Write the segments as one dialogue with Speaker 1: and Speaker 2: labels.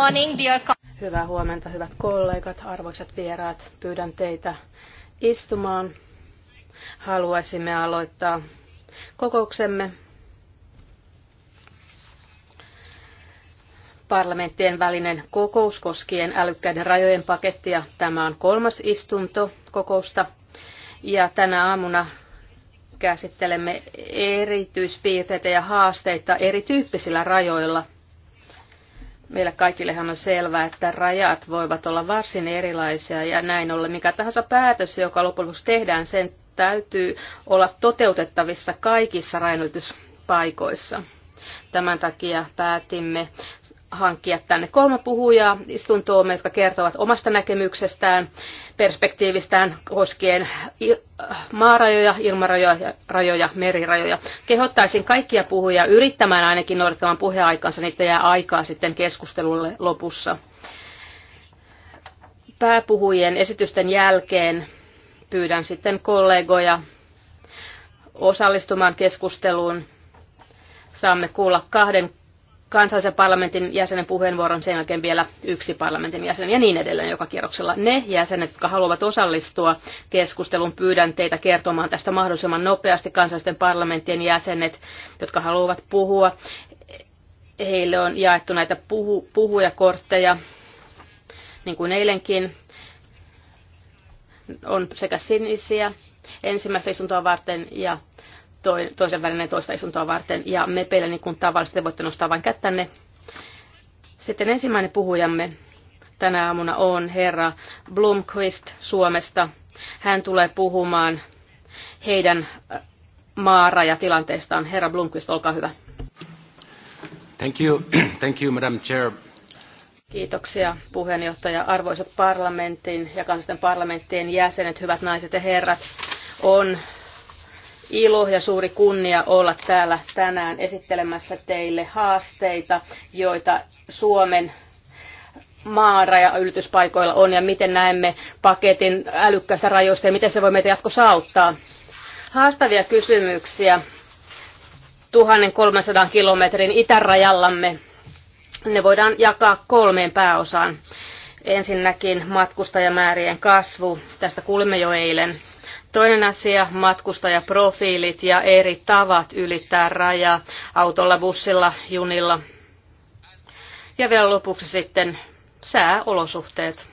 Speaker 1: morning, dear Hyvää huomenta, hyvät kollegat, arvoisat vieraat. Pyydän teitä istumaan. Haluaisimme aloittaa kokouksemme parlamenttien välinen kokous koskien älykkäiden rajojen pakettia. Tämä on kolmas istunto kokousta ja tänä aamuna käsittelemme erityispiirteitä ja haasteita erityyppisillä rajoilla – Meille kaikillehan on selvää, että rajat voivat olla varsin erilaisia ja näin ollen mikä tahansa päätös, joka lopuksi tehdään, sen täytyy olla toteutettavissa kaikissa rajanylityspaikoissa. Tämän takia päätimme hankkia tänne kolme puhujaa istuntoomme, jotka kertovat omasta näkemyksestään, perspektiivistään koskien maarajoja, ilmarajoja, rajoja, merirajoja. Kehottaisin kaikkia puhujia yrittämään ainakin noudattamaan puheaikansa, niitä jää aikaa sitten keskustelulle lopussa. Pääpuhujien esitysten jälkeen pyydän sitten kollegoja osallistumaan keskusteluun. Saamme kuulla kahden kansallisen parlamentin jäsenen puheenvuoron, sen jälkeen vielä yksi parlamentin jäsen ja niin edelleen joka kierroksella. Ne jäsenet, jotka haluavat osallistua keskusteluun, pyydän teitä kertomaan tästä mahdollisimman nopeasti kansallisten parlamenttien jäsenet, jotka haluavat puhua. Heille on jaettu näitä puhu, puhujakortteja, niin kuin eilenkin. On sekä sinisiä ensimmäistä istuntoa varten ja toisen välinen toista istuntoa varten. Ja me peille niin kuin tavallisesti voitte nostaa vain kättänne. Sitten ensimmäinen puhujamme tänä aamuna on herra Blomqvist Suomesta. Hän tulee puhumaan heidän äh, maarajatilanteestaan. Herra Blomqvist, olkaa hyvä.
Speaker 2: Thank you. Thank you, Madam Chair.
Speaker 1: Kiitoksia puheenjohtaja, arvoisat parlamentin ja kansallisten parlamenttien jäsenet, hyvät naiset ja herrat. On ilo ja suuri kunnia olla täällä tänään esittelemässä teille haasteita, joita Suomen maarajaylityspaikoilla on ja miten näemme paketin älykkäistä rajoista ja miten se voi meitä jatkossa auttaa. Haastavia kysymyksiä 1300 kilometrin itärajallamme. Ne voidaan jakaa kolmeen pääosaan. Ensinnäkin matkustajamäärien kasvu. Tästä kuulimme jo eilen. Toinen asia, matkustajaprofiilit ja eri tavat ylittää rajaa autolla, bussilla, junilla. Ja vielä lopuksi sitten sääolosuhteet.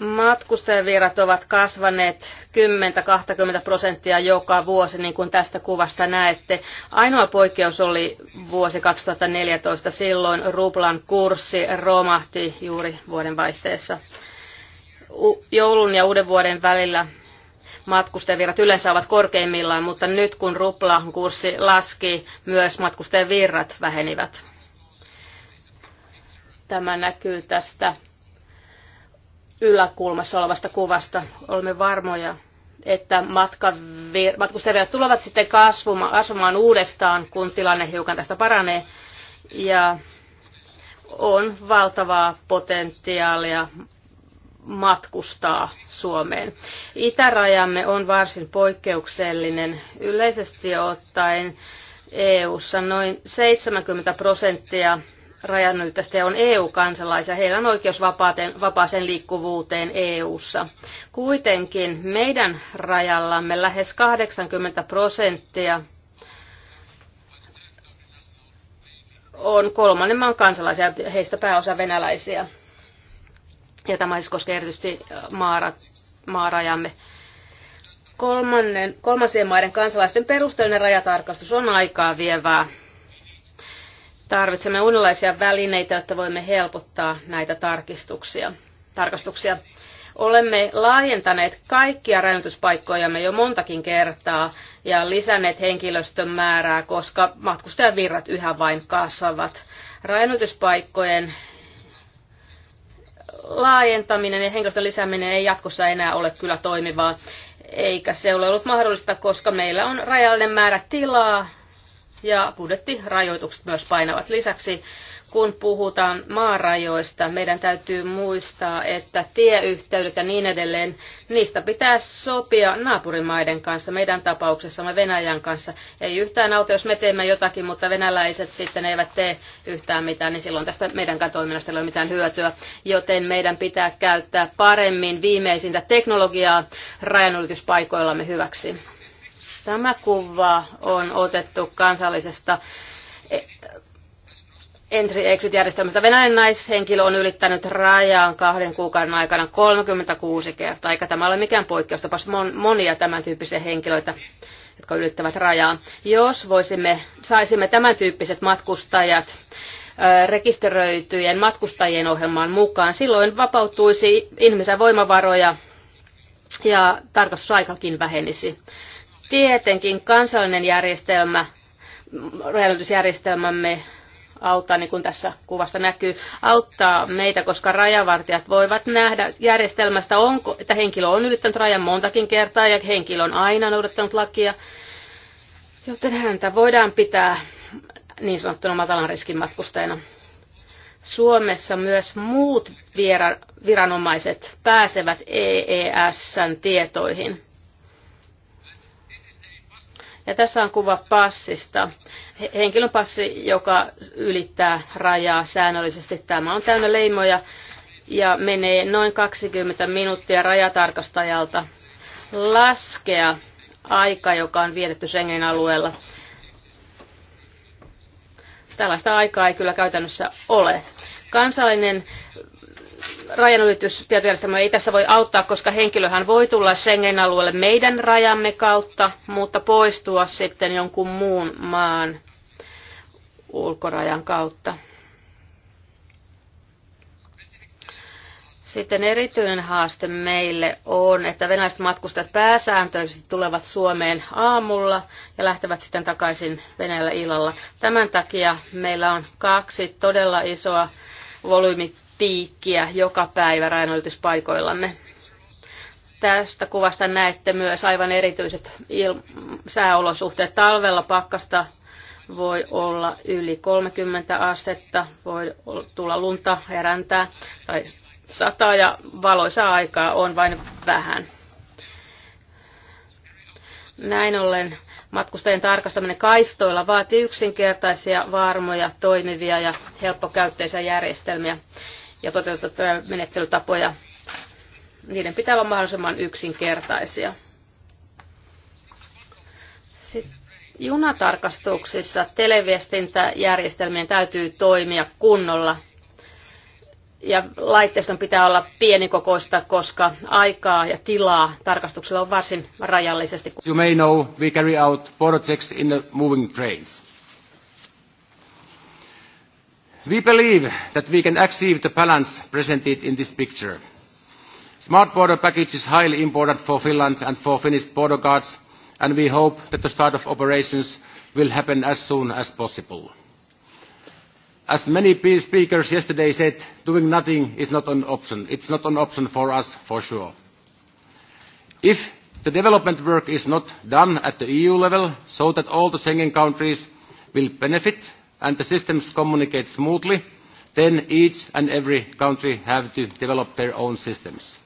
Speaker 1: Matkustajavirrat ovat kasvaneet 10-20 prosenttia joka vuosi, niin kuin tästä kuvasta näette. Ainoa poikkeus oli vuosi 2014. Silloin ruplan kurssi romahti juuri vuoden vaihteessa. joulun ja uuden vuoden välillä matkustajavirrat yleensä ovat korkeimmillaan, mutta nyt kun ruplan kurssi laski, myös matkustajavirrat vähenivät. Tämä näkyy tästä yläkulmassa olevasta kuvasta. Olemme varmoja, että matkustajat tulevat sitten kasvumaan, asumaan uudestaan, kun tilanne hiukan tästä paranee. Ja on valtavaa potentiaalia matkustaa Suomeen. Itärajamme on varsin poikkeuksellinen. Yleisesti ottaen EU:ssa noin 70 prosenttia ja on EU-kansalaisia. Heillä on oikeus vapaaseen liikkuvuuteen EU-ssa. Kuitenkin meidän rajallamme lähes 80 prosenttia on kolmannen maan kansalaisia, heistä pääosa venäläisiä. Ja tämä siis koskee erityisesti äh, maara, maarajamme. Kolmannen, kolmansien maiden kansalaisten perusteellinen rajatarkastus on aikaa vievää Tarvitsemme uudenlaisia välineitä, jotta voimme helpottaa näitä tarkistuksia. tarkastuksia. Olemme laajentaneet kaikkia rajoituspaikkojamme jo montakin kertaa ja lisänneet henkilöstön määrää, koska matkustajavirrat yhä vain kasvavat. Rajoituspaikkojen laajentaminen ja henkilöstön lisääminen ei jatkossa enää ole kyllä toimivaa, eikä se ole ollut mahdollista, koska meillä on rajallinen määrä tilaa ja budjettirajoitukset myös painavat. Lisäksi kun puhutaan maarajoista, meidän täytyy muistaa, että tieyhteydet ja niin edelleen, niistä pitää sopia naapurimaiden kanssa, meidän tapauksessamme Venäjän kanssa. Ei yhtään auta, jos me teemme jotakin, mutta venäläiset sitten eivät tee yhtään mitään, niin silloin tästä meidänkään toiminnasta ei ole mitään hyötyä. Joten meidän pitää käyttää paremmin viimeisintä teknologiaa rajanylityspaikoillamme hyväksi. Tämä kuva on otettu kansallisesta e- entry-exit-järjestelmästä. Venäjän naishenkilö on ylittänyt rajaan kahden kuukauden aikana 36 kertaa, eikä tämä ole mikään poikkeustapaus. Monia tämän tyyppisiä henkilöitä jotka ylittävät rajaa. Jos voisimme, saisimme tämän tyyppiset matkustajat rekisteröityjen matkustajien ohjelmaan mukaan, silloin vapautuisi ihmisen voimavaroja ja tarkastusaikakin vähenisi. Tietenkin kansallinen järjestelmä, rajoitusjärjestelmämme auttaa, niin kuin tässä kuvasta näkyy, auttaa meitä, koska rajavartijat voivat nähdä järjestelmästä, onko, että henkilö on ylittänyt rajan montakin kertaa ja henkilö on aina noudattanut lakia, joten häntä voidaan pitää niin sanottuna matalan riskin matkustajana. Suomessa myös muut viranomaiset pääsevät ees tietoihin. Ja tässä on kuva passista. Henkilön passi, joka ylittää rajaa säännöllisesti. Tämä on täynnä leimoja ja menee noin 20 minuuttia rajatarkastajalta laskea aika, joka on vietetty Schengen alueella. Tällaista aikaa ei kyllä käytännössä ole. Kansallinen rajanylitystietojärjestelmä ei tässä voi auttaa, koska henkilöhän voi tulla Schengen-alueelle meidän rajamme kautta, mutta poistua sitten jonkun muun maan ulkorajan kautta. Sitten erityinen haaste meille on, että venäläiset matkustajat pääsääntöisesti tulevat Suomeen aamulla ja lähtevät sitten takaisin Venäjällä illalla. Tämän takia meillä on kaksi todella isoa volyymi piikkiä joka päivä rainoituspaikoillanne. Tästä kuvasta näette myös aivan erityiset sääolosuhteet. Talvella pakkasta voi olla yli 30 astetta, voi tulla lunta ja räntää tai sataa ja valoisaa aikaa on vain vähän. Näin ollen matkustajien tarkastaminen kaistoilla vaatii yksinkertaisia, varmoja, toimivia ja helppokäyttöisiä järjestelmiä ja toteutettavia menettelytapoja. Niiden pitää olla mahdollisimman yksinkertaisia. Sitten junatarkastuksissa televiestintäjärjestelmien täytyy toimia kunnolla. Ja laitteiston pitää olla pienikokoista, koska aikaa ja tilaa tarkastuksella on varsin rajallisesti. You may
Speaker 2: know, we carry out projects in the moving trains. We believe that we can achieve the balance presented in this picture. Smart border package is highly important for Finland and for Finnish border guards, and we hope that the start of operations will happen as soon as possible. As many speakers yesterday said, doing nothing is not an option. It's not an option for us, for sure. If the development work is not done at the EU level so that all the Schengen countries will benefit and the systems communicate smoothly, then each and every country has to develop their own systems,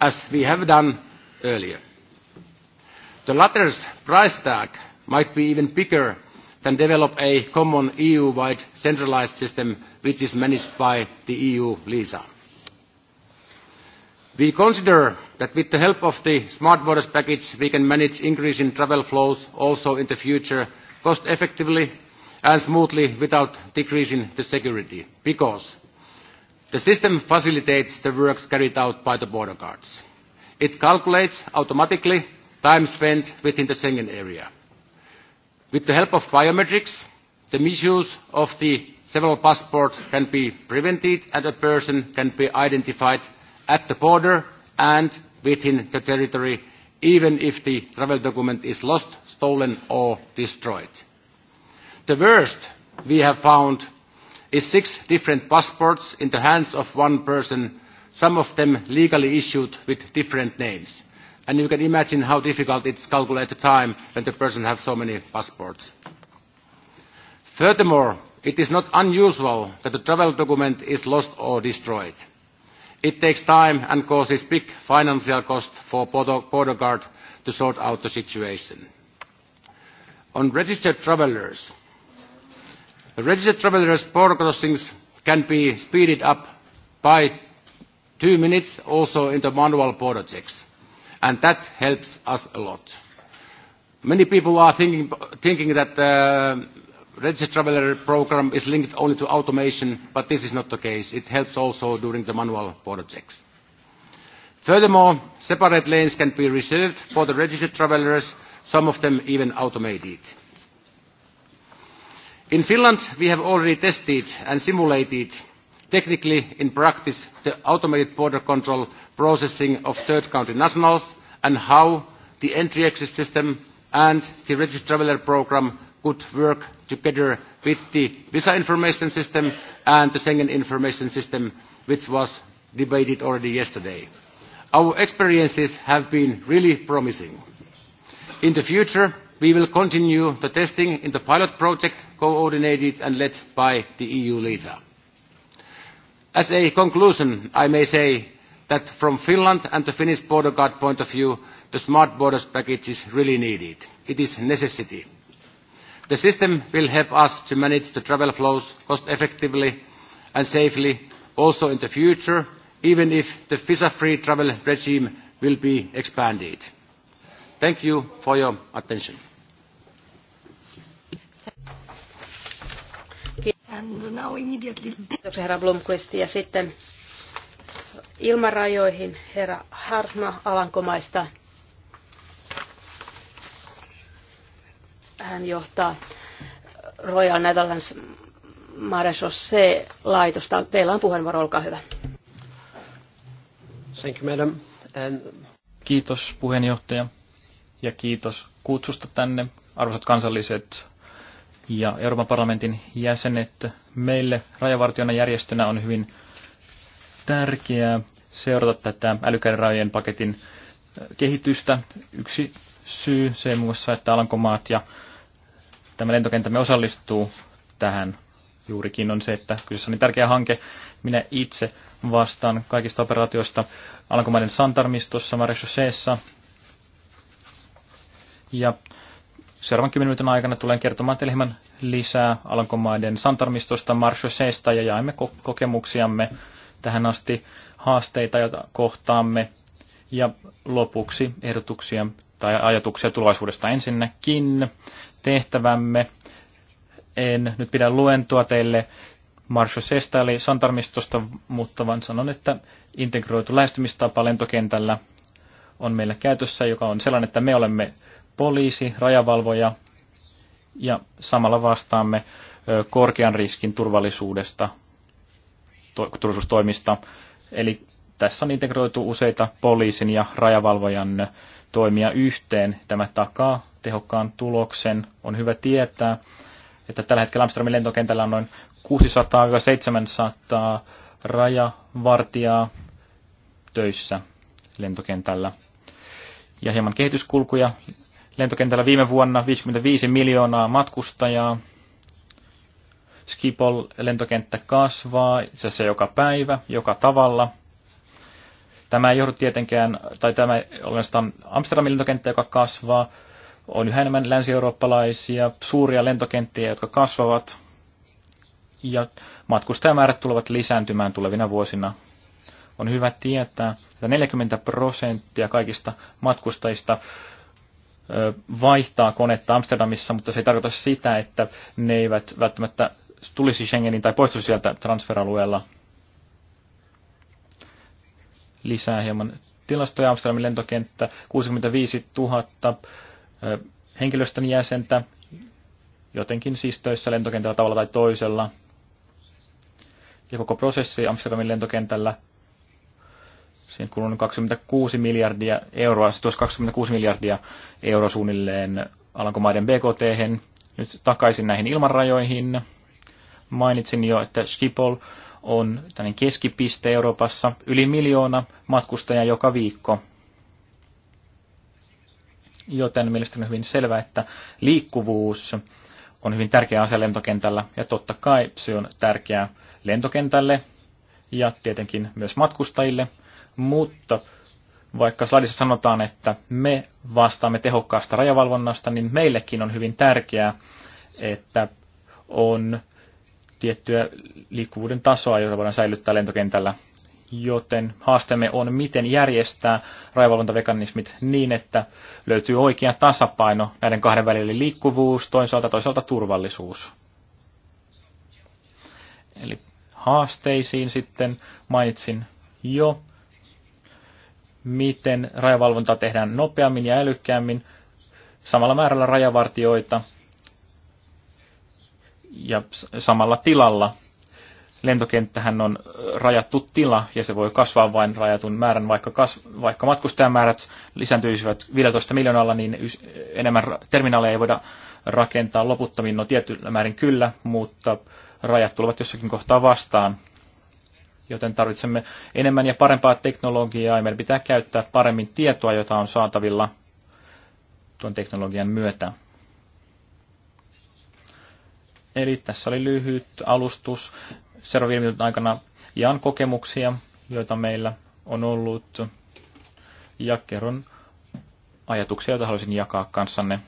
Speaker 2: as we have done earlier. The latter's price tag might be even bigger than develop a common EU-wide centralised system which is managed by the EU LISA. We consider that with the help of the Smart Borders package, we can manage increasing travel flows also in the future cost effectively and smoothly without decreasing the security because the system facilitates the work carried out by the border guards. It calculates automatically time spent within the Schengen area. With the help of biometrics, the misuse of the several passports can be prevented and a person can be identified at the border and within the territory even if the travel document is lost, stolen or destroyed The worst we have found is six different passports in the hands of one person, some of them legally issued with different names. And you can imagine how difficult it's calculate the time when the person has so many passports. Furthermore, it is not unusual that the travel document is lost or destroyed. It takes time and causes big financial cost for border guard to sort out the situation. On registered travelers, The registered travelers' border crossings can be speeded up by two minutes also in the manual border checks. And that helps us a lot. Many people are thinking, thinking that the uh, registered traveler programme is linked only to automation, but this is not the case. It helps also during the manual border checks. Furthermore, separate lanes can be reserved for the registered travellers, some of them even automated. In Finland, we have already tested and simulated technically in practice the automated border control processing of third country nationals and how the entry exit system and the registered traveller programme could work together with the visa information system and the Schengen information system, which was debated already yesterday. Our experiences have been really promising. In the future, we will continue the testing in the pilot project coordinated and led by the eu lisa. as a conclusion i may say that from finland and the finnish border guard point of view the smart borders package is really needed. it is a necessity. the system will help us to manage the travel flows cost effectively and safely also in the future even if the visa free travel regime will be expanded. thank you for your attention. now immediately.
Speaker 1: Kiitoksia herra Blomqvist. Ja sitten ilmarajoihin herra Harma Alankomaista. Hän johtaa Royal Netherlands Marechosse-laitosta. Teillä on puheenvuoro, olkaa hyvä.
Speaker 3: Thank you, madam. And... Kiitos puheenjohtaja ja kiitos kutsusta tänne. Arvoisat kansalliset ja Euroopan parlamentin jäsenet. Meille rajavartiona järjestönä on hyvin tärkeää seurata tätä älykäiden rajojen paketin äh, kehitystä. Yksi syy se muun muassa, että Alankomaat ja tämä lentokentämme osallistuu tähän juurikin on se, että kyseessä on niin tärkeä hanke. Minä itse vastaan kaikista operaatioista Alankomaiden Santarmistossa, Marishoseessa. Ja Seuraavan 10 minuutin aikana tulen kertomaan teille hieman lisää Alankomaiden Santarmistosta, Marshosseista ja jaimme kokemuksiamme tähän asti, haasteita, joita kohtaamme ja lopuksi ehdotuksia tai ajatuksia tulevaisuudesta. Ensinnäkin tehtävämme. En nyt pidä luentoa teille Marshosseista eli Santarmistosta, mutta vaan sanon, että integroitu lähestymistapa lentokentällä on meillä käytössä, joka on sellainen, että me olemme poliisi, rajavalvoja ja samalla vastaamme korkean riskin turvallisuudesta, to, turvallisuustoimista. Eli tässä on integroitu useita poliisin ja rajavalvojan toimia yhteen. Tämä takaa tehokkaan tuloksen. On hyvä tietää, että tällä hetkellä Amsterdamin lentokentällä on noin 600-700 rajavartijaa töissä lentokentällä. Ja hieman kehityskulkuja lentokentällä viime vuonna 55 miljoonaa matkustajaa. Skipol lentokenttä kasvaa itse asiassa joka päivä, joka tavalla. Tämä ei johdu tietenkään, tai tämä on Amsterdamin lentokenttä, joka kasvaa. On yhä enemmän länsi-eurooppalaisia suuria lentokenttiä, jotka kasvavat. Ja matkustajamäärät tulevat lisääntymään tulevina vuosina. On hyvä tietää, että 40 prosenttia kaikista matkustajista vaihtaa konetta Amsterdamissa, mutta se ei tarkoita sitä, että ne eivät välttämättä tulisi Schengenin tai poistuisi sieltä transferalueella. Lisää hieman tilastoja. Amsterdamin lentokenttä 65 000 henkilöstön jäsentä, jotenkin siis töissä lentokentällä tavalla tai toisella. Ja koko prosessi Amsterdamin lentokentällä Siihen kulunut 26 miljardia euroa, se siis 26 miljardia euroa suunnilleen Alankomaiden BKT. Nyt takaisin näihin ilmanrajoihin. Mainitsin jo, että Schiphol on tällainen keskipiste Euroopassa, yli miljoona matkustajaa joka viikko. Joten mielestäni on hyvin selvää, että liikkuvuus on hyvin tärkeä asia lentokentällä, ja totta kai se on tärkeää lentokentälle ja tietenkin myös matkustajille, mutta vaikka slaidissa sanotaan, että me vastaamme tehokkaasta rajavalvonnasta, niin meillekin on hyvin tärkeää, että on tiettyä liikkuvuuden tasoa, jota voidaan säilyttää lentokentällä. Joten haasteemme on, miten järjestää rajavalvontavekanismit niin, että löytyy oikea tasapaino näiden kahden välillä liikkuvuus, toisaalta toisaalta turvallisuus. Eli haasteisiin sitten mainitsin jo miten rajavalvontaa tehdään nopeammin ja älykkäämmin samalla määrällä rajavartioita ja samalla tilalla. Lentokenttähän on rajattu tila ja se voi kasvaa vain rajatun määrän, vaikka, kas- vaikka matkustajamäärät lisääntyisivät 15 miljoonalla, niin enemmän terminaaleja ei voida rakentaa loputtomiin, no tietyllä määrin kyllä, mutta rajat tulevat jossakin kohtaa vastaan joten tarvitsemme enemmän ja parempaa teknologiaa ja meidän pitää käyttää paremmin tietoa, jota on saatavilla tuon teknologian myötä. Eli tässä oli lyhyt alustus seuraavien minuutin aikana jaan kokemuksia, joita meillä on ollut ja kerron ajatuksia, joita haluaisin jakaa kanssanne.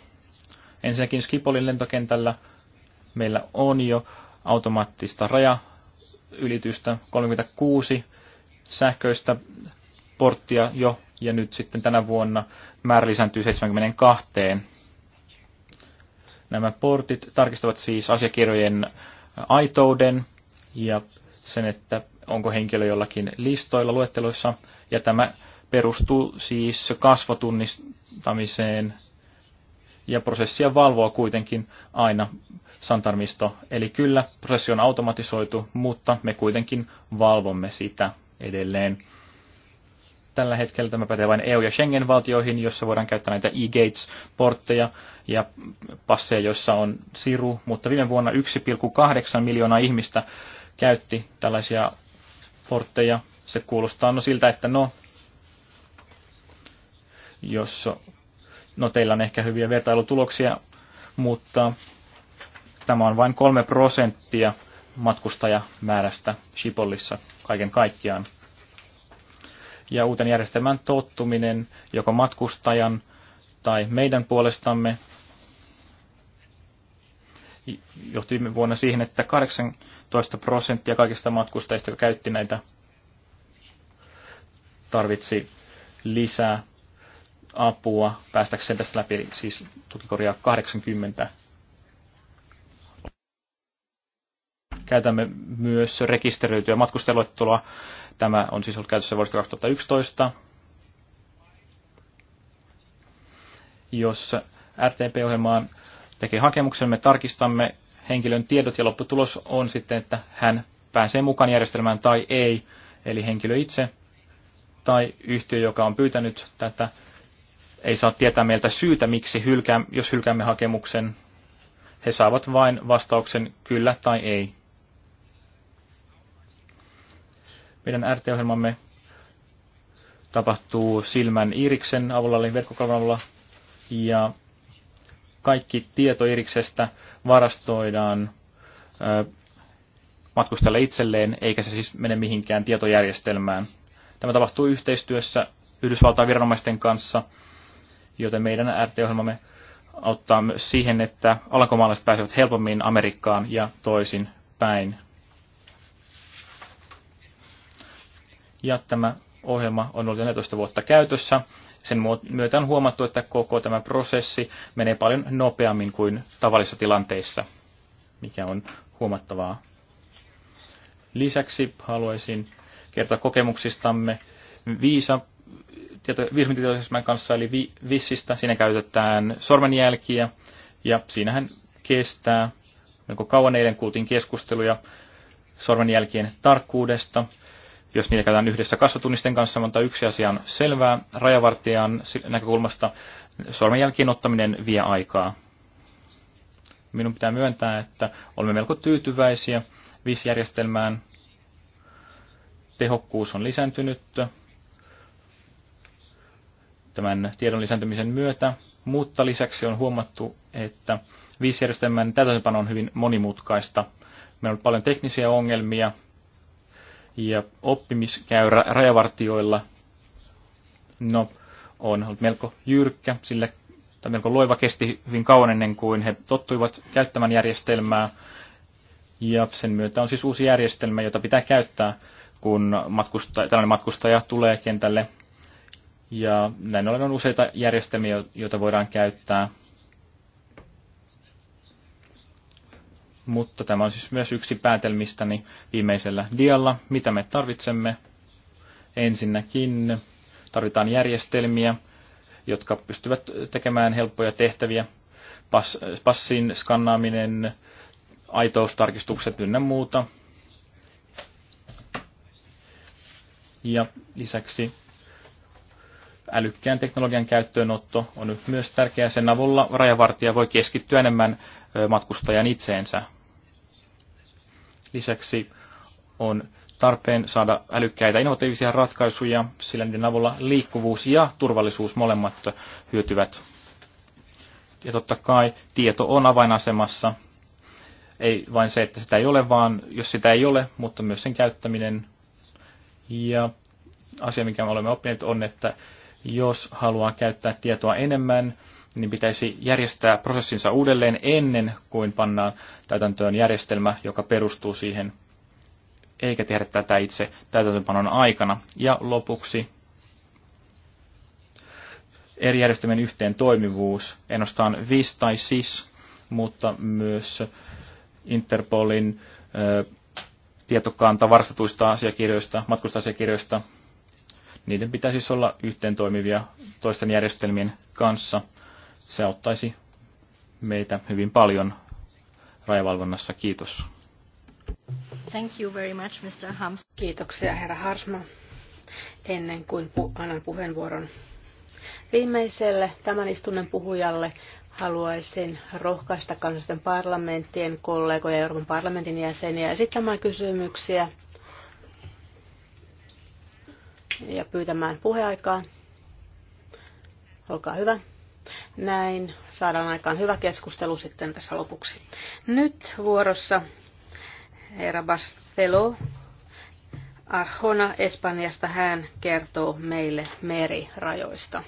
Speaker 3: Ensinnäkin Skipolin lentokentällä meillä on jo automaattista raja ylitystä, 36 sähköistä porttia jo, ja nyt sitten tänä vuonna määrä lisääntyy 72. Nämä portit tarkistavat siis asiakirjojen aitouden ja sen, että onko henkilö jollakin listoilla, luetteloissa, ja tämä perustuu siis kasvotunnistamiseen ja prosessia valvoo kuitenkin aina Santarmisto. Eli kyllä, prosessi on automatisoitu, mutta me kuitenkin valvomme sitä edelleen. Tällä hetkellä tämä pätee vain EU- ja Schengen-valtioihin, jossa voidaan käyttää näitä e-gates-portteja ja passeja, joissa on siru, mutta viime vuonna 1,8 miljoonaa ihmistä käytti tällaisia portteja. Se kuulostaa no siltä, että no, jos No teillä on ehkä hyviä vertailutuloksia, mutta tämä on vain 3 prosenttia matkustajamäärästä Shipollissa kaiken kaikkiaan. Ja uuden järjestelmän tottuminen joko matkustajan tai meidän puolestamme johti viime vuonna siihen, että 18 prosenttia kaikista matkustajista, jotka käytti näitä, tarvitsi lisää apua päästäkseen tästä läpi, siis tukikorjaa 80. Käytämme myös rekisteröityä matkustajaluetteloa. Tämä on siis ollut käytössä vuodesta 2011, jos RTP-ohjelmaan tekee hakemuksen, me tarkistamme henkilön tiedot ja lopputulos on sitten, että hän pääsee mukaan järjestelmään tai ei, eli henkilö itse tai yhtiö, joka on pyytänyt tätä ei saa tietää meiltä syytä, miksi hylkää, jos hylkäämme hakemuksen. He saavat vain vastauksen kyllä tai ei. Meidän RT-ohjelmamme tapahtuu Silmän Iriksen avulla, eli verkkokalvon ja kaikki tieto Iriksestä varastoidaan matkustajalle itselleen, eikä se siis mene mihinkään tietojärjestelmään. Tämä tapahtuu yhteistyössä Yhdysvaltain viranomaisten kanssa, joten meidän RT-ohjelmamme auttaa myös siihen, että alankomaalaiset pääsevät helpommin Amerikkaan ja toisin päin. Ja tämä ohjelma on ollut 14 vuotta käytössä. Sen myötä on huomattu, että koko tämä prosessi menee paljon nopeammin kuin tavallisissa tilanteissa, mikä on huomattavaa. Lisäksi haluaisin kertoa kokemuksistamme Viisa viisumitietoisemmän kanssa, eli Vissistä. Siinä käytetään sormenjälkiä, ja siinähän kestää melko kauan eilen kuultiin keskusteluja sormenjälkien tarkkuudesta. Jos niitä käytetään yhdessä kasvatunnisten kanssa, mutta yksi asia on selvää. Rajavartijan näkökulmasta sormenjälkien ottaminen vie aikaa. Minun pitää myöntää, että olemme melko tyytyväisiä viisjärjestelmään. Tehokkuus on lisääntynyt tämän tiedon lisääntymisen myötä, mutta lisäksi on huomattu, että viisijärjestelmän täytäntöpano on hyvin monimutkaista. Meillä on paljon teknisiä ongelmia ja oppimiskäyrä rajavartioilla no, on ollut melko jyrkkä, sillä tai melko loiva kesti hyvin kauan ennen kuin he tottuivat käyttämään järjestelmää. Ja sen myötä on siis uusi järjestelmä, jota pitää käyttää, kun matkustaja, tällainen matkustaja tulee kentälle ja näin ollen on useita järjestelmiä, joita voidaan käyttää. Mutta tämä on siis myös yksi päätelmistäni viimeisellä dialla, mitä me tarvitsemme. Ensinnäkin tarvitaan järjestelmiä, jotka pystyvät tekemään helppoja tehtäviä. Pass, passin skannaaminen, aitoustarkistukset ynnä muuta. Ja lisäksi älykkään teknologian käyttöönotto on nyt myös tärkeää. Sen avulla rajavartija voi keskittyä enemmän matkustajan itseensä. Lisäksi on tarpeen saada älykkäitä innovatiivisia ratkaisuja, sillä niiden avulla liikkuvuus ja turvallisuus molemmat hyötyvät. Ja totta kai tieto on avainasemassa. Ei vain se, että sitä ei ole, vaan jos sitä ei ole, mutta myös sen käyttäminen. Ja asia, mikä me olemme oppineet, on, että jos haluaa käyttää tietoa enemmän, niin pitäisi järjestää prosessinsa uudelleen ennen kuin pannaan täytäntöön järjestelmä, joka perustuu siihen, eikä tehdä tätä itse täytäntöönpanon aikana. Ja lopuksi eri järjestelmien yhteen toimivuus, enostaan VIS tai SIS, mutta myös Interpolin ö, tietokanta varastetuista asiakirjoista, matkustusasiakirjoista niiden pitäisi siis olla yhteen toimivia toisten järjestelmien kanssa. Se auttaisi meitä hyvin paljon rajavalvonnassa. Kiitos.
Speaker 1: Thank you very much, Mr. Hams. Kiitoksia, herra Harsma. Ennen kuin pu- annan puheenvuoron viimeiselle tämän istunnon puhujalle, haluaisin rohkaista kansallisten parlamenttien kollegoja, Euroopan parlamentin jäseniä esittämään kysymyksiä ja pyytämään puheaikaa. Olkaa hyvä. Näin saadaan aikaan hyvä keskustelu sitten tässä lopuksi. Nyt vuorossa herra Bastelo Arjona Espanjasta. Hän kertoo meille merirajoista.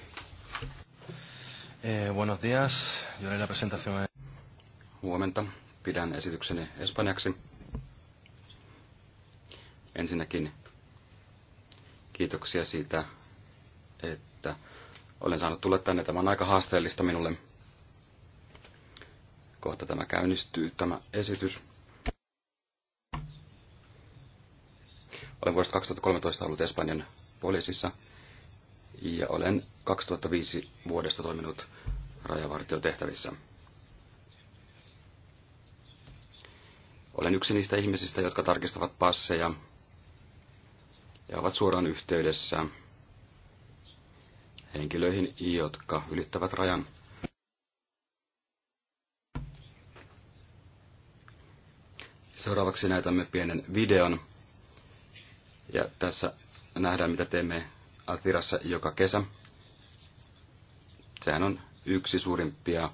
Speaker 4: Eh, buenos días. Yo la presentación. Huomenta. Pidän esitykseni espanjaksi. Ensinnäkin Kiitoksia siitä, että olen saanut tulla tänne. Tämä on aika haasteellista minulle. Kohta tämä käynnistyy, tämä esitys. Olen vuodesta 2013 ollut Espanjan poliisissa ja olen 2005 vuodesta toiminut rajavartiotehtävissä. Olen yksi niistä ihmisistä, jotka tarkistavat passeja ja ovat suoraan yhteydessä henkilöihin, jotka ylittävät rajan. Seuraavaksi näytämme pienen videon. Ja tässä nähdään, mitä teemme Atirassa joka kesä. Sehän on yksi suurimpia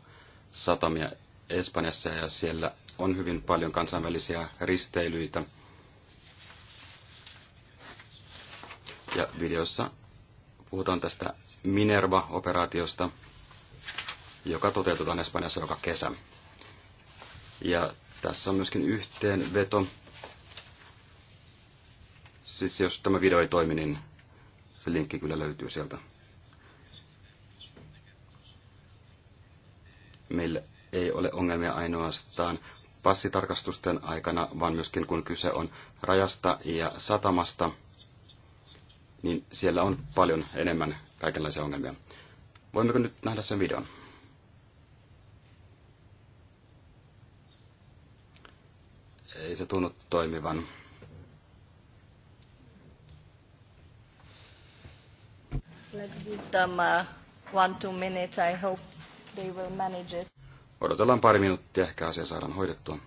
Speaker 4: satamia Espanjassa ja siellä on hyvin paljon kansainvälisiä risteilyitä – Ja videossa puhutaan tästä Minerva-operaatiosta, joka toteutetaan Espanjassa joka kesä. Ja tässä on myöskin yhteenveto. Siis jos tämä video ei toimi, niin se linkki kyllä löytyy sieltä. Meillä ei ole ongelmia ainoastaan passitarkastusten aikana, vaan myöskin kun kyse on rajasta ja satamasta – niin siellä on paljon enemmän kaikenlaisia ongelmia. Voimmeko nyt nähdä sen videon? Ei se tunnu toimivan.
Speaker 3: Let's give them uh, one, two minutes. I hope they will manage it.
Speaker 4: Odotellaan pari minuuttia, ehkä asia saadaan hoidettua.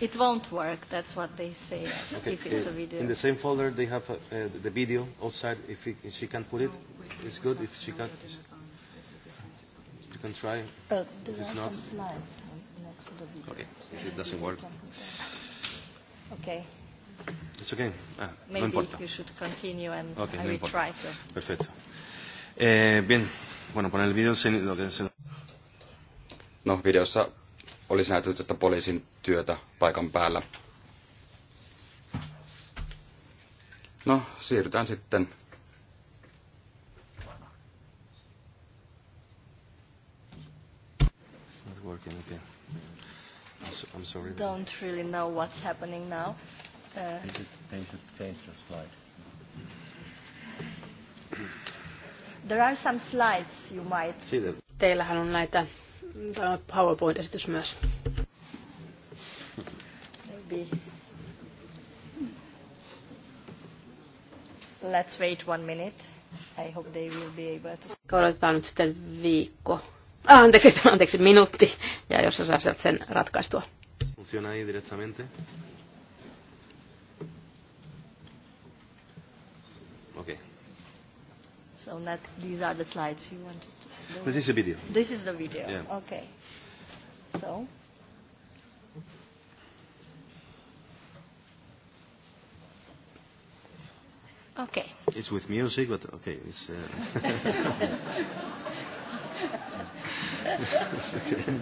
Speaker 1: It won't work. That's what they say. Okay. If it's a eh, video. In the
Speaker 2: same folder, they have a, uh, eh, the video outside. If, it, if she can put it, no, it's good. If she can,
Speaker 1: you can try. Uh, there if it's are not. some slides
Speaker 3: uh, next to the
Speaker 1: video. Okay. So If it doesn't work. Okay. It's okay. Ah, no Maybe no you should continue and okay, no I no will importa. try to. Perfecto. Eh, bien.
Speaker 4: Bueno, poner el video. Lo que se... No, videossa olisi näytetty, että poliisin työtä paikan päällä. No, siirrytään sitten
Speaker 1: working again. I'm sorry. Don't really know what's happening now. Uh,
Speaker 2: there change slide.
Speaker 1: There are some slides you might. Teillähän on näitä äh, PowerPoint-esitys myös be. Let's wait one minute. I hope they will be able to... Odotetaan nyt sitten viikko. Ah, anteeksi, anteeksi, minuutti. Ja jos sä saa sen ratkaistua. Funciona ahí directamente. Okay. So that, these are the slides you wanted to... do. This is the video. This is the video. Yeah. Okay. So...
Speaker 3: Okay.
Speaker 4: It's with music, but okay. It's, uh,
Speaker 1: it's okay.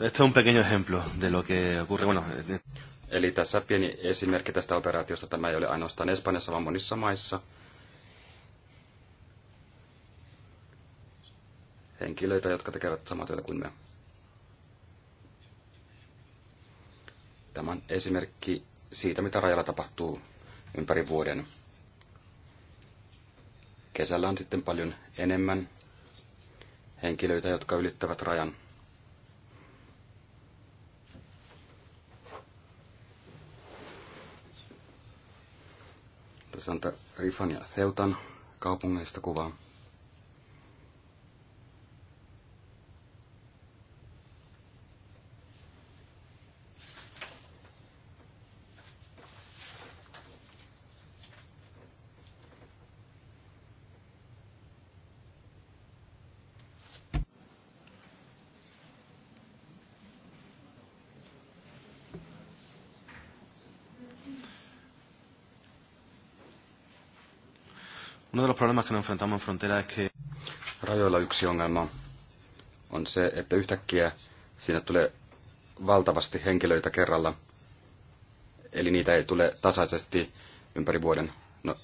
Speaker 1: Este es un pequeño ejemplo de lo que ocurre. Bueno,
Speaker 4: Eli tässä pieni esimerkki tästä operaatiosta. Tämä ei ole ainoastaan Espanjassa, vaan monissa maissa. Henkilöitä, jotka tekevät samaa työtä kuin me. Tämän esimerkki siitä, mitä rajalla tapahtuu ympäri vuoden. Kesällä on sitten paljon enemmän henkilöitä, jotka ylittävät rajan. Tässä on Rifan ja Theutan kaupungeista kuvaa. nos enfrentamos frontera es que... Rajoilla yksi ongelma on se, että yhtäkkiä siinä tulee valtavasti henkilöitä kerralla, eli niitä ei tule tasaisesti ympäri vuoden. No,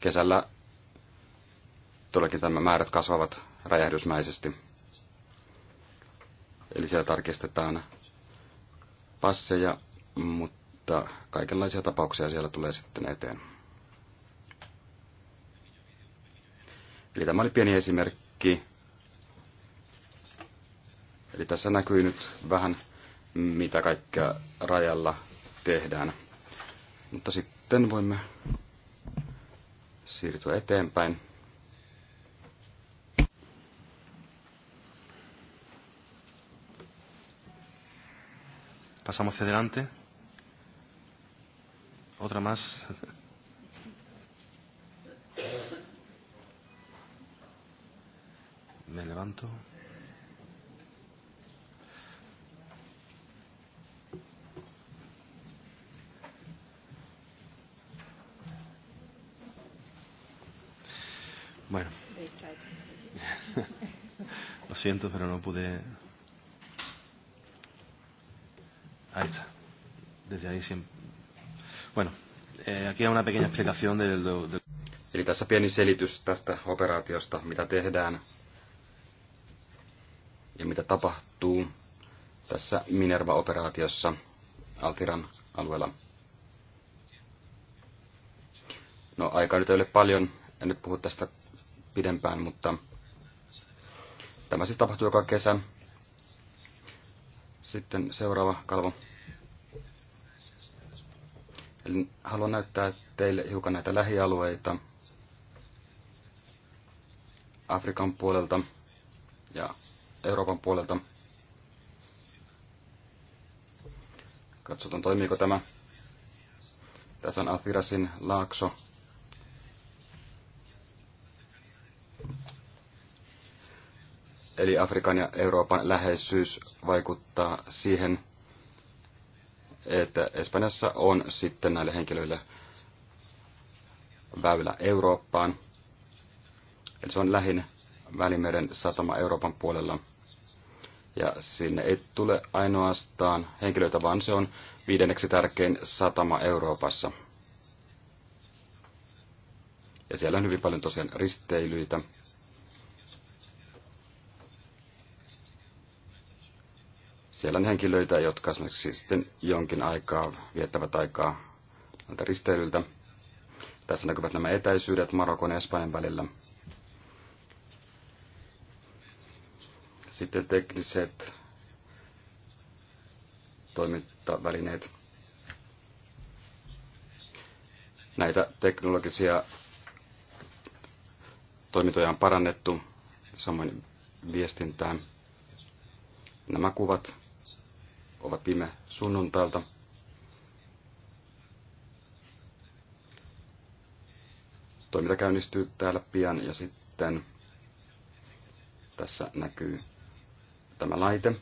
Speaker 4: kesällä todellakin tämä määrät kasvavat räjähdysmäisesti. Eli siellä tarkistetaan passeja, mutta kaikenlaisia tapauksia siellä tulee sitten eteen. Eli tämä oli pieni esimerkki. Eli tässä näkyy nyt vähän, mitä kaikkea rajalla tehdään. Mutta sitten voimme siirtyä eteenpäin.
Speaker 1: Pasamos adelante. Otra más. me levanto. Bueno. Lo siento, pero no pude. Ahí está. Desde ahí siempre. Bueno, eh, aquí hay una pequeña explicación del. del... Eli
Speaker 4: tässä pieni selitys tästä operaatiosta, mitä tehdään mitä tapahtuu tässä Minerva-operaatiossa Altiran alueella. No aikaa nyt ei ole paljon, en nyt puhu tästä pidempään, mutta tämä siis tapahtuu joka kesä. Sitten seuraava kalvo. Eli haluan näyttää teille hiukan näitä lähialueita Afrikan puolelta ja Euroopan puolelta. Katsotaan, toimiiko tämä. Tässä on Afirasin laakso. Eli Afrikan ja Euroopan läheisyys vaikuttaa siihen, että Espanjassa on sitten näille henkilöille väylä Eurooppaan. Eli se on lähin Välimeren satama Euroopan puolella ja sinne ei tule ainoastaan henkilöitä, vaan se on viidenneksi tärkein satama Euroopassa. Ja siellä on hyvin paljon tosiaan risteilyitä. Siellä on henkilöitä, jotka esimerkiksi sitten jonkin aikaa viettävät aikaa näiltä risteilyltä. Tässä näkyvät nämä etäisyydet Marokon ja Espanjan välillä. Sitten tekniset toimintavälineet. Näitä teknologisia toimintoja on parannettu, samoin viestintää. Nämä kuvat ovat viime sunnuntailta. Toiminta käynnistyy täällä pian ja sitten tässä näkyy tämä laite.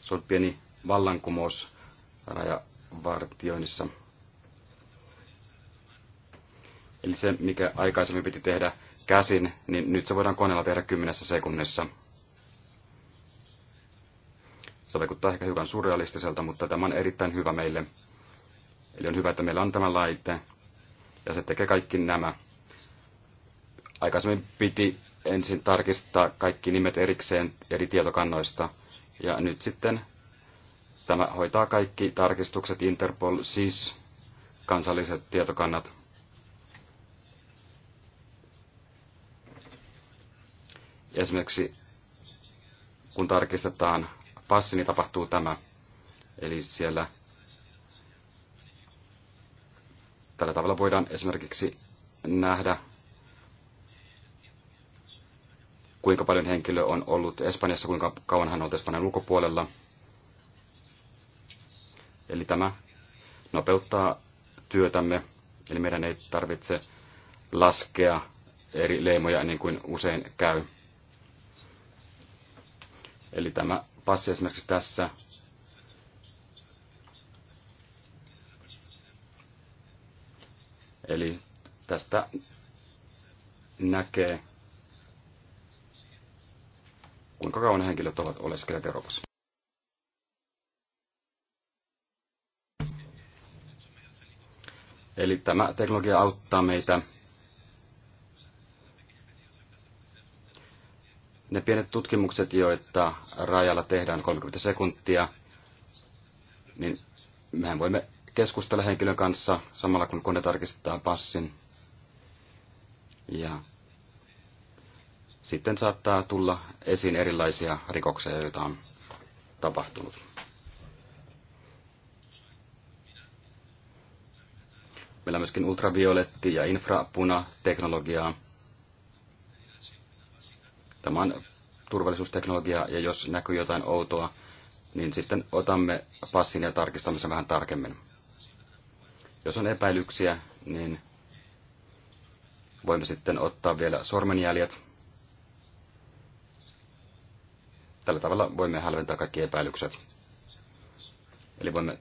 Speaker 4: Se on pieni vallankumous rajavartioinnissa. Eli se, mikä aikaisemmin piti tehdä käsin, niin nyt se voidaan koneella tehdä kymmenessä sekunnissa. Se vaikuttaa ehkä hyvän surrealistiselta, mutta tämä on erittäin hyvä meille. Eli on hyvä, että meillä on tämä laite, ja se tekee kaikki nämä. Aikaisemmin piti ensin tarkistaa kaikki nimet erikseen eri tietokannoista. Ja nyt sitten tämä hoitaa kaikki tarkistukset Interpol, siis kansalliset tietokannat. Esimerkiksi kun tarkistetaan passi, niin tapahtuu tämä. Eli siellä tällä tavalla voidaan esimerkiksi nähdä kuinka paljon henkilö on ollut Espanjassa, kuinka kauan hän on ollut Espanjan ulkopuolella. Eli tämä nopeuttaa työtämme, eli meidän ei tarvitse laskea eri leimoja niin kuin usein käy. Eli tämä passi esimerkiksi tässä Eli tästä näkee, kuinka kauan henkilöt ovat oleskelleet Euroopassa. Eli tämä teknologia auttaa meitä. Ne pienet tutkimukset, joita rajalla tehdään 30 sekuntia, niin mehän voimme keskustella henkilön kanssa samalla kun kone tarkistaa passin. Ja sitten saattaa tulla esiin erilaisia rikoksia, joita on tapahtunut. Meillä on myöskin ultravioletti- ja infrapuna-teknologiaa. Tämä on turvallisuusteknologiaa, ja jos näkyy jotain outoa, niin sitten otamme passin ja tarkistamme sen vähän tarkemmin. Jos on epäilyksiä, niin voimme sitten ottaa vielä sormenjäljet Tällä tavalla voimme hälventää kaikki epäilykset. Eli voimme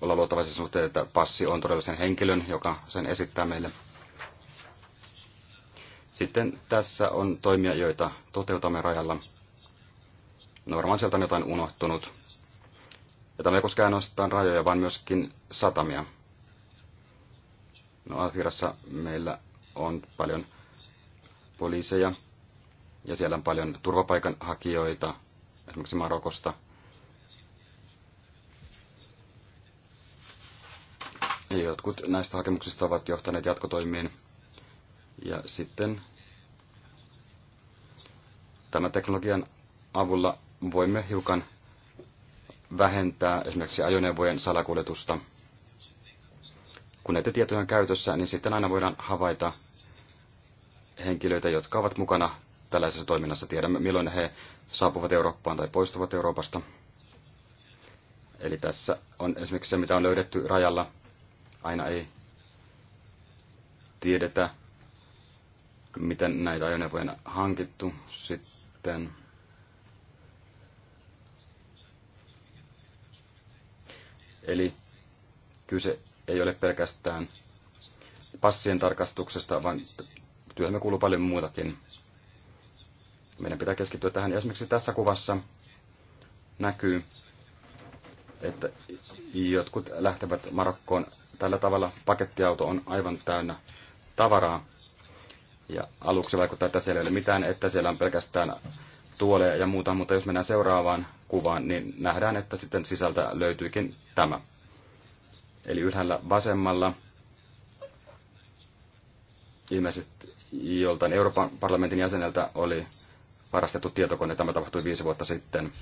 Speaker 4: olla luottavaisia suhteen, että passi on todella sen henkilön, joka sen esittää meille. Sitten tässä on toimia, joita toteutamme rajalla. No varmaan sieltä on jotain unohtunut. Ja tämä ei koskaan ainoastaan rajoja, vaan myöskin satamia. No Alfirassa meillä on paljon poliiseja ja siellä on paljon turvapaikanhakijoita esimerkiksi Marokosta. Jotkut näistä hakemuksista ovat johtaneet jatkotoimiin. Ja sitten tämän teknologian avulla voimme hiukan vähentää esimerkiksi ajoneuvojen salakuljetusta. Kun näitä tietoja on käytössä, niin sitten aina voidaan havaita henkilöitä, jotka ovat mukana tällaisessa toiminnassa. Tiedämme, milloin he saapuvat Eurooppaan tai poistuvat Euroopasta. Eli tässä on esimerkiksi se, mitä on löydetty rajalla. Aina ei tiedetä, miten näitä ajoneuvoja on hankittu sitten. Eli kyse ei ole pelkästään passien tarkastuksesta, vaan työhön kuuluu paljon muutakin. Meidän pitää keskittyä tähän. Ja esimerkiksi tässä kuvassa näkyy, että jotkut lähtevät Marokkoon tällä tavalla. Pakettiauto on aivan täynnä tavaraa. Ja aluksi vaikuttaa, että siellä ei ole mitään, että siellä on pelkästään tuoleja ja muuta, mutta jos mennään seuraavaan kuvaan, niin nähdään, että sitten sisältä löytyykin tämä. Eli ylhäällä vasemmalla ilmeisesti joltain Euroopan parlamentin jäseneltä oli varastettu tietokone. Tämä tapahtui viisi vuotta sitten.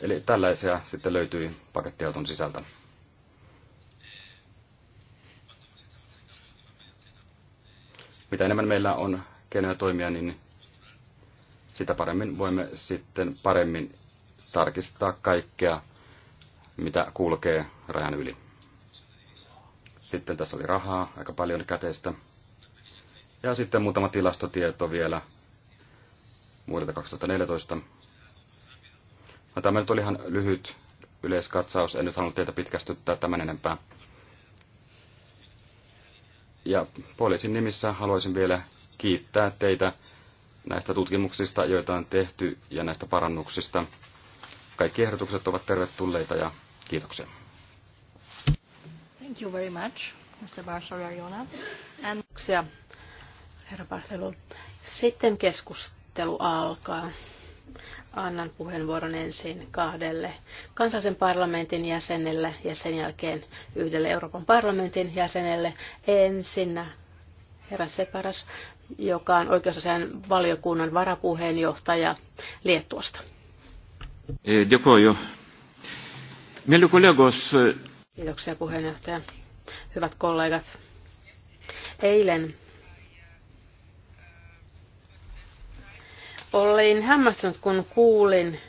Speaker 4: Eli tällaisia sitten löytyi pakettiauton sisältä. Mitä enemmän meillä on keinoja toimia, niin sitä paremmin voimme sitten paremmin tarkistaa kaikkea, mitä kulkee rajan yli. Sitten tässä oli rahaa, aika paljon käteistä. Ja sitten muutama tilastotieto vielä vuodelta 2014. No, tämä nyt oli ihan lyhyt yleiskatsaus. En nyt halunnut teitä pitkästyttää tämän enempää. Ja poliisin nimissä haluaisin vielä kiittää teitä näistä tutkimuksista, joita on tehty ja näistä parannuksista. Kaikki ehdotukset ovat tervetulleita ja kiitoksia.
Speaker 3: Thank you very much, Mr.
Speaker 1: Barcelona. And... Herra Barcelona. Sitten keskus, Keskustelu alkaa. Annan puheenvuoron ensin kahdelle kansallisen parlamentin jäsenelle ja sen jälkeen yhdelle Euroopan parlamentin jäsenelle. Ensinnä herra Separas, joka on oikeusasian valiokunnan varapuheenjohtaja Liettuosta. Eh, eh, Kiitoksia puheenjohtaja. Hyvät kollegat. Eilen Olin hämmästynyt, kun kuulin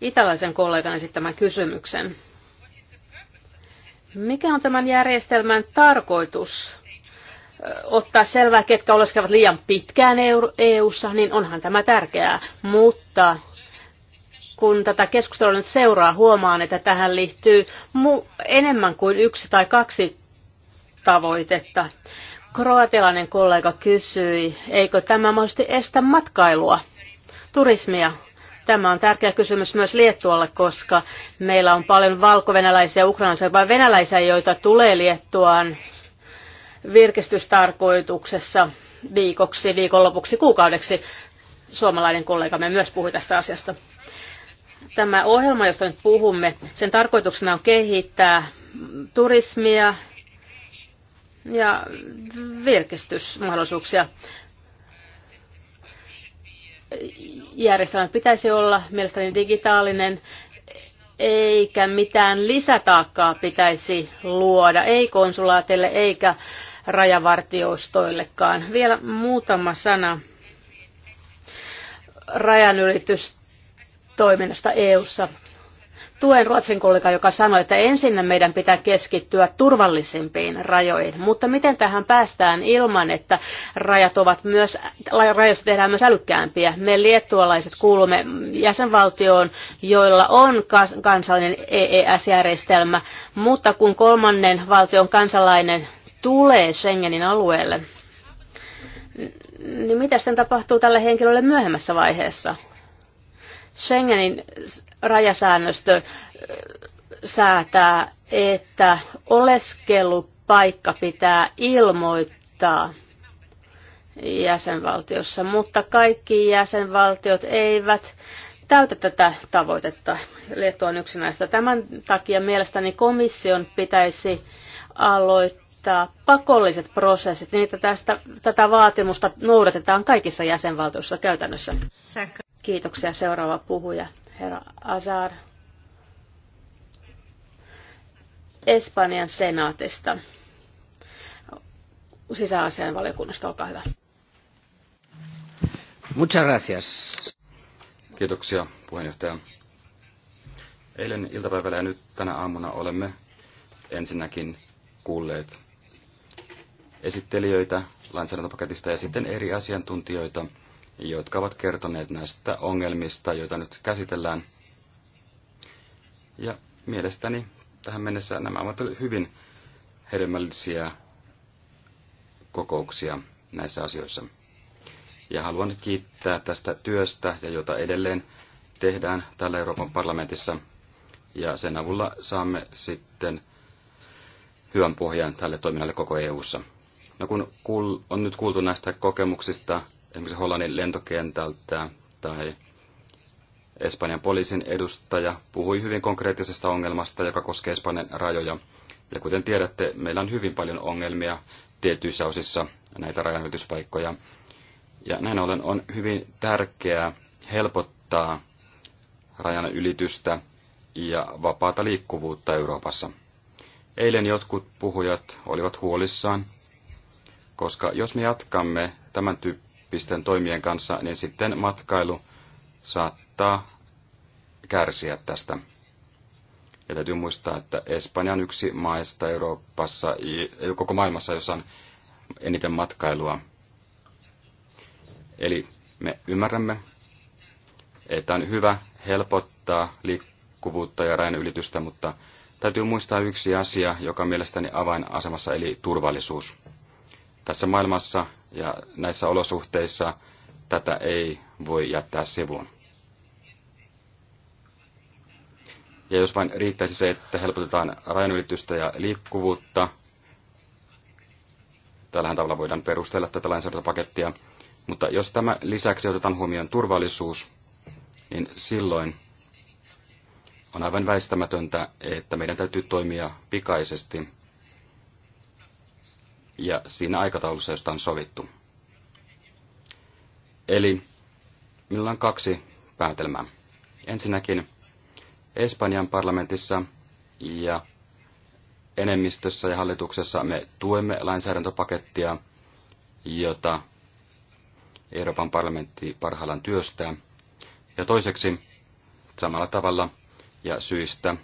Speaker 1: italaisen kollegan esittämän kysymyksen. Mikä on tämän järjestelmän tarkoitus? ottaa selvää, ketkä oleskelevat liian pitkään EU-ssa, e niin onhan tämä tärkeää. Mutta kun tätä keskustelua nyt seuraa, huomaan, että tähän liittyy enemmän kuin yksi tai kaksi tavoitetta. Kroatialainen kollega kysyi, eikö tämä mahdollisesti estä matkailua? turismia. Tämä on tärkeä kysymys myös Liettualle, koska meillä on paljon valkovenäläisiä ja ukrainalaisia, vai venäläisiä, joita tulee Liettuaan virkistystarkoituksessa viikoksi, viikonlopuksi, kuukaudeksi. Suomalainen kollegamme myös puhui tästä asiasta. Tämä ohjelma, josta nyt puhumme, sen tarkoituksena on kehittää turismia ja virkistysmahdollisuuksia järjestelmän pitäisi olla mielestäni digitaalinen, eikä mitään lisätaakkaa pitäisi luoda, ei konsulaatille eikä rajavartiostoillekaan. Vielä muutama sana rajanylitystoiminnasta EU-ssa. Tuen Ruotsin kollega, joka sanoi, että ensin meidän pitää keskittyä turvallisempiin rajoihin. Mutta miten tähän päästään ilman, että rajat ovat myös, rajoista tehdään myös älykkäämpiä? Me liettualaiset kuulumme jäsenvaltioon, joilla on kansallinen EES-järjestelmä, mutta kun kolmannen valtion kansalainen tulee Schengenin alueelle, niin mitä sitten tapahtuu tälle henkilölle myöhemmässä vaiheessa? Schengenin rajasäännöstö säätää, että oleskelupaikka pitää ilmoittaa jäsenvaltiossa, mutta kaikki jäsenvaltiot eivät täytä tätä tavoitetta. Liettua on yksi näistä. Tämän takia mielestäni komission pitäisi aloittaa pakolliset prosessit, niin että tästä, tätä vaatimusta noudatetaan kaikissa jäsenvaltioissa käytännössä. Kiitoksia. Seuraava puhuja herra Azar Espanjan senaatista sisäasian valiokunnasta. Olkaa hyvä.
Speaker 2: Muchas gracias.
Speaker 4: Kiitoksia puheenjohtaja. Eilen iltapäivällä ja nyt tänä aamuna olemme ensinnäkin kuulleet esittelijöitä lainsäädäntöpaketista ja sitten eri asiantuntijoita, jotka ovat kertoneet näistä ongelmista, joita nyt käsitellään. Ja mielestäni tähän mennessä nämä ovat hyvin hedelmällisiä kokouksia näissä asioissa. Ja haluan kiittää tästä työstä, ja jota edelleen tehdään täällä Euroopan parlamentissa. Ja sen avulla saamme sitten hyvän pohjan tälle toiminnalle koko EU:ssa. No kun on nyt kuultu näistä kokemuksista esimerkiksi Hollannin lentokentältä tai Espanjan poliisin edustaja puhui hyvin konkreettisesta ongelmasta, joka koskee Espanjan rajoja. Ja kuten tiedätte, meillä on hyvin paljon ongelmia tietyissä osissa näitä rajanylityspaikkoja. Ja näin ollen on hyvin tärkeää helpottaa rajan ylitystä ja vapaata liikkuvuutta Euroopassa. Eilen jotkut puhujat olivat huolissaan, koska jos me jatkamme tämän tyyppistä tyyppisten toimien kanssa, niin sitten matkailu saattaa kärsiä tästä. Ja täytyy muistaa, että Espanjan yksi maista Euroopassa, koko maailmassa, jossa on eniten matkailua. Eli me ymmärrämme, että on hyvä helpottaa liikkuvuutta ja rajanylitystä, mutta täytyy muistaa yksi asia, joka on mielestäni avainasemassa, eli turvallisuus. Tässä maailmassa, ja näissä olosuhteissa tätä ei voi jättää sivuun. Ja jos vain riittäisi se, että helpotetaan rajanylitystä ja liikkuvuutta, tällähän tavalla voidaan perustella tätä lainsäädäntöpakettia, mutta jos tämä lisäksi otetaan huomioon turvallisuus, niin silloin on aivan väistämätöntä, että meidän täytyy toimia pikaisesti ja siinä aikataulussa, josta on sovittu. Eli minulla on kaksi päätelmää. Ensinnäkin Espanjan parlamentissa ja enemmistössä ja hallituksessa me tuemme lainsäädäntöpakettia, jota Euroopan parlamentti parhaillaan työstää. Ja toiseksi samalla tavalla ja syistä,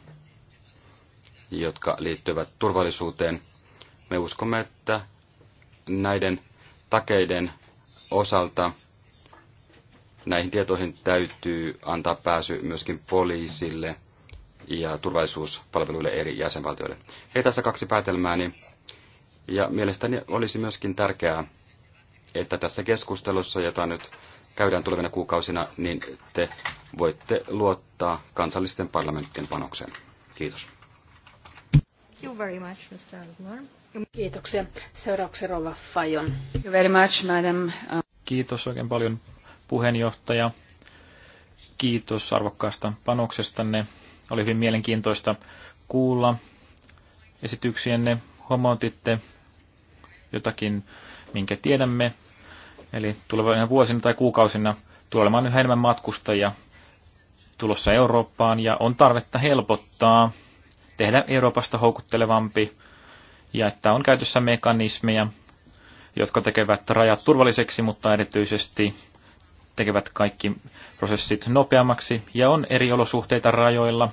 Speaker 4: jotka liittyvät turvallisuuteen, me uskomme, että näiden takeiden osalta näihin tietoihin täytyy antaa pääsy myöskin poliisille ja turvallisuuspalveluille eri jäsenvaltioille. Hei tässä kaksi päätelmääni. Ja mielestäni olisi myöskin tärkeää, että tässä keskustelussa, jota nyt käydään tulevina kuukausina, niin te voitte luottaa kansallisten parlamenttien panokseen.
Speaker 3: Kiitos
Speaker 1: you very much, Mr. Kiitoksia. Seuraavaksi Rova Fajon.
Speaker 3: you very much, madam. Kiitos oikein paljon puheenjohtaja. Kiitos arvokkaasta panoksestanne. Oli hyvin mielenkiintoista kuulla esityksienne. Homotitte jotakin, minkä tiedämme. Eli tulevina vuosina tai kuukausina tulee olemaan yhä enemmän matkustajia tulossa Eurooppaan ja on tarvetta helpottaa tehdä Euroopasta houkuttelevampi ja että on käytössä mekanismeja, jotka tekevät rajat turvalliseksi, mutta erityisesti tekevät kaikki prosessit nopeammaksi ja on eri olosuhteita rajoilla,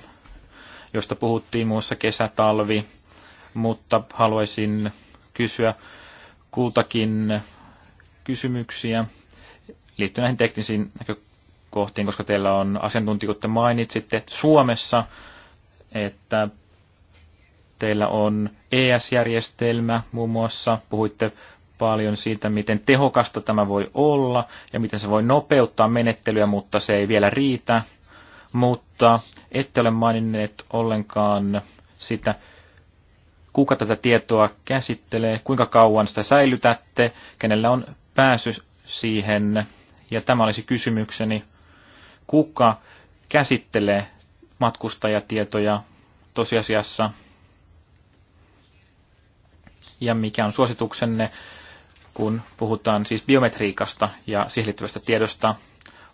Speaker 3: josta puhuttiin muussa kesä, talvi, mutta haluaisin kysyä kultakin kysymyksiä liittyen näihin teknisiin näkökohtiin, koska teillä on asiantuntijuutta mainitsitte että Suomessa, että Teillä on ES-järjestelmä muun muassa. Puhuitte paljon siitä, miten tehokasta tämä voi olla ja miten se voi nopeuttaa menettelyä, mutta se ei vielä riitä. Mutta ette ole maininneet ollenkaan sitä, kuka tätä tietoa käsittelee, kuinka kauan sitä säilytätte, kenellä on pääsy siihen. Ja tämä olisi kysymykseni, kuka käsittelee matkustajatietoja tosiasiassa ja mikä on suosituksenne, kun puhutaan siis biometriikasta ja siihen liittyvästä tiedosta.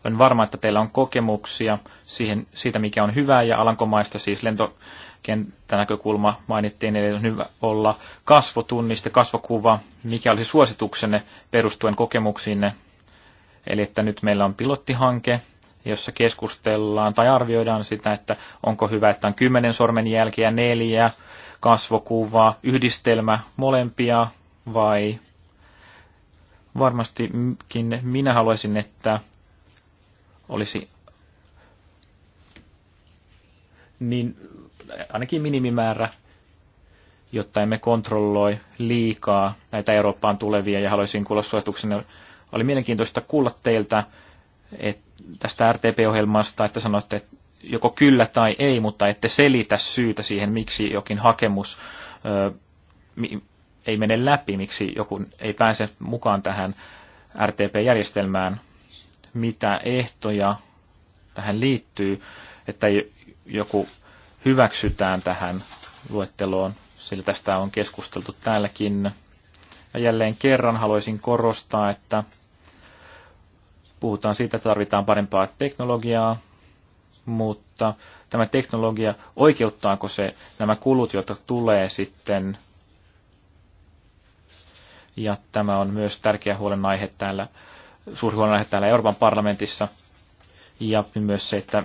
Speaker 3: Olen varma, että teillä on kokemuksia siihen, siitä, mikä on hyvää ja alankomaista, siis lentokentän näkökulma mainittiin, eli on hyvä olla kasvotunniste, kasvokuva, mikä olisi suosituksenne perustuen kokemuksiinne. Eli että nyt meillä on pilottihanke, jossa keskustellaan tai arvioidaan sitä, että onko hyvä, että on kymmenen jälkeä neljä, kasvokuva, yhdistelmä molempia vai varmastikin minä haluaisin, että olisi niin ainakin minimimäärä, jotta emme kontrolloi liikaa näitä Eurooppaan tulevia ja haluaisin kuulla suosituksenne. Oli mielenkiintoista kuulla teiltä että tästä RTP-ohjelmasta, että sanoitte, että joko kyllä tai ei, mutta ette selitä syytä siihen, miksi jokin hakemus ei mene läpi, miksi joku ei pääse mukaan tähän RTP-järjestelmään, mitä ehtoja tähän liittyy, että joku hyväksytään tähän luetteloon, sillä tästä on keskusteltu täälläkin. Ja jälleen kerran haluaisin korostaa, että puhutaan siitä, että tarvitaan parempaa teknologiaa, mutta tämä teknologia, oikeuttaako se nämä kulut, joita tulee sitten? Ja tämä on myös tärkeä huolenaihe täällä, suuri huolenaihe täällä Euroopan parlamentissa. Ja myös se, että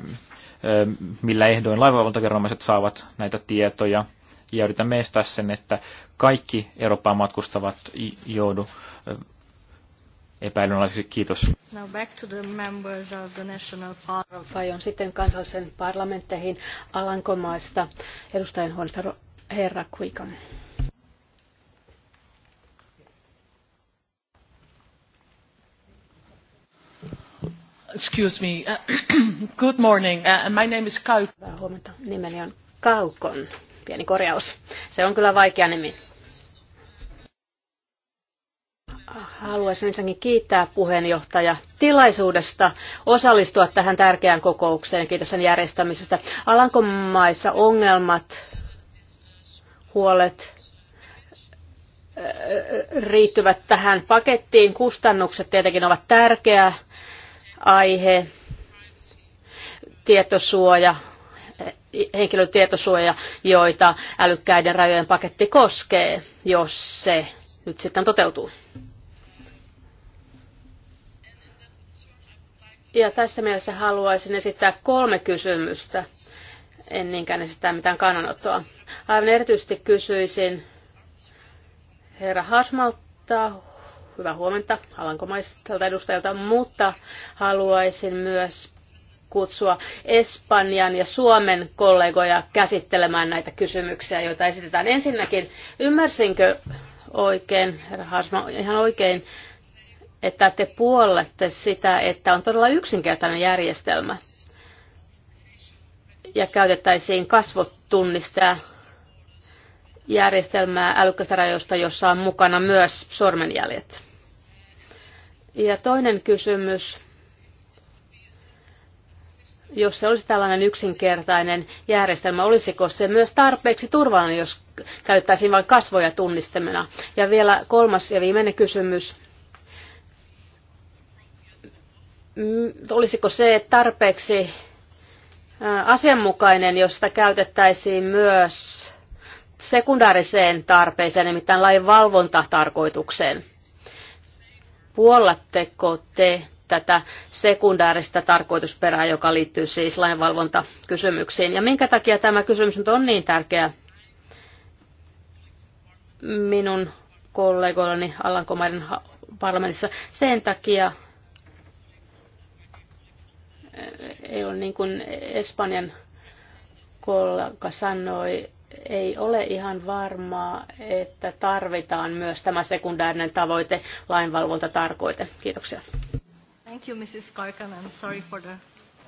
Speaker 3: millä ehdoin laivavalvontaviranomaiset saavat näitä tietoja. Ja yritämme estää sen, että kaikki Eurooppaan matkustavat joudu epäilynalaiseksi. Kiitos.
Speaker 1: Now back to the members of the National Parliament. sitten kansallisen parlamentteihin Alankomaista edustajanhuoneesta herra Kuikan. Excuse me. Uh, good morning. Uh, my name is Kaukon. Hyvää huomenta. Nimeni on Kaukon. Pieni korjaus. Se on kyllä vaikea nimi. Haluaisin ensinnäkin kiittää puheenjohtaja tilaisuudesta osallistua tähän tärkeään kokoukseen. Kiitos sen järjestämisestä. Alankomaissa ongelmat, huolet äh, riittyvät tähän pakettiin. Kustannukset tietenkin ovat tärkeä aihe. Tietosuoja, henkilötietosuoja, joita älykkäiden rajojen paketti koskee, jos se nyt sitten toteutuu. Ja tässä mielessä haluaisin esittää kolme kysymystä. En niinkään esittää mitään kannanottoa. Aivan erityisesti kysyisin herra Hasmalta, hyvää huomenta alankomaiselta edustajalta, mutta haluaisin myös kutsua Espanjan ja Suomen kollegoja käsittelemään näitä kysymyksiä, joita esitetään. Ensinnäkin, ymmärsinkö oikein, herra Hasma, ihan oikein, että te puolette sitä, että on todella yksinkertainen järjestelmä ja käytettäisiin kasvotunnistaa järjestelmää älykkästä rajoista, jossa on mukana myös sormenjäljet. Ja toinen kysymys, jos se olisi tällainen yksinkertainen järjestelmä, olisiko se myös tarpeeksi turvallinen, jos käyttäisiin vain kasvoja tunnistamina? Ja vielä kolmas ja viimeinen kysymys Mm, olisiko se tarpeeksi asianmukainen, jos sitä käytettäisiin myös sekundaariseen tarpeeseen, nimittäin lain valvontatarkoitukseen. Puolatteko te tätä sekundaarista tarkoitusperää, joka liittyy siis lainvalvontakysymyksiin? Ja minkä takia tämä kysymys nyt on niin tärkeä minun kollegoillani Alankomaiden parlamentissa? Sen takia, ei ole niin kuin Espanjan kollega sanoi, ei ole ihan varmaa, että tarvitaan myös tämä sekundäärinen tavoite, lainvalvontatarkoite. Kiitoksia.
Speaker 3: Thank you, Mrs. Karkanen. Sorry for the...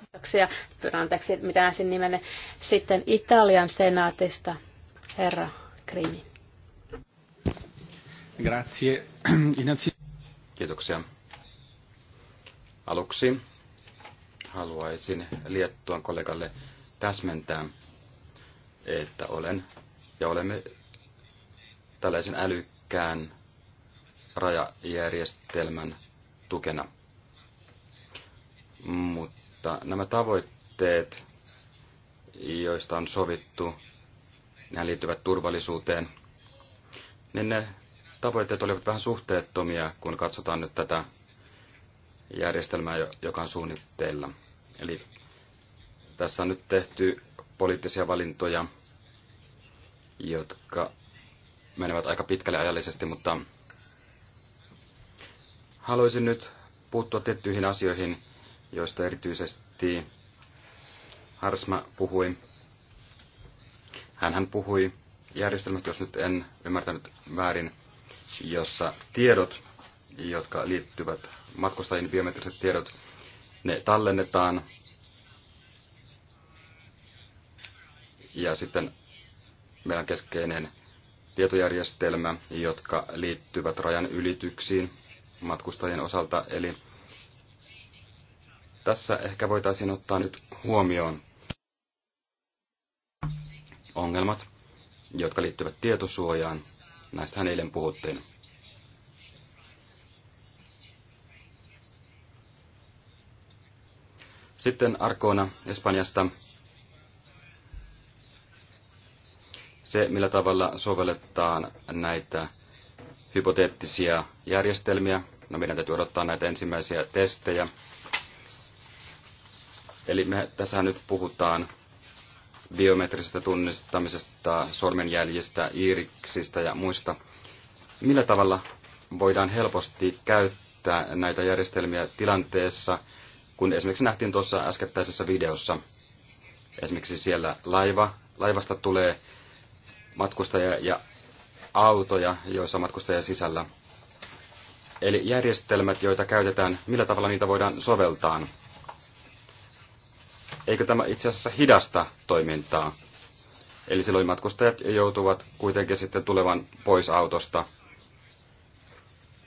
Speaker 1: Kiitoksia. Pyydän anteeksi, mitä ensin nimenne. Sitten Italian senaatista, herra Krimi.
Speaker 4: Grazie. Kiitoksia. Aluksi haluaisin Liettuan kollegalle täsmentää, että olen ja olemme tällaisen älykkään rajajärjestelmän tukena. Mutta nämä tavoitteet, joista on sovittu, nämä liittyvät turvallisuuteen, niin ne tavoitteet olivat vähän suhteettomia, kun katsotaan nyt tätä järjestelmää, joka on suunnitteilla. Eli tässä on nyt tehty poliittisia valintoja, jotka menevät aika pitkälle ajallisesti, mutta haluaisin nyt puuttua tiettyihin asioihin, joista erityisesti Harsma puhui. Hänhän puhui järjestelmästä, jos nyt en ymmärtänyt väärin, jossa tiedot, jotka liittyvät matkustajien biometriset tiedot, ne tallennetaan ja sitten meillä on keskeinen tietojärjestelmä, jotka liittyvät rajan ylityksiin matkustajien osalta. Eli tässä ehkä voitaisiin ottaa nyt huomioon ongelmat, jotka liittyvät tietosuojaan. Näistähän eilen puhuttiin. Sitten Arkona Espanjasta. Se, millä tavalla sovelletaan näitä hypoteettisia järjestelmiä. No meidän täytyy odottaa näitä ensimmäisiä testejä. Eli me tässä nyt puhutaan biometrisestä tunnistamisesta, sormenjäljistä, iiriksistä ja muista. Millä tavalla voidaan helposti käyttää näitä järjestelmiä tilanteessa, kun esimerkiksi nähtiin tuossa äskettäisessä videossa. Esimerkiksi siellä laiva, laivasta tulee matkustajia ja autoja, joissa matkustajia sisällä. Eli järjestelmät, joita käytetään, millä tavalla niitä voidaan soveltaa. Eikö tämä itse asiassa hidasta toimintaa? Eli silloin matkustajat joutuvat kuitenkin sitten tulevan pois autosta.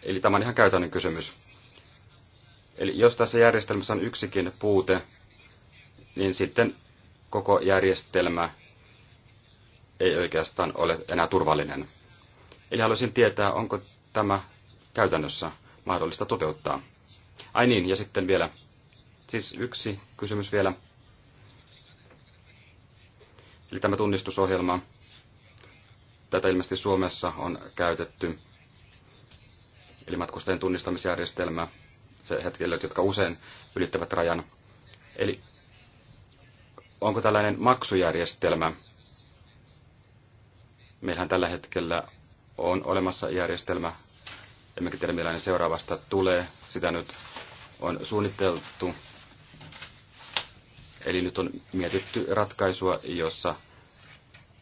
Speaker 4: Eli tämä on ihan käytännön kysymys. Eli jos tässä järjestelmässä on yksikin puute, niin sitten koko järjestelmä ei oikeastaan ole enää turvallinen. Eli haluaisin tietää, onko tämä käytännössä mahdollista toteuttaa. Ai niin, ja sitten vielä, siis yksi kysymys vielä. Eli tämä tunnistusohjelma, tätä ilmeisesti Suomessa on käytetty, eli matkustajien tunnistamisjärjestelmä – se jotka usein ylittävät rajan. Eli onko tällainen maksujärjestelmä? Meillähän tällä hetkellä on olemassa järjestelmä, emmekä tiedä millainen seuraavasta tulee. Sitä nyt on suunniteltu. Eli nyt on mietitty ratkaisua, jossa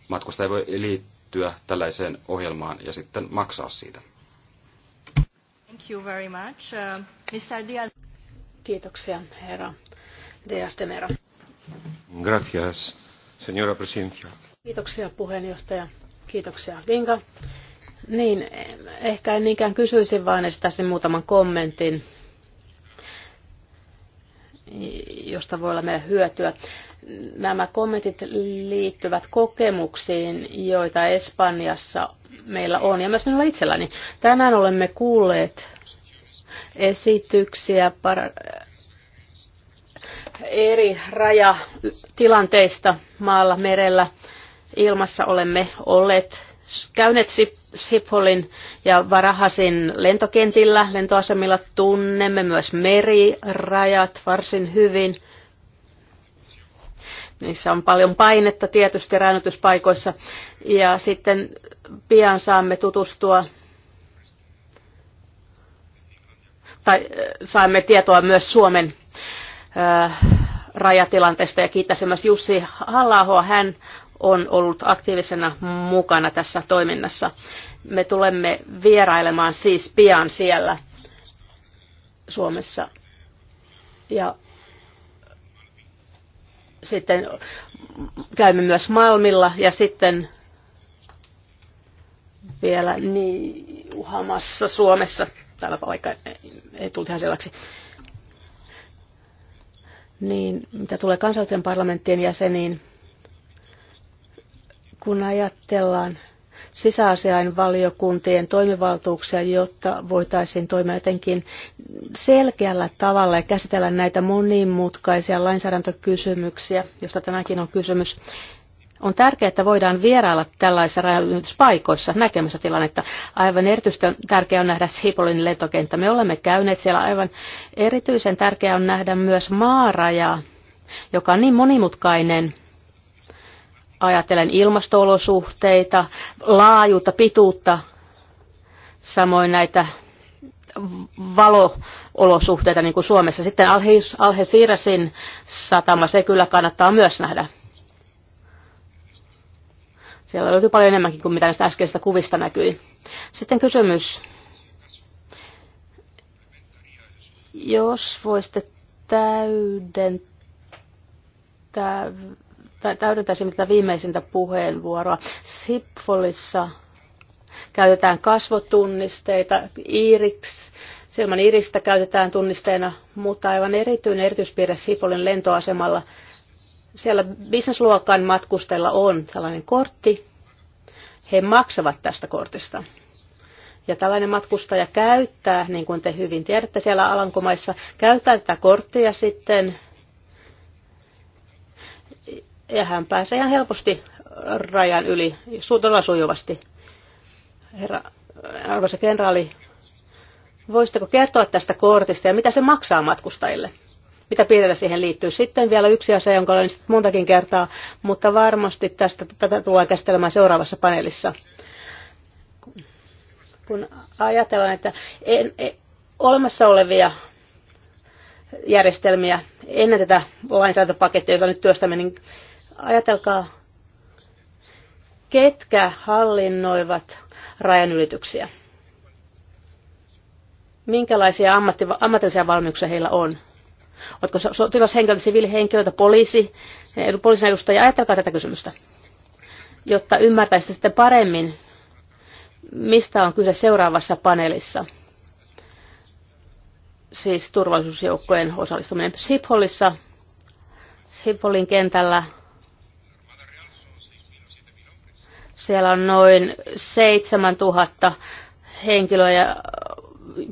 Speaker 4: matkustaja voi liittyä tällaiseen ohjelmaan ja sitten maksaa siitä.
Speaker 1: Thank you very much. Uh, Kiitoksia, herra Diaz de Mera.
Speaker 4: Gracias, señora presidencia.
Speaker 1: Kiitoksia, puheenjohtaja. Kiitoksia, Vinka. Niin, eh, ehkä en niinkään kysyisin vain esittäisin muutaman kommentin josta voi olla meille hyötyä. Nämä kommentit liittyvät kokemuksiin, joita Espanjassa meillä on ja myös minulla itselläni. Tänään olemme kuulleet esityksiä par- eri rajatilanteista maalla, merellä, ilmassa olemme olleet käyneet Schipholin ja Varahasin lentokentillä, lentoasemilla tunnemme myös merirajat varsin hyvin. Niissä on paljon painetta tietysti rajoituspaikoissa. Ja sitten pian saamme tutustua tai äh, saimme tietoa myös Suomen äh, rajatilanteesta ja kiittäisin myös Jussi halla Hän on ollut aktiivisena mukana tässä toiminnassa. Me tulemme vierailemaan siis pian siellä Suomessa. Ja sitten käymme myös Malmilla ja sitten vielä Niuhamassa Suomessa. Täällä vaikka ei tullut ihan selväksi. Niin, mitä tulee kansallisen parlamenttien jäseniin, kun ajatellaan sisäasiain valiokuntien toimivaltuuksia, jotta voitaisiin toimia jotenkin selkeällä tavalla ja käsitellä näitä monimutkaisia lainsäädäntökysymyksiä, josta tänäänkin on kysymys. On tärkeää, että voidaan vierailla tällaisissa rajanylityspaikoissa näkemässä tilannetta. Aivan erityisesti tärkeää on nähdä Sipolin lentokenttä. Me olemme käyneet siellä aivan erityisen tärkeää on nähdä myös maaraja, joka on niin monimutkainen, Ajatellen ilmastoolosuhteita, laajuutta, pituutta, samoin näitä valoolosuhteita niin kuin Suomessa. Sitten Alhefirasin satama, se kyllä kannattaa myös nähdä. Siellä löytyy paljon enemmänkin kuin mitä näistä äskeisistä kuvista näkyi. Sitten kysymys. Jos voisitte täydentää täydentäisimme tätä viimeisintä puheenvuoroa. Sipfolissa käytetään kasvotunnisteita, iiriks, silman iristä käytetään tunnisteena, mutta aivan erityinen erityispiirre Sipolin lentoasemalla. Siellä bisnesluokan matkustella on tällainen kortti. He maksavat tästä kortista. Ja tällainen matkustaja käyttää, niin kuin te hyvin tiedätte siellä Alankomaissa, käyttää tätä korttia sitten ja hän pääsee ihan helposti rajan yli, todella sujuvasti. Herra, arvoisa kenraali, voisitteko kertoa tästä kortista ja mitä se maksaa matkustajille? Mitä piirteitä siihen liittyy? Sitten vielä yksi asia, jonka olen montakin kertaa, mutta varmasti tästä, tätä tullaan käsittelemään seuraavassa paneelissa. Kun ajatellaan, että en, en, olemassa olevia järjestelmiä ennen tätä lainsäädäntöpakettia, jota nyt työstämme, niin Ajatelkaa, ketkä hallinnoivat rajanylityksiä? Minkälaisia ammatti, ammatillisia valmiuksia heillä on? Oletko sotilashenkilöitä, siviilihenkilöitä, poliisi, poliisin edustajia? Ajatelkaa tätä kysymystä, jotta ymmärtäisitte sitten paremmin, mistä on kyse seuraavassa paneelissa. Siis turvallisuusjoukkojen osallistuminen Sipholissa, Sipholin kentällä – Siellä on noin 7000 henkilöä ja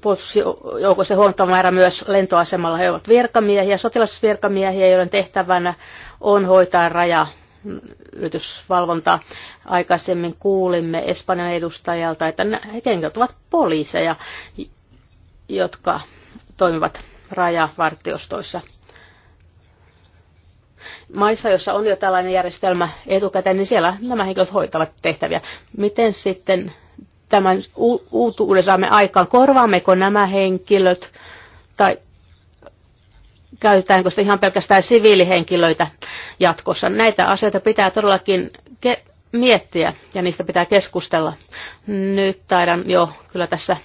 Speaker 1: puolustusjoukossa huomattava määrä myös lentoasemalla. He ovat virkamiehiä, sotilasvirkamiehiä, joiden tehtävänä on hoitaa raja yritysvalvontaa. Aikaisemmin kuulimme Espanjan edustajalta, että kenkät ovat poliiseja, jotka toimivat rajavartiostoissa maissa, joissa on jo tällainen järjestelmä etukäteen, niin siellä nämä henkilöt hoitavat tehtäviä. Miten sitten tämän uutuuden saamme aikaan? Korvaammeko nämä henkilöt tai käytetäänkö sitä ihan pelkästään siviilihenkilöitä jatkossa? Näitä asioita pitää todellakin miettiä ja niistä pitää keskustella. Nyt taidan jo kyllä tässä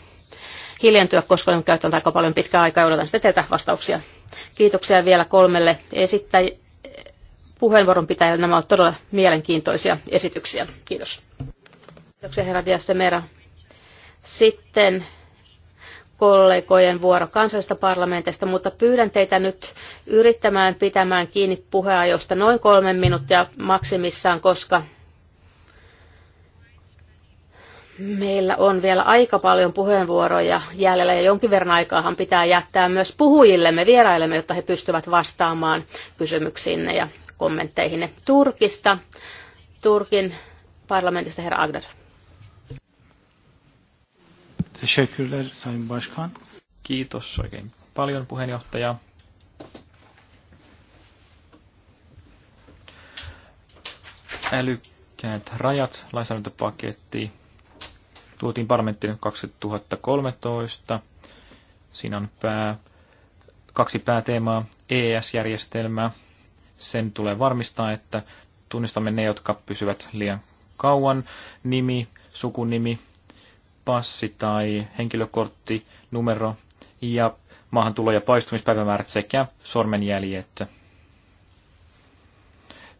Speaker 1: hiljentyä, koska olen käyttänyt aika paljon pitkää aikaa ja odotan sitten teiltä vastauksia. Kiitoksia vielä kolmelle esittäjille puheenvuoron pitäjille. Nämä ovat todella mielenkiintoisia esityksiä. Kiitos. Kiitoksia herra Diastemera. Sitten kollegojen vuoro kansallisesta parlamentista, mutta pyydän teitä nyt yrittämään pitämään kiinni puheajosta noin kolme minuuttia maksimissaan, koska meillä on vielä aika paljon puheenvuoroja jäljellä ja jonkin verran aikaahan pitää jättää myös puhujillemme, vieraillemme, jotta he pystyvät vastaamaan kysymyksiinne ja kommentteihin Turkista. Turkin parlamentista herra Agdar.
Speaker 3: Kiitos oikein paljon puheenjohtaja. Älykkäät rajat, lainsäädäntöpaketti, tuotiin parlamenttiin 2013. Siinä on pää, kaksi pääteemaa, ES-järjestelmä sen tulee varmistaa, että tunnistamme ne, jotka pysyvät liian kauan. Nimi, sukunimi, passi tai henkilökortti, numero ja maahantulo- ja paistumispäivämäärät sekä sormenjäljet.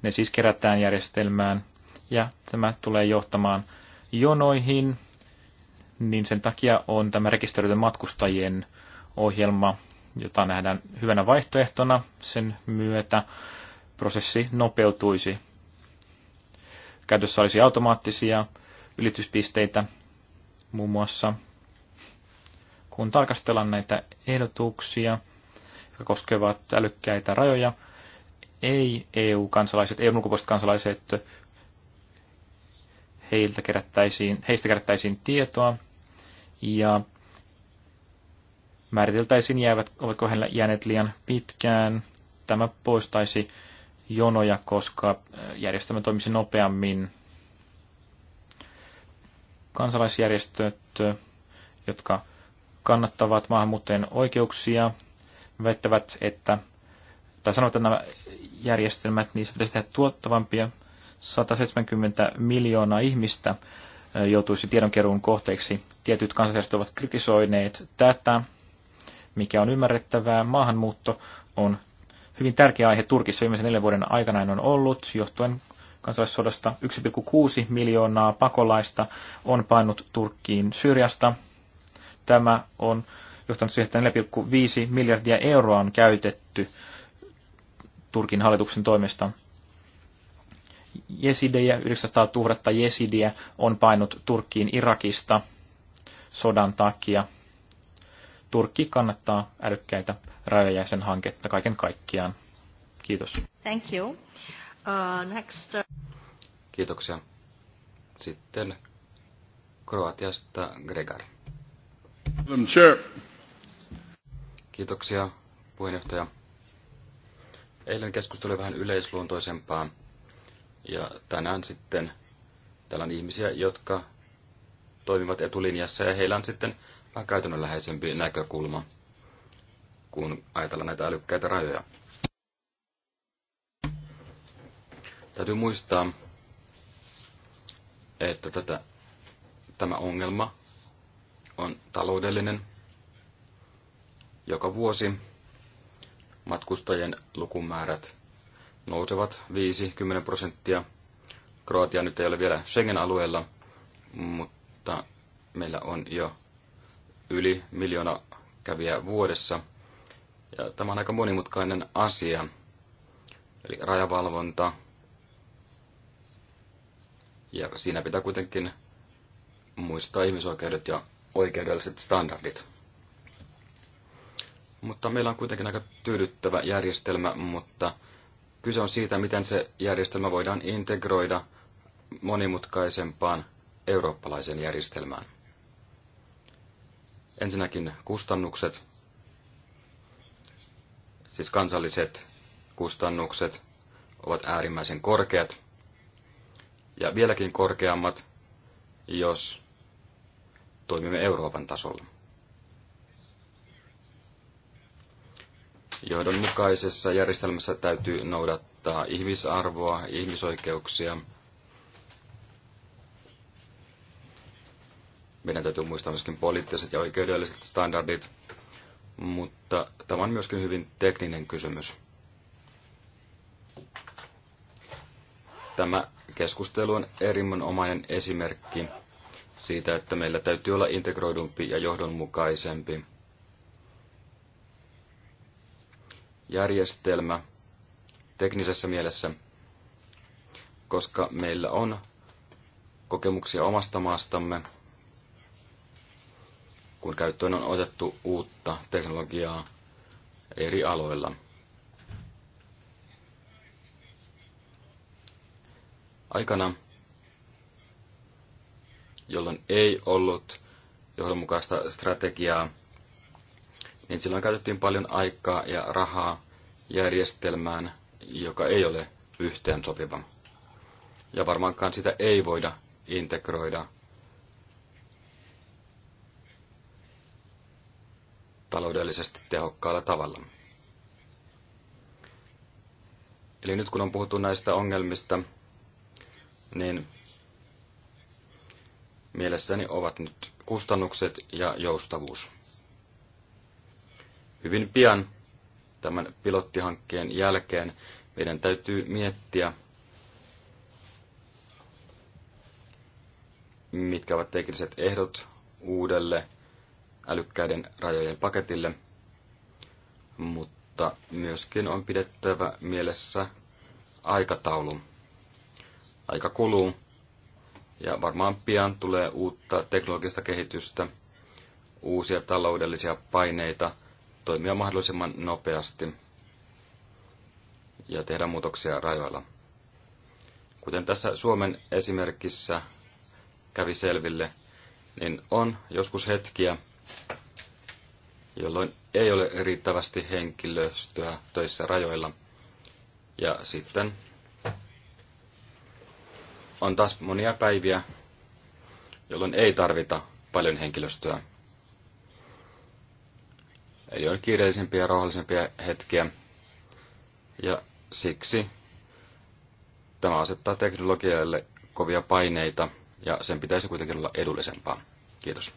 Speaker 3: Ne siis kerätään järjestelmään ja tämä tulee johtamaan jonoihin, niin sen takia on tämä rekisteröidyn matkustajien ohjelma, jota nähdään hyvänä vaihtoehtona sen myötä prosessi nopeutuisi. Käytössä olisi automaattisia ylityspisteitä muun muassa. Kun tarkastellaan näitä ehdotuksia, jotka koskevat älykkäitä rajoja, ei EU-kansalaiset, EU-ulkopuoliset kansalaiset, heiltä kerättäisiin, heistä kerättäisiin tietoa ja määriteltäisiin, jäävät, ovatko heillä jääneet liian pitkään. Tämä poistaisi jonoja, koska järjestelmä toimisi nopeammin. Kansalaisjärjestöt, jotka kannattavat maahanmuuttajien oikeuksia, väittävät, että, tai sanovat, että nämä järjestelmät, niissä pitäisi tehdä tuottavampia. 170 miljoonaa ihmistä joutuisi tiedonkeruun kohteeksi. Tietyt kansalaiset ovat kritisoineet tätä, mikä on ymmärrettävää. Maahanmuutto on hyvin tärkeä aihe Turkissa viimeisen neljän vuoden aikana on ollut, johtuen kansalaissodasta 1,6 miljoonaa pakolaista on painut Turkkiin Syyriasta. Tämä on johtanut siihen, että 4,5 miljardia euroa on käytetty Turkin hallituksen toimesta. Jesidejä, 900 000 jesidiä on painut Turkkiin Irakista sodan takia. Turkki kannattaa älykkäitä rajoja sen hanketta kaiken kaikkiaan. Kiitos. Thank you. Uh, next. Uh, Kiitoksia.
Speaker 4: Sitten Kroatiasta Gregar. Kiitoksia, puheenjohtaja. Eilen keskustelu oli vähän yleisluontoisempaa. Ja tänään sitten täällä on ihmisiä, jotka toimivat etulinjassa ja heillä on sitten on käytännönläheisempi näkökulma, kun ajatellaan näitä älykkäitä rajoja. Täytyy muistaa, että tätä, tämä ongelma on taloudellinen. Joka vuosi matkustajien lukumäärät nousevat 50 prosenttia. Kroatia nyt ei ole vielä Schengen-alueella, mutta meillä on jo yli miljoona kävijää vuodessa. Ja tämä on aika monimutkainen asia. Eli rajavalvonta. Ja siinä pitää kuitenkin muistaa ihmisoikeudet ja oikeudelliset standardit. Mutta meillä on kuitenkin aika tyydyttävä järjestelmä, mutta kyse on siitä, miten se järjestelmä voidaan integroida monimutkaisempaan eurooppalaiseen järjestelmään. Ensinnäkin kustannukset, siis kansalliset kustannukset ovat äärimmäisen korkeat ja vieläkin korkeammat, jos toimimme Euroopan tasolla. Johdonmukaisessa järjestelmässä täytyy noudattaa ihmisarvoa, ihmisoikeuksia, Meidän täytyy muistaa myöskin poliittiset ja oikeudelliset standardit, mutta tämä on myöskin hyvin tekninen kysymys. Tämä keskustelu on erinomainen esimerkki siitä, että meillä täytyy olla integroidumpi ja johdonmukaisempi järjestelmä teknisessä mielessä, koska meillä on kokemuksia omasta maastamme kun käyttöön on otettu uutta teknologiaa eri aloilla. Aikana, jolloin ei ollut johdonmukaista strategiaa, niin silloin käytettiin paljon aikaa ja rahaa järjestelmään, joka ei ole sopiva. Ja varmaankaan sitä ei voida integroida taloudellisesti tehokkaalla tavalla. Eli nyt kun on puhuttu näistä ongelmista, niin mielessäni ovat nyt kustannukset ja joustavuus. Hyvin pian tämän pilottihankkeen jälkeen meidän täytyy miettiä, mitkä ovat tekniset ehdot uudelle älykkäiden rajojen paketille, mutta myöskin on pidettävä mielessä aikataulu. Aika kuluu ja varmaan pian tulee uutta teknologista kehitystä, uusia taloudellisia paineita toimia mahdollisimman nopeasti ja tehdä muutoksia rajoilla. Kuten tässä Suomen esimerkissä kävi selville, niin on joskus hetkiä, jolloin ei ole riittävästi henkilöstöä töissä rajoilla. Ja sitten on taas monia päiviä, jolloin ei tarvita paljon henkilöstöä. Eli on kiireellisempiä ja rauhallisempia hetkiä. Ja siksi tämä asettaa teknologialle kovia paineita, ja sen pitäisi kuitenkin olla edullisempaa. Kiitos.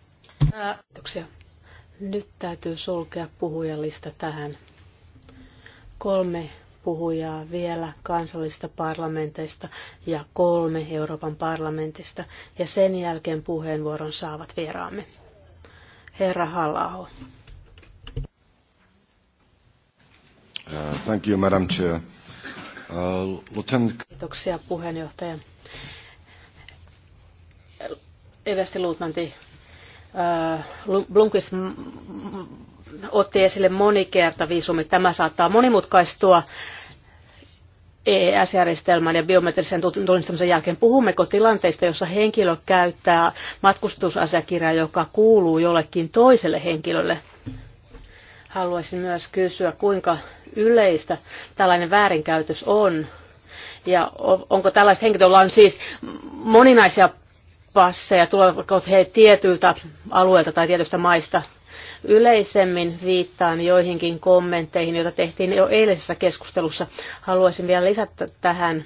Speaker 1: Kiitoksia. Nyt täytyy sulkea puhujalista tähän. Kolme puhujaa vielä kansallista parlamenteista ja kolme Euroopan parlamentista, ja sen jälkeen puheenvuoron saavat vieraamme. Herra Hallaho.
Speaker 2: Uh, thank you, Madam Chair. Uh, Lieutenant...
Speaker 1: Kiitoksia puheenjohtaja. Evästi Luutnanti Äh, Blunkis otti esille monikertaviisumit. Tämä saattaa monimutkaistua es järjestelmän ja biometrisen tunnistamisen jälkeen. Puhummeko tilanteista, jossa henkilö käyttää matkustusasiakirjaa, joka kuuluu jollekin toiselle henkilölle? Haluaisin myös kysyä, kuinka yleistä tällainen väärinkäytös on ja onko tällaiset henkilöt, joilla on siis moninaisia passeja, tulevatko he tietyltä alueelta tai tietystä maista. Yleisemmin viittaan joihinkin kommentteihin, joita tehtiin jo eilisessä keskustelussa. Haluaisin vielä lisätä tähän,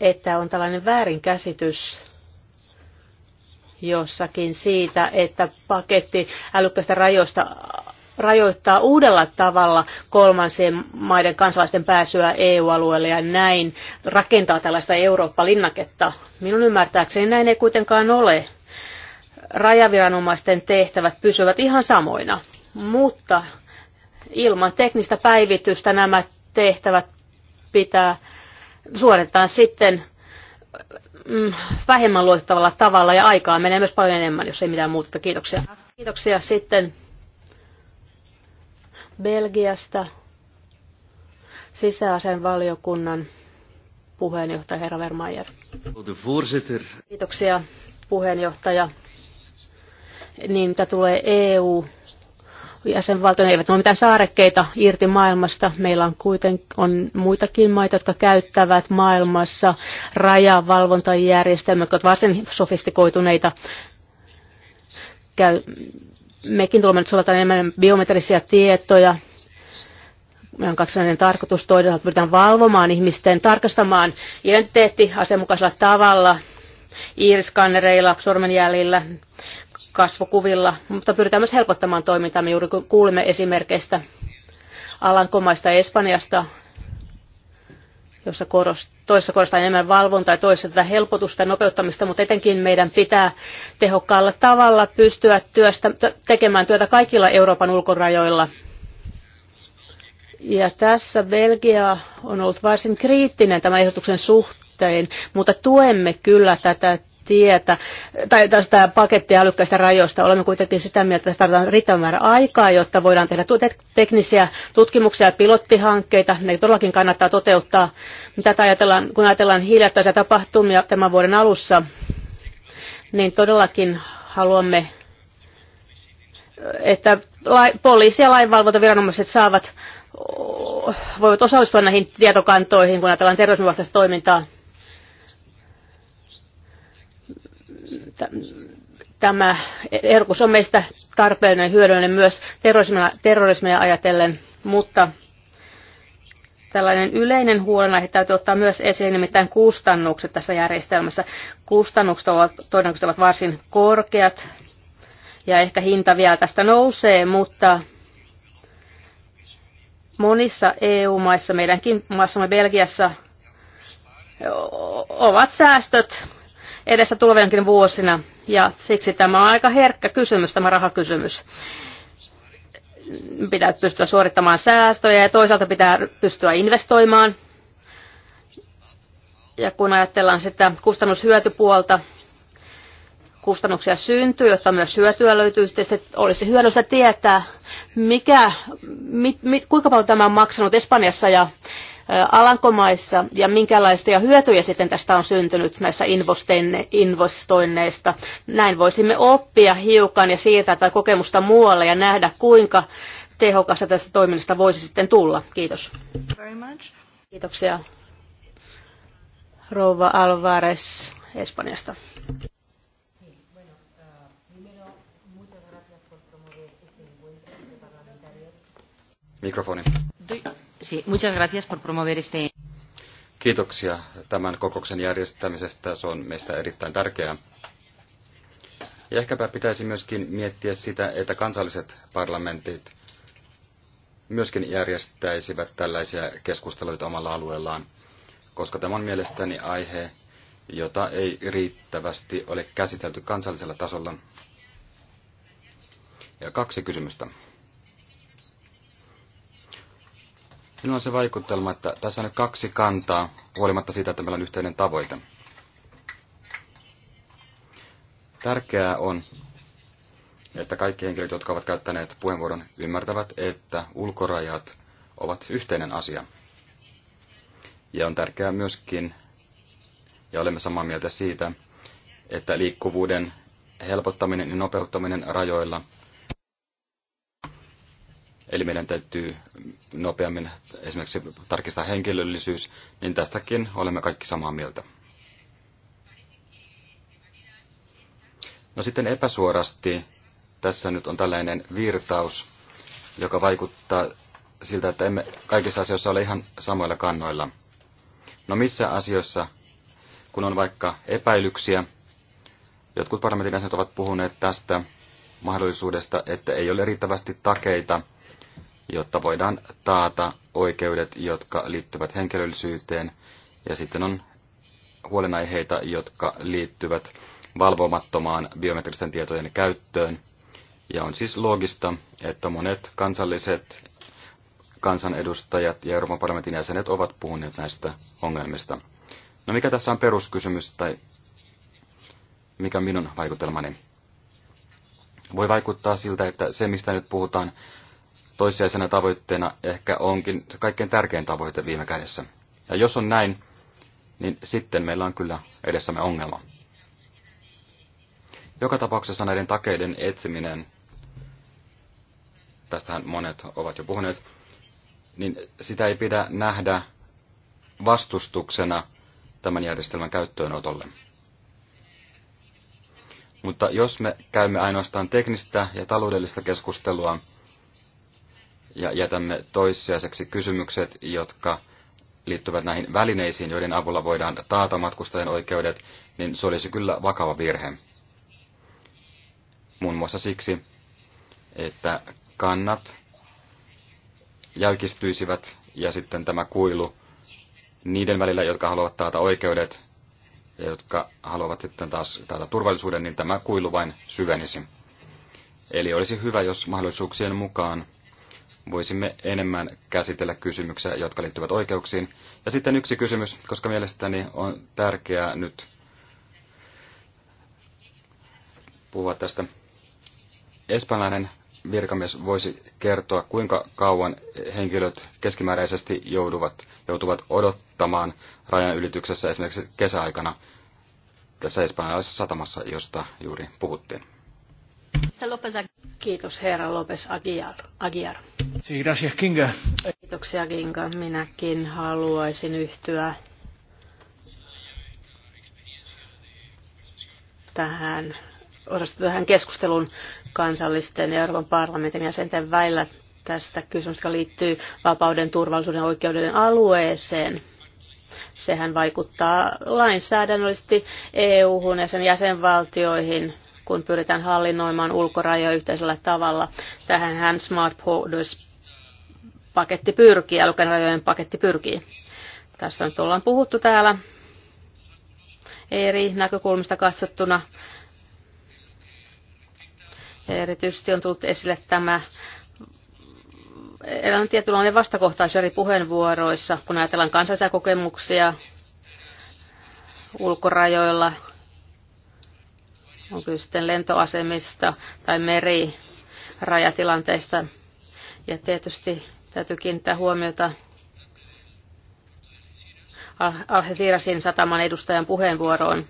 Speaker 1: että on tällainen väärinkäsitys jossakin siitä, että paketti älykkäistä rajoista rajoittaa uudella tavalla kolmansien maiden kansalaisten pääsyä EU-alueelle ja näin rakentaa tällaista Eurooppa-linnaketta. Minun ymmärtääkseni näin ei kuitenkaan ole. Rajaviranomaisten tehtävät pysyvät ihan samoina, mutta ilman teknistä päivitystä nämä tehtävät pitää suorittaa sitten mm, vähemmän luotettavalla tavalla ja aikaa menee myös paljon enemmän, jos ei mitään muuta. Kiitoksia. Kiitoksia sitten Belgiasta sisäasen valiokunnan puheenjohtaja herra Vermaier. Kiitoksia puheenjohtaja. Niin mitä tulee EU, jäsenvaltioita eivät ole mitään saarekkeita irti maailmasta. Meillä on kuitenkin on muitakin maita, jotka käyttävät maailmassa rajavalvontajärjestelmät, jotka ovat varsin sofistikoituneita. Käy, mekin tulemme nyt soveltamaan enemmän biometrisiä tietoja. Meillä on kaksinainen tarkoitus. että pyritään valvomaan ihmisten, tarkastamaan identiteetti asianmukaisella tavalla, iiriskannereilla, sormenjäljillä, kasvokuvilla, mutta pyritään myös helpottamaan toimintaa. Me juuri kuulimme esimerkkeistä Alankomaista ja Espanjasta, jossa korost, toisessa korostaa enemmän valvontaa ja toisessa tätä helpotusta ja nopeuttamista, mutta etenkin meidän pitää tehokkaalla tavalla pystyä työstä, tekemään työtä kaikilla Euroopan ulkorajoilla. Ja tässä Belgia on ollut varsin kriittinen tämän ehdotuksen suhteen, mutta tuemme kyllä tätä tietä tai tästä pakettia älykkäistä rajoista. Olemme kuitenkin sitä mieltä, että tarvitaan riittävän määrä aikaa, jotta voidaan tehdä teknisiä tutkimuksia ja pilottihankkeita. Ne todellakin kannattaa toteuttaa. Mitä ajatellaan, kun ajatellaan hiljattaisia tapahtumia tämän vuoden alussa, niin todellakin haluamme että poliisi ja lainvalvontaviranomaiset saavat, voivat osallistua näihin tietokantoihin, kun ajatellaan terrorismivastaista toimintaa. tämä ehdotus on meistä tarpeellinen ja hyödyllinen myös terrorismia, terrorismia ajatellen, mutta tällainen yleinen huolenaihe täytyy ottaa myös esiin, nimittäin kustannukset tässä järjestelmässä. Kustannukset ovat todennäköisesti ovat varsin korkeat ja ehkä hinta vielä tästä nousee, mutta monissa EU-maissa, meidänkin maassamme Belgiassa, ovat säästöt edessä tulevienkin vuosina. Ja siksi tämä on aika herkkä kysymys, tämä rahakysymys. Pitää pystyä suorittamaan säästöjä ja toisaalta pitää pystyä investoimaan. Ja kun ajatellaan sitä kustannushyötypuolta, kustannuksia syntyy, jotta myös hyötyä löytyy. Sitten olisi hyödyllistä tietää, mikä, mit, mit, kuinka paljon tämä on maksanut Espanjassa ja Alankomaissa ja minkälaisia hyötyjä sitten tästä on syntynyt näistä investoinneista. Näin voisimme oppia hiukan ja siirtää tätä kokemusta muualle ja nähdä, kuinka tehokasta tästä toiminnasta voisi sitten tulla. Kiitos. Kiitoksia. Rouva Alvarez Espanjasta. Mikrofoni. Sí, muchas gracias por promover este...
Speaker 4: Kiitoksia tämän kokouksen järjestämisestä. Se on meistä erittäin tärkeää. Ja ehkäpä pitäisi myöskin miettiä sitä, että kansalliset parlamentit myöskin järjestäisivät tällaisia keskusteluita omalla alueellaan, koska tämä on mielestäni aihe, jota ei riittävästi ole käsitelty kansallisella tasolla. Ja kaksi kysymystä. Minulla on se vaikutelma, että tässä on nyt kaksi kantaa, huolimatta siitä, että meillä on yhteinen tavoite. Tärkeää on, että kaikki henkilöt, jotka ovat käyttäneet puheenvuoron, ymmärtävät, että ulkorajat ovat yhteinen asia. Ja on tärkeää myöskin, ja olemme samaa mieltä siitä, että liikkuvuuden helpottaminen ja nopeuttaminen rajoilla – Eli meidän täytyy nopeammin esimerkiksi tarkistaa henkilöllisyys, niin tästäkin olemme kaikki samaa mieltä. No sitten epäsuorasti tässä nyt on tällainen virtaus, joka vaikuttaa siltä, että emme kaikissa asioissa ole ihan samoilla kannoilla. No missä asioissa, kun on vaikka epäilyksiä, jotkut parlamentin ovat puhuneet tästä mahdollisuudesta, että ei ole riittävästi takeita – jotta voidaan taata oikeudet, jotka liittyvät henkilöllisyyteen, ja sitten on huolenaiheita, jotka liittyvät valvomattomaan biometristen tietojen käyttöön. Ja on siis loogista, että monet kansalliset kansanedustajat ja Euroopan parlamentin jäsenet ovat puhuneet näistä ongelmista. No mikä tässä on peruskysymys tai mikä minun vaikutelmani? Voi vaikuttaa siltä, että se mistä nyt puhutaan toissijaisena tavoitteena ehkä onkin se kaikkein tärkein tavoite viime kädessä. Ja jos on näin, niin sitten meillä on kyllä edessämme ongelma. Joka tapauksessa näiden takeiden etsiminen, tästähän monet ovat jo puhuneet, niin sitä ei pidä nähdä vastustuksena tämän järjestelmän käyttöönotolle. Mutta jos me käymme ainoastaan teknistä ja taloudellista keskustelua, ja jätämme toissijaiseksi kysymykset, jotka liittyvät näihin välineisiin, joiden avulla voidaan taata matkustajien oikeudet, niin se olisi kyllä vakava virhe. Muun muassa siksi, että kannat jäykistyisivät ja sitten tämä kuilu niiden välillä, jotka haluavat taata oikeudet ja jotka haluavat sitten taas taata turvallisuuden, niin tämä kuilu vain syvenisi. Eli olisi hyvä, jos mahdollisuuksien mukaan voisimme enemmän käsitellä kysymyksiä, jotka liittyvät oikeuksiin. Ja sitten yksi kysymys, koska mielestäni on tärkeää nyt puhua tästä. Espanjalainen virkamies voisi kertoa, kuinka kauan henkilöt keskimääräisesti jouduvat, joutuvat odottamaan rajan ylityksessä esimerkiksi kesäaikana tässä espanjalaisessa satamassa, josta juuri puhuttiin.
Speaker 1: Kiitos herra Lopes Aguiar. Aguiar. Kiitoksia Kinga. Minäkin haluaisin yhtyä tähän, tähän keskustelun kansallisten ja Euroopan parlamentin jäsenten väillä tästä kysymystä, joka liittyy vapauden, turvallisuuden ja oikeuden alueeseen. Sehän vaikuttaa lainsäädännöllisesti EU-hun ja sen jäsenvaltioihin, kun pyritään hallinnoimaan ulkorajoja yhteisellä tavalla. Tähän Smart Borders paketti pyrkii, älykärajojen paketti pyrkii. Tästä nyt ollaan puhuttu täällä eri näkökulmista katsottuna. Ja erityisesti on tullut esille tämä eräänlainen tietynlainen vastakohtaisuus eri puheenvuoroissa, kun ajatellaan kansallisia kokemuksia ulkorajoilla, on kyse sitten lentoasemista tai merirajatilanteista. Ja tietysti Täytyy kiinnittää huomiota al sataman edustajan puheenvuoroon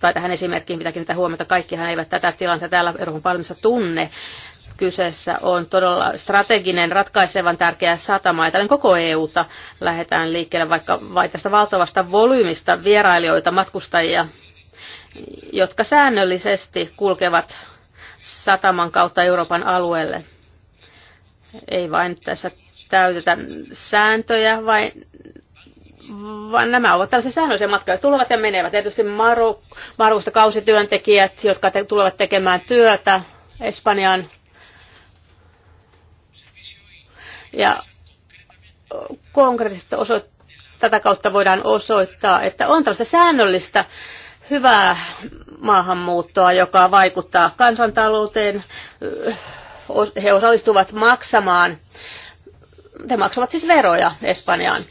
Speaker 1: tai tähän esimerkkiin pitää kiinnittää huomiota. Kaikkihan eivät tätä tilannetta täällä Euroopan parlamentissa tunne. Kyseessä on todella strateginen, ratkaisevan tärkeä satama. Ajatellen koko EUta lähdetään liikkeelle vaikka vai tästä valtavasta volyymista vierailijoita, matkustajia, jotka säännöllisesti kulkevat sataman kautta Euroopan alueelle. Ei vain tässä täytetä sääntöjä, vai, vaan nämä ovat tällaisia säännöllisiä matkoja, tulevat ja menevät. Tietysti Maru, Marusta kausityöntekijät, jotka te, tulevat tekemään työtä Espanjaan. Ja konkreettisesti osoittaa tätä kautta voidaan osoittaa, että on tällaista säännöllistä hyvää maahanmuuttoa, joka vaikuttaa kansantalouteen, he osallistuvat maksamaan, he maksavat siis veroja Espanjaan.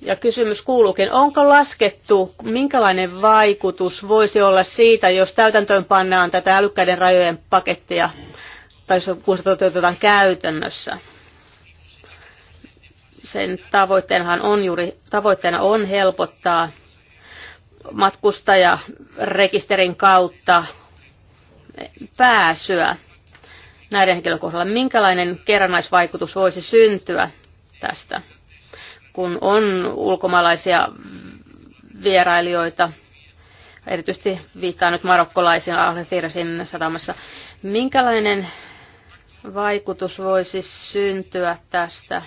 Speaker 1: Ja kysymys kuuluukin, onko laskettu, minkälainen vaikutus voisi olla siitä, jos täytäntöön pannaan tätä älykkäiden rajojen pakettia, tai kun se toteutetaan käytännössä? Sen tavoitteenahan on juuri, tavoitteena on helpottaa matkustajarekisterin kautta pääsyä näiden henkilön kohdalla. Minkälainen kerrannaisvaikutus voisi syntyä tästä, kun on ulkomaalaisia vierailijoita, erityisesti viittaan nyt marokkolaisiin Algeciresin satamassa. Minkälainen vaikutus voisi syntyä tästä,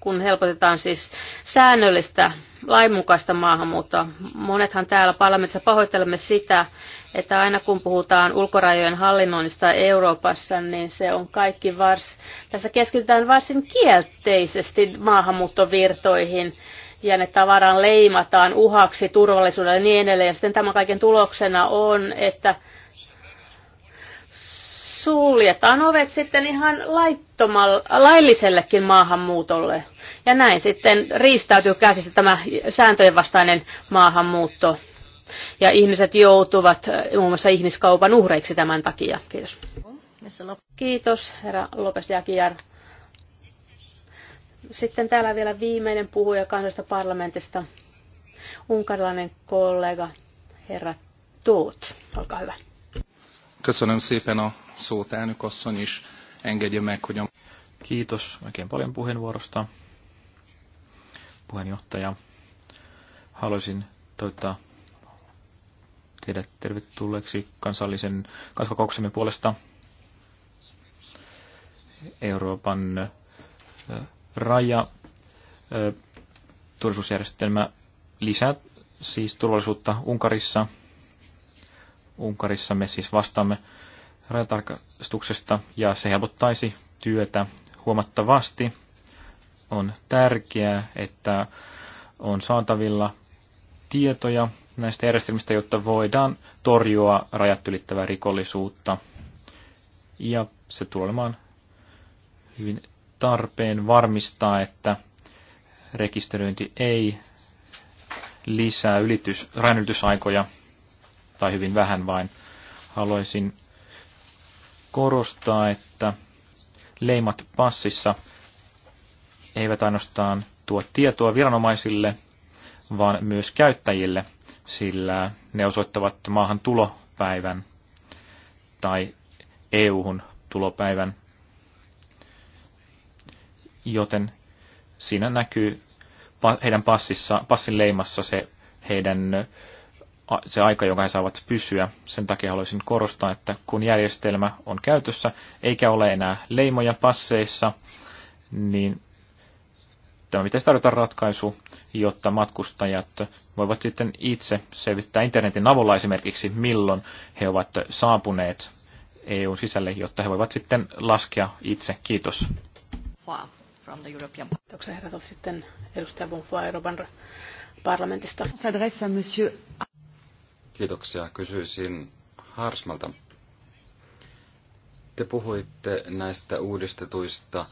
Speaker 1: kun helpotetaan siis säännöllistä lainmukaista maahanmuuttoa. Monethan täällä parlamentissa pahoittelemme sitä, että aina kun puhutaan ulkorajojen hallinnoinnista Euroopassa, niin se on kaikki vars... Tässä keskitytään varsin kielteisesti maahanmuuttovirtoihin ja ne tavaraan leimataan uhaksi turvallisuudelle ja niin edelleen. Ja sitten tämän kaiken tuloksena on, että suljetaan ovet sitten ihan laillisellekin maahanmuutolle. Ja näin sitten riistäytyy käsistä tämä sääntöjen vastainen maahanmuutto. Ja ihmiset joutuvat eh, muun muassa ihmiskaupan uhreiksi tämän takia. Kiitos. Kiitos, herra Lopes Jakijar. Sitten täällä vielä viimeinen puhuja kansallisesta parlamentista, unkarilainen kollega, herra Tuut. Olkaa hyvä.
Speaker 2: Köszönöm szépen a szót asszony is engedje meg, hogy a...
Speaker 3: Kiitos oikein paljon puheenvuorosta. Puheenjohtaja, haluaisin toivottaa teidät tervetulleeksi kansallisen kasvakouksemme puolesta Euroopan raja turvallisuusjärjestelmä lisää siis turvallisuutta Unkarissa. Unkarissa me siis vastaamme rajatarkastuksesta ja se helpottaisi työtä huomattavasti. On tärkeää, että on saatavilla tietoja näistä järjestelmistä, jotta voidaan torjua rajat ylittävää rikollisuutta. Ja se tulee olemaan hyvin tarpeen varmistaa, että rekisteröinti ei lisää ylitys, rajanylitysaikoja tai hyvin vähän vain. Haluaisin korostaa, että leimat passissa eivät ainoastaan tuo tietoa viranomaisille, vaan myös käyttäjille, sillä ne osoittavat maahan tulopäivän tai EU-hun tulopäivän. Joten siinä näkyy heidän passissa, passin leimassa se heidän se aika, jonka he saavat pysyä. Sen takia haluaisin korostaa, että kun järjestelmä on käytössä, eikä ole enää leimoja passeissa, niin tämä pitäisi tarjota ratkaisu, jotta matkustajat voivat sitten itse selvittää internetin avulla esimerkiksi, milloin he ovat saapuneet EUn sisälle, jotta he voivat sitten laskea itse. Kiitos.
Speaker 1: From the European... Kiitoksia sitten edustaja Bonfoy Euroopan parlamentista. S'adresse à monsieur
Speaker 4: Kiitoksia. Kysyisin Harsmalta. Te puhuitte näistä uudistetuista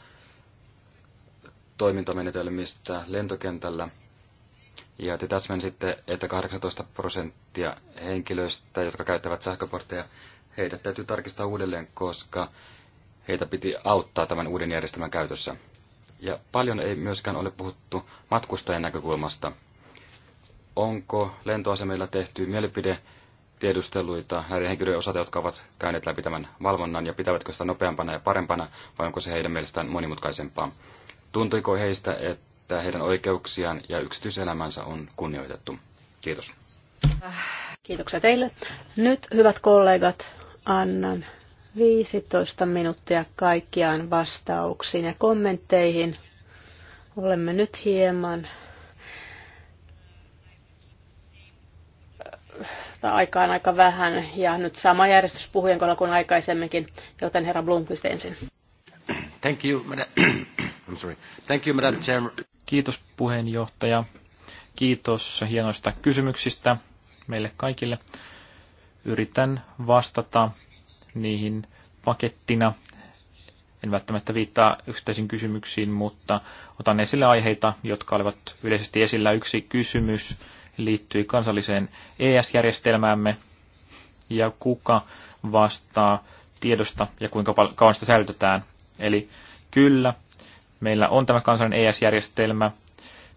Speaker 4: toimintamenetelmistä lentokentällä. Ja te täsmensitte, että 18 prosenttia henkilöistä, jotka käyttävät sähköportteja, heitä täytyy tarkistaa uudelleen, koska heitä piti auttaa tämän uuden järjestelmän käytössä. Ja paljon ei myöskään ole puhuttu matkustajien näkökulmasta – onko lentoasemilla tehty mielipide tiedusteluita näiden henkilöiden osalta, jotka ovat käyneet läpi tämän valvonnan, ja pitävätkö sitä nopeampana ja parempana, vai onko se heidän mielestään monimutkaisempaa? Tuntuiko heistä, että heidän oikeuksiaan ja yksityiselämänsä on kunnioitettu? Kiitos.
Speaker 1: Kiitoksia teille. Nyt, hyvät kollegat, annan 15 minuuttia kaikkiaan vastauksiin ja kommentteihin. Olemme nyt hieman Sitä aikaan aika vähän ja nyt sama järjestys puhujen kohdalla kuin aikaisemminkin, joten herra Blomqvist ensin.
Speaker 2: Thank you,
Speaker 3: I'm sorry. Thank you, Madam Kiitos puheenjohtaja. Kiitos hienoista kysymyksistä meille kaikille. Yritän vastata niihin pakettina. En välttämättä viittaa yksittäisiin kysymyksiin, mutta otan esille aiheita, jotka olivat yleisesti esillä. Yksi kysymys liittyi kansalliseen ES-järjestelmäämme ja kuka vastaa tiedosta ja kuinka kauan sitä säilytetään. Eli kyllä, meillä on tämä kansallinen ES-järjestelmä.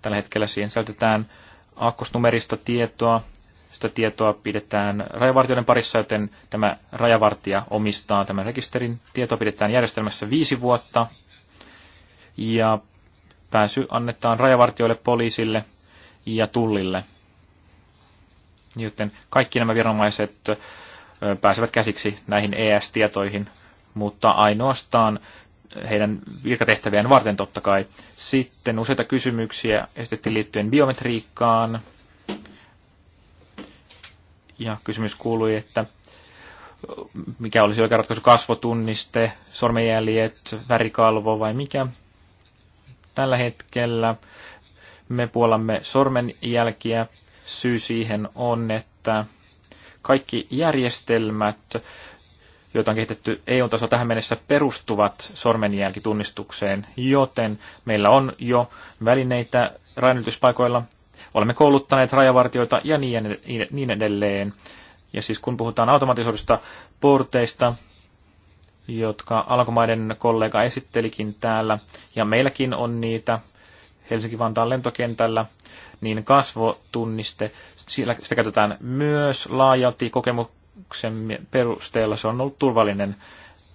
Speaker 3: Tällä hetkellä siihen säilytetään aakkosnumerista tietoa. Sitä tietoa pidetään rajavartijoiden parissa, joten tämä rajavartija omistaa tämän rekisterin. Tietoa pidetään järjestelmässä viisi vuotta. Ja pääsy annetaan rajavartijoille, poliisille ja tullille joten kaikki nämä viranomaiset pääsevät käsiksi näihin ES-tietoihin, mutta ainoastaan heidän virkatehtäviään varten totta kai. Sitten useita kysymyksiä esitettiin liittyen biometriikkaan. Ja kysymys kuului, että mikä olisi oikea ratkaisu, kasvotunniste, sormenjäljet, värikalvo vai mikä? Tällä hetkellä me puolamme sormenjälkiä Syy siihen on, että kaikki järjestelmät, joita on kehitetty EU-tasolla tähän mennessä, perustuvat sormenjälkitunnistukseen, joten meillä on jo välineitä rajanylityspaikoilla. Olemme kouluttaneet rajavartioita ja niin, niin edelleen. Ja siis kun puhutaan automatisoidusta porteista, jotka alkumaiden kollega esittelikin täällä, ja meilläkin on niitä, Helsinki-Vantaan lentokentällä, niin kasvotunniste, sitä käytetään myös laajalti kokemuksen perusteella. Se on ollut turvallinen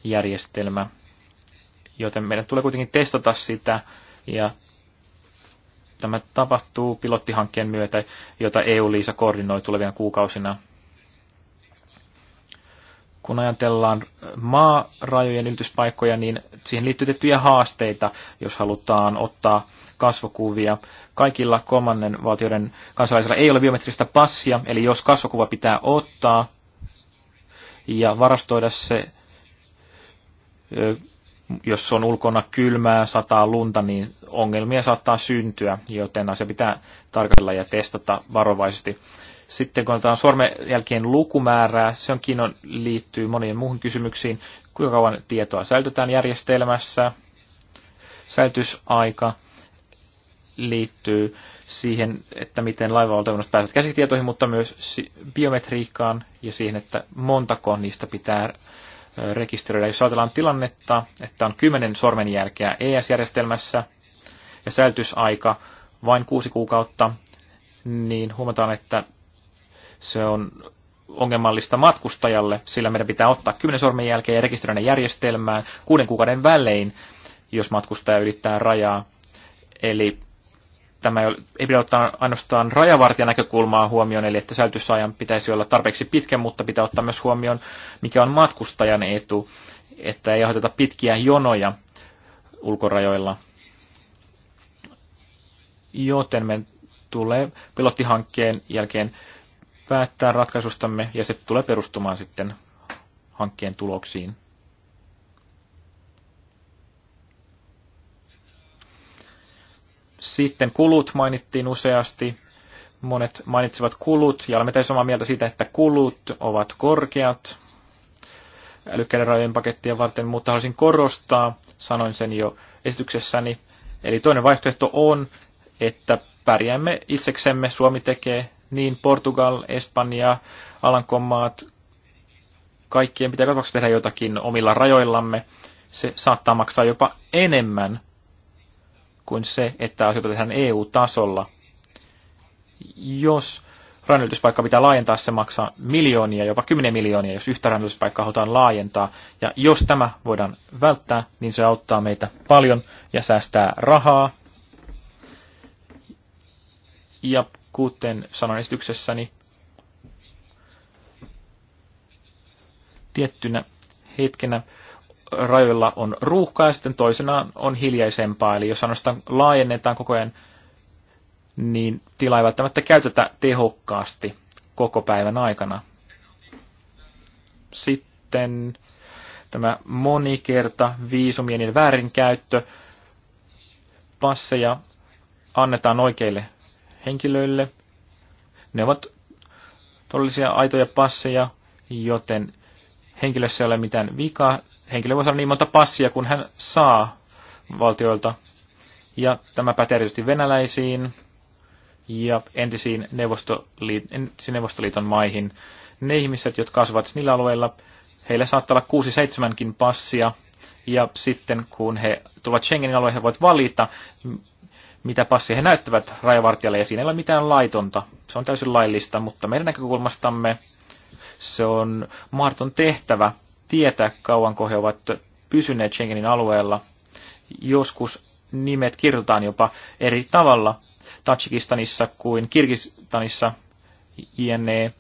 Speaker 3: järjestelmä, joten meidän tulee kuitenkin testata sitä ja tämä tapahtuu pilottihankkeen myötä, jota EU-liisa koordinoi tulevina kuukausina. Kun ajatellaan maarajojen ylityspaikkoja, niin siihen liittyy tiettyjä haasteita, jos halutaan ottaa kasvokuvia. Kaikilla kolmannen valtioiden kansalaisilla ei ole biometristä passia, eli jos kasvokuva pitää ottaa ja varastoida se, jos on ulkona kylmää, sataa lunta, niin ongelmia saattaa syntyä, joten asia pitää tarkastella ja testata varovaisesti. Sitten kun otetaan sormenjälkien lukumäärää, se onkin on, liittyy monien muuhun kysymyksiin. Kuinka kauan tietoa säilytetään järjestelmässä, säilytysaika, liittyy siihen, että miten laivavaltakunnasta pääset käsitietoihin, mutta myös biometriikkaan ja siihen, että montako niistä pitää rekisteröidä. Jos ajatellaan tilannetta, että on kymmenen sormenjälkeä ES-järjestelmässä ja säilytysaika vain kuusi kuukautta, niin huomataan, että se on ongelmallista matkustajalle, sillä meidän pitää ottaa sormen jälkeen ja rekisteröidä järjestelmään kuuden kuukauden välein, jos matkustaja ylittää rajaa. Eli tämä ei, ole, ei pidä ottaa ainoastaan rajavartijan näkökulmaa huomioon, eli että säilytysajan pitäisi olla tarpeeksi pitkä, mutta pitää ottaa myös huomioon, mikä on matkustajan etu, että ei aiheuteta pitkiä jonoja ulkorajoilla. Joten me tulee pilottihankkeen jälkeen päättää ratkaisustamme, ja se tulee perustumaan sitten hankkeen tuloksiin. Sitten kulut mainittiin useasti. Monet mainitsivat kulut, ja olemme täysin samaa mieltä siitä, että kulut ovat korkeat älykkäiden rajojen pakettia varten, mutta haluaisin korostaa, sanoin sen jo esityksessäni, eli toinen vaihtoehto on, että pärjäämme itseksemme, Suomi tekee niin Portugal, Espanja, Alankomaat, kaikkien pitää katsoa tehdä jotakin omilla rajoillamme. Se saattaa maksaa jopa enemmän kuin se, että asioita tehdään EU-tasolla. Jos rajanylityspaikka pitää laajentaa, se maksaa miljoonia, jopa 10 miljoonia, jos yhtä rajanylityspaikkaa halutaan laajentaa. Ja jos tämä voidaan välttää, niin se auttaa meitä paljon ja säästää rahaa. Ja kuten sanon esityksessäni, tiettynä hetkenä rajoilla on ruuhkaa ja sitten toisena on hiljaisempaa. Eli jos ainoastaan laajennetaan koko ajan, niin tila ei välttämättä käytetä tehokkaasti koko päivän aikana. Sitten tämä monikerta viisumien niin väärinkäyttö. Passeja annetaan oikeille henkilöille. Ne ovat todellisia aitoja passeja, joten henkilössä ei ole mitään vikaa henkilö voi saada niin monta passia kuin hän saa valtioilta. Ja tämä pätee erityisesti venäläisiin ja entisiin Neuvostoliit- entisiin Neuvostoliiton maihin. Ne ihmiset, jotka asuvat niillä alueilla, heillä saattaa olla kuusi seitsemänkin passia. Ja sitten kun he tulevat Schengenin alueen, he voivat valita, mitä passia he näyttävät rajavartijalle, ja siinä ei ole mitään laitonta. Se on täysin laillista, mutta meidän näkökulmastamme se on mahdoton tehtävä tietää, kauanko he ovat pysyneet Schengenin alueella. Joskus nimet kirjoitetaan jopa eri tavalla Tajikistanissa kuin Kirgistanissa jne,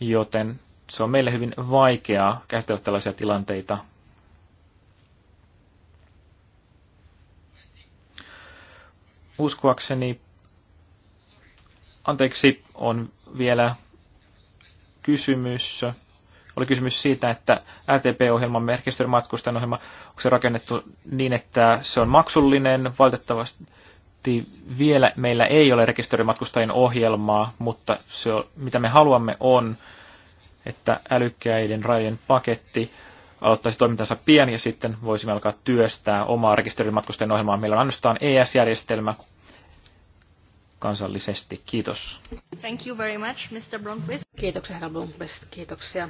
Speaker 3: joten se on meille hyvin vaikeaa käsitellä tällaisia tilanteita. Uskoakseni, anteeksi, on vielä kysymys. Oli kysymys siitä, että LTP-ohjelman merkistön matkustajan ohjelma, onko se rakennettu niin, että se on maksullinen, valitettavasti vielä meillä ei ole rekisterimatkustajien ohjelmaa, mutta se, mitä me haluamme on, että älykkäiden rajojen paketti aloittaisi toimintansa pian ja sitten voisimme alkaa työstää omaa rekisterimatkustajien ohjelmaa. Meillä on ainoastaan ES-järjestelmä, kansallisesti. Kiitos.
Speaker 1: Thank you very much, Mr. Blomqvist. Kiitoksia, herra Blomqvist. Kiitoksia,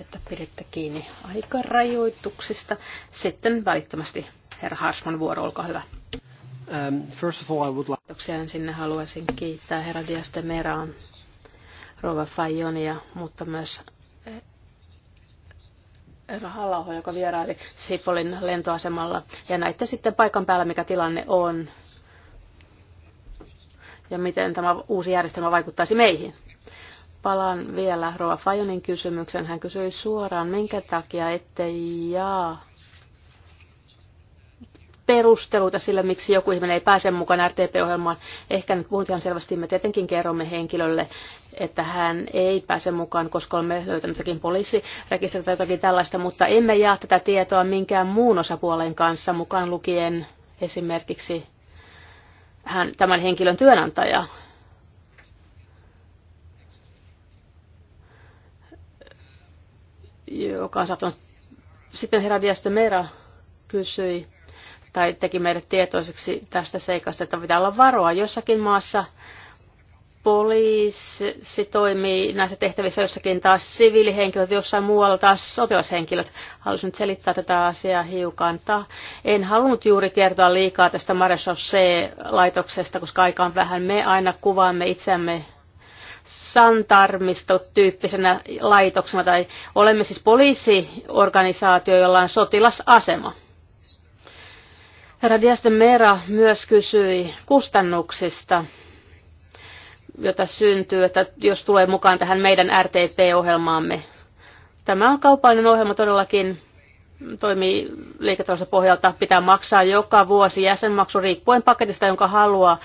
Speaker 1: että piditte kiinni aikarajoituksista. Sitten välittömästi herra Harsman vuoro, olkaa hyvä. Um, first of all, I would like... Kiitoksia. sinne haluaisin kiittää herra Dias de Meraan, Rova Fajonia, mutta myös eh, herra halla joka vieraili Sifolin lentoasemalla. Ja näitte sitten paikan päällä, mikä tilanne on ja miten tämä uusi järjestelmä vaikuttaisi meihin. Palaan vielä Roa Fajonin kysymykseen. Hän kysyi suoraan, minkä takia ettei jaa perusteluita sille, miksi joku ihminen ei pääse mukaan RTP-ohjelmaan. Ehkä nyt puhutaan selvästi, me tietenkin kerromme henkilölle, että hän ei pääse mukaan, koska olemme löytäneet jotakin poliisirekisteritä tai jotakin tällaista, mutta emme jaa tätä tietoa minkään muun osapuolen kanssa, mukaan lukien esimerkiksi hän, tämän henkilön työnantaja joka on saattanut. Sitten herra Diasto Mera kysyi tai teki meidät tietoiseksi tästä seikasta, että pitää olla varoa jossakin maassa poliisi toimii näissä tehtävissä jossakin taas siviilihenkilöt, jossain muualla taas sotilashenkilöt. Haluaisin nyt selittää tätä asiaa hiukan. En halunnut juuri kertoa liikaa tästä marechaussee laitoksesta koska aika on vähän. Me aina kuvaamme itseämme santarmistotyyppisenä laitoksena, tai olemme siis poliisiorganisaatio, jolla on sotilasasema. Herra Meera Mera myös kysyi kustannuksista jota syntyy, että jos tulee mukaan tähän meidän RTP-ohjelmaamme. Tämä on kaupallinen ohjelma todellakin, toimii liiketalousen pohjalta, pitää maksaa joka vuosi jäsenmaksu riippuen paketista, jonka haluaa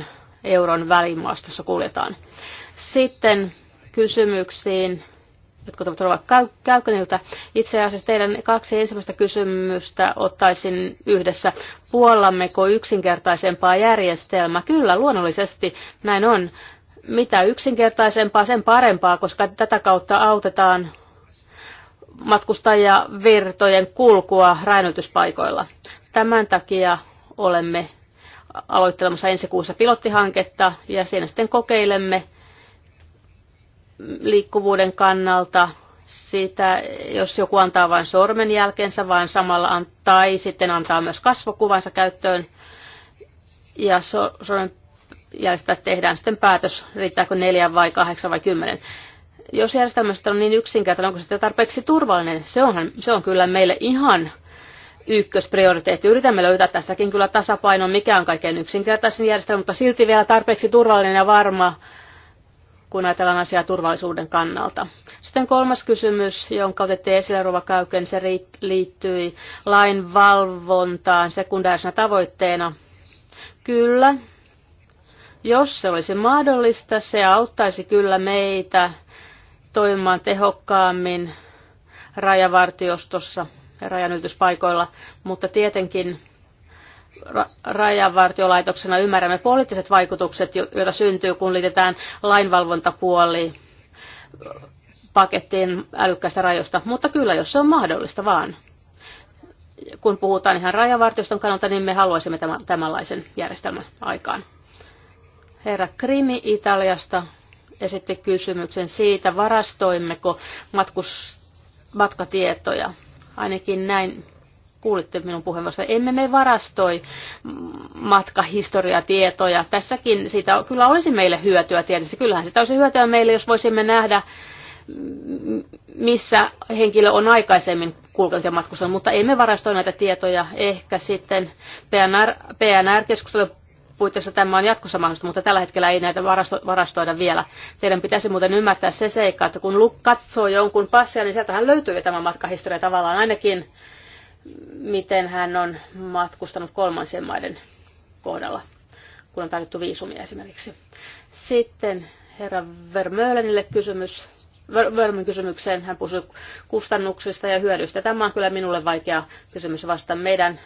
Speaker 1: 100-200 euron välimaastossa kuljetaan. Sitten kysymyksiin jotka tulevat Käyköniltä. Itse asiassa teidän kaksi ensimmäistä kysymystä ottaisin yhdessä. Puollammeko yksinkertaisempaa järjestelmää? Kyllä, luonnollisesti näin on. Mitä yksinkertaisempaa, sen parempaa, koska tätä kautta autetaan matkustajavirtojen kulkua rainoituspaikoilla. Tämän takia olemme aloittelemassa ensi kuussa pilottihanketta ja siinä sitten kokeilemme liikkuvuuden kannalta sitä, jos joku antaa vain sormen jälkeensä vaan samalla tai sitten antaa myös kasvokuvansa käyttöön ja sormenjäljestä tehdään sitten päätös, riittääkö neljä vai kahdeksan vai kymmenen. Jos järjestelmästä on niin yksinkertainen, onko se tarpeeksi turvallinen, se, onhan, se on kyllä meille ihan ykkösprioriteetti. Yritämme löytää tässäkin kyllä tasapainon, mikä on kaikkein yksinkertaisin järjestelmä, mutta silti vielä tarpeeksi turvallinen ja varma, kun ajatellaan asiaa turvallisuuden kannalta. Sitten kolmas kysymys, jonka otettiin esille Rova Käyken, se liittyi lainvalvontaan sekundäärisenä tavoitteena. Kyllä, jos se olisi mahdollista, se auttaisi kyllä meitä toimimaan tehokkaammin rajavartiostossa ja rajanylityspaikoilla, mutta tietenkin rajavartiolaitoksena ymmärrämme poliittiset vaikutukset, joita syntyy, kun liitetään lainvalvontapuoli pakettiin älykkäistä rajoista, mutta kyllä, jos se on mahdollista vaan. Kun puhutaan ihan rajavartioston kannalta, niin me haluaisimme tämän, tämänlaisen järjestelmän aikaan. Herra Krimi Italiasta esitti kysymyksen siitä, varastoimmeko matkus, matkatietoja. Ainakin näin kuulitte minun puheenvuorosta, emme me varastoi matkahistoriatietoja. Tässäkin siitä kyllä olisi meille hyötyä tietysti. Kyllähän sitä olisi hyötyä meille, jos voisimme nähdä, missä henkilö on aikaisemmin kulkenut ja matkustanut, mutta emme varastoi näitä tietoja. Ehkä sitten PNR, PNR-keskustelun puitteissa tämä on jatkossa mahdollista, mutta tällä hetkellä ei näitä varasto, varastoida vielä. Teidän pitäisi muuten ymmärtää se seikka, että kun katsoo jonkun passia, niin sieltähän löytyy tämä matkahistoria tavallaan ainakin miten hän on matkustanut kolmansien maiden kohdalla, kun on tarjottu viisumia esimerkiksi. Sitten herra Vermölenille kysymys. Vörmön kysymykseen hän puhui kustannuksista ja hyödyistä. Tämä on kyllä minulle vaikea kysymys vastata. Meidän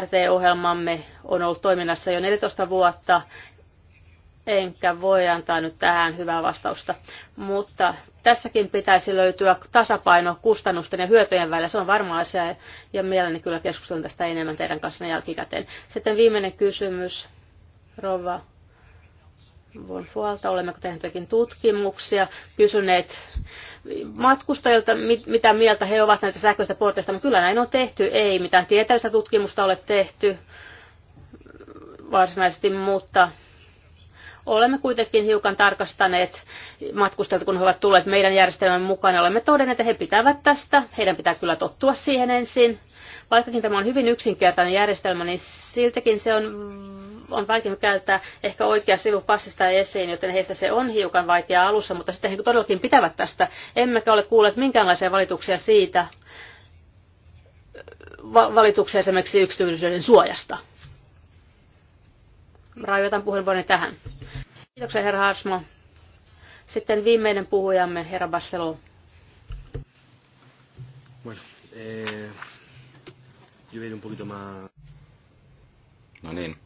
Speaker 1: RT-ohjelmamme on ollut toiminnassa jo 14 vuotta, enkä voi antaa nyt tähän hyvää vastausta. Mutta tässäkin pitäisi löytyä tasapaino kustannusten ja hyötyjen välillä. Se on varma asia ja mielelläni kyllä keskustelen tästä enemmän teidän kanssanne jälkikäteen. Sitten viimeinen kysymys, Rova Von Fualta. Olemmeko tehneet jokin tutkimuksia, kysyneet matkustajilta, mitä mieltä he ovat näistä sähköistä porteista, mutta kyllä näin on tehty. Ei mitään tieteellistä tutkimusta ole tehty varsinaisesti, mutta Olemme kuitenkin hiukan tarkastaneet matkustajat, kun he ovat tulleet meidän järjestelmän mukaan. Olemme todenneet, että he pitävät tästä. Heidän pitää kyllä tottua siihen ensin. Vaikkakin tämä on hyvin yksinkertainen järjestelmä, niin siltikin se on, on vaikea käyttää ehkä oikea sivu passista esiin, joten heistä se on hiukan vaikeaa alussa, mutta sitten he todellakin pitävät tästä. Emmekä ole kuulleet minkäänlaisia valituksia siitä, valituksia esimerkiksi yksityisyyden suojasta rajoitan puheenvuoroni tähän. Kiitoksia herra Harsmo. Sitten viimeinen puhujamme, herra Barcelo.
Speaker 4: Bueno, eh, yo un poquito más... No niin.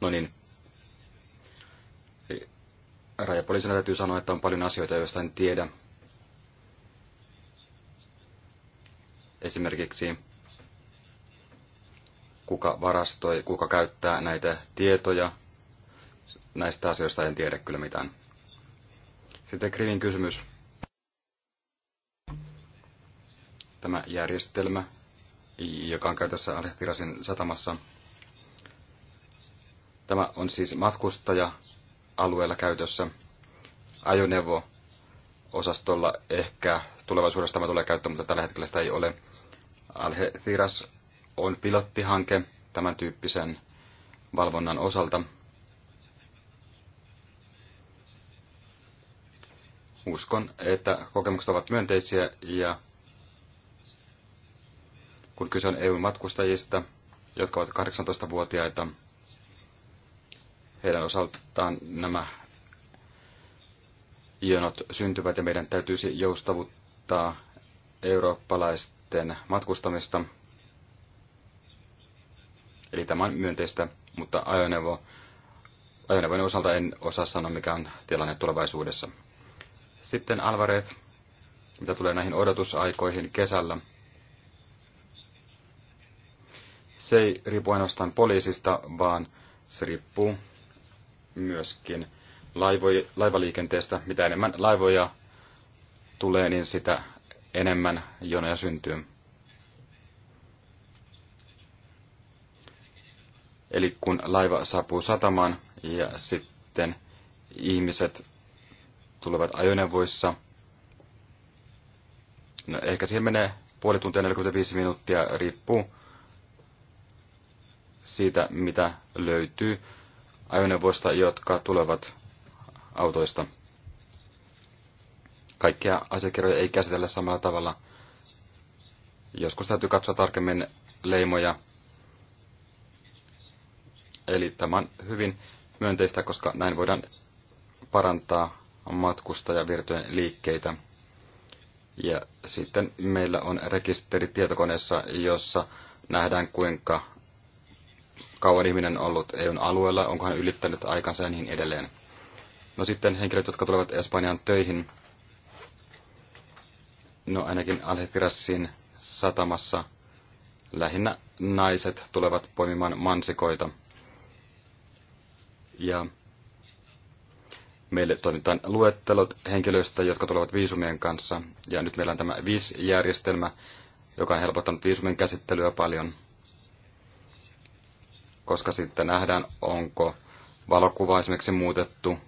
Speaker 4: No niin. Rajapoliisina täytyy sanoa, että on paljon asioita, joista en tiedä, Esimerkiksi kuka varastoi, kuka käyttää näitä tietoja. Näistä asioista en tiedä kyllä mitään. Sitten Krivin kysymys. Tämä järjestelmä, joka on käytössä Alehtirasin satamassa. Tämä on siis matkustaja-alueella käytössä. Ajoneuvo-osastolla ehkä tulevaisuudessa tämä tulee käyttöön, mutta tällä hetkellä sitä ei ole Algeciras on pilottihanke tämän tyyppisen valvonnan osalta. Uskon, että kokemukset ovat myönteisiä ja kun kyse on EU-matkustajista, jotka ovat 18-vuotiaita, heidän osaltaan nämä ionot syntyvät ja meidän täytyisi joustavuttaa eurooppalaista sitten matkustamista. Eli tämä on myönteistä, mutta ajoneuvo, ajoneuvojen osalta en osaa sanoa, mikä on tilanne tulevaisuudessa. Sitten Alvarez, mitä tulee näihin odotusaikoihin kesällä. Se ei riipu ainoastaan poliisista, vaan se riippuu myöskin laivoja, laivaliikenteestä. Mitä enemmän laivoja tulee, niin sitä enemmän jonoja syntyy. Eli kun laiva saapuu satamaan ja sitten ihmiset tulevat ajoneuvoissa, no ehkä siihen menee puoli tuntia 45 minuuttia, riippuu siitä, mitä löytyy ajoneuvoista, jotka tulevat autoista kaikkia asiakirjoja ei käsitellä samalla tavalla. Joskus täytyy katsoa tarkemmin leimoja. Eli tämä on hyvin myönteistä, koska näin voidaan parantaa matkustajavirtojen liikkeitä. Ja sitten meillä on rekisteri tietokoneessa, jossa nähdään kuinka kauan ihminen on ollut EUn alueella, onko hän ylittänyt aikansa ja niin edelleen. No sitten henkilöt, jotka tulevat Espanjaan töihin, No ainakin Alhetirassin satamassa lähinnä naiset tulevat poimimaan mansikoita. Ja meille toimitaan luettelot henkilöistä, jotka tulevat viisumien kanssa. Ja nyt meillä on tämä VIS-järjestelmä, joka on helpottanut viisumien käsittelyä paljon, koska sitten nähdään, onko valokuva esimerkiksi muutettu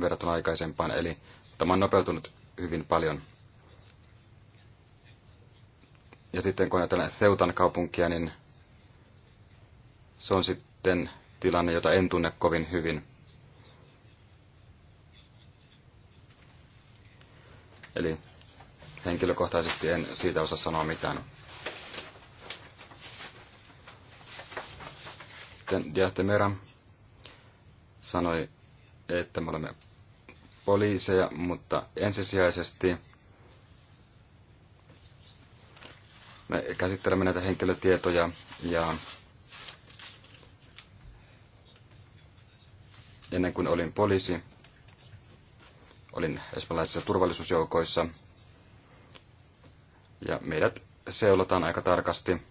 Speaker 4: verrattuna aikaisempaan. Eli tämä on nopeutunut hyvin paljon. Ja sitten kun ajatellaan Theutan kaupunkia, niin se on sitten tilanne, jota en tunne kovin hyvin. Eli henkilökohtaisesti en siitä osaa sanoa mitään. Sitten Diatemera sanoi, että me olemme poliiseja, mutta ensisijaisesti me käsittelemme näitä henkilötietoja ja ennen kuin olin poliisi, olin espanjalaisissa turvallisuusjoukoissa ja meidät seulotaan aika tarkasti,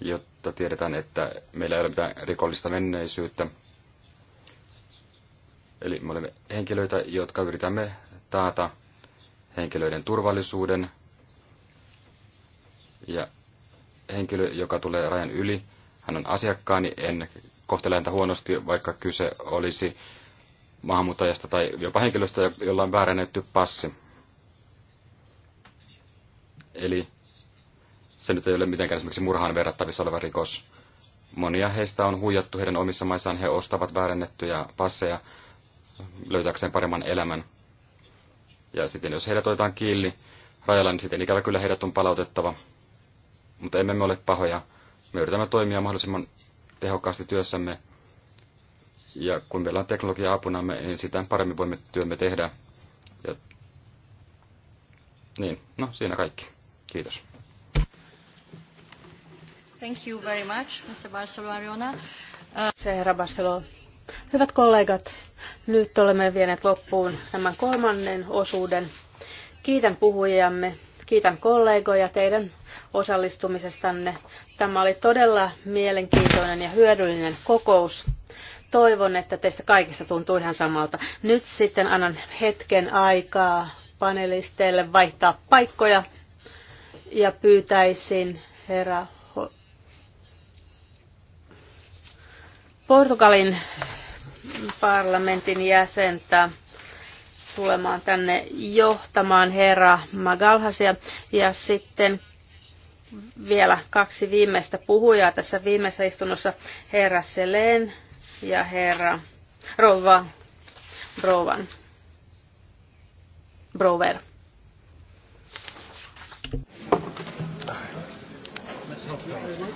Speaker 4: jotta tiedetään, että meillä ei ole mitään rikollista menneisyyttä Eli me olemme henkilöitä, jotka yritämme taata henkilöiden turvallisuuden. Ja henkilö, joka tulee rajan yli, hän on asiakkaani, en kohtele häntä huonosti, vaikka kyse olisi maahanmuuttajasta tai jopa henkilöstä, jolla on väärännetty passi. Eli se nyt ei ole mitenkään esimerkiksi murhaan verrattavissa oleva rikos. Monia heistä on huijattu heidän omissa maissaan, he ostavat väärännettyjä passeja, löytääkseen paremman elämän. Ja sitten jos heidät otetaan kiinni rajalla, niin sitten ikävä kyllä heidät on palautettava. Mutta emme me ole pahoja. Me yritämme toimia mahdollisimman tehokkaasti työssämme. Ja kun meillä on teknologia apunamme, niin sitä paremmin voimme työmme tehdä. Ja... Niin, no siinä kaikki. Kiitos.
Speaker 3: Thank
Speaker 1: you very much, Mr. Barcelona. Uh... Se herra Barcelona. Hyvät kollegat, nyt olemme vieneet loppuun tämän kolmannen osuuden. Kiitän puhujiamme, kiitän kollegoja teidän osallistumisestanne. Tämä oli todella mielenkiintoinen ja hyödyllinen kokous. Toivon, että teistä kaikista tuntuu ihan samalta. Nyt sitten annan hetken aikaa panelisteille vaihtaa paikkoja ja pyytäisin herra Portugalin parlamentin jäsentä tulemaan tänne johtamaan herra Magalhasia. Ja sitten vielä kaksi viimeistä puhujaa tässä viimeisessä istunnossa, herra Selen ja herra Rova Rovan Brover. Thank
Speaker 2: you.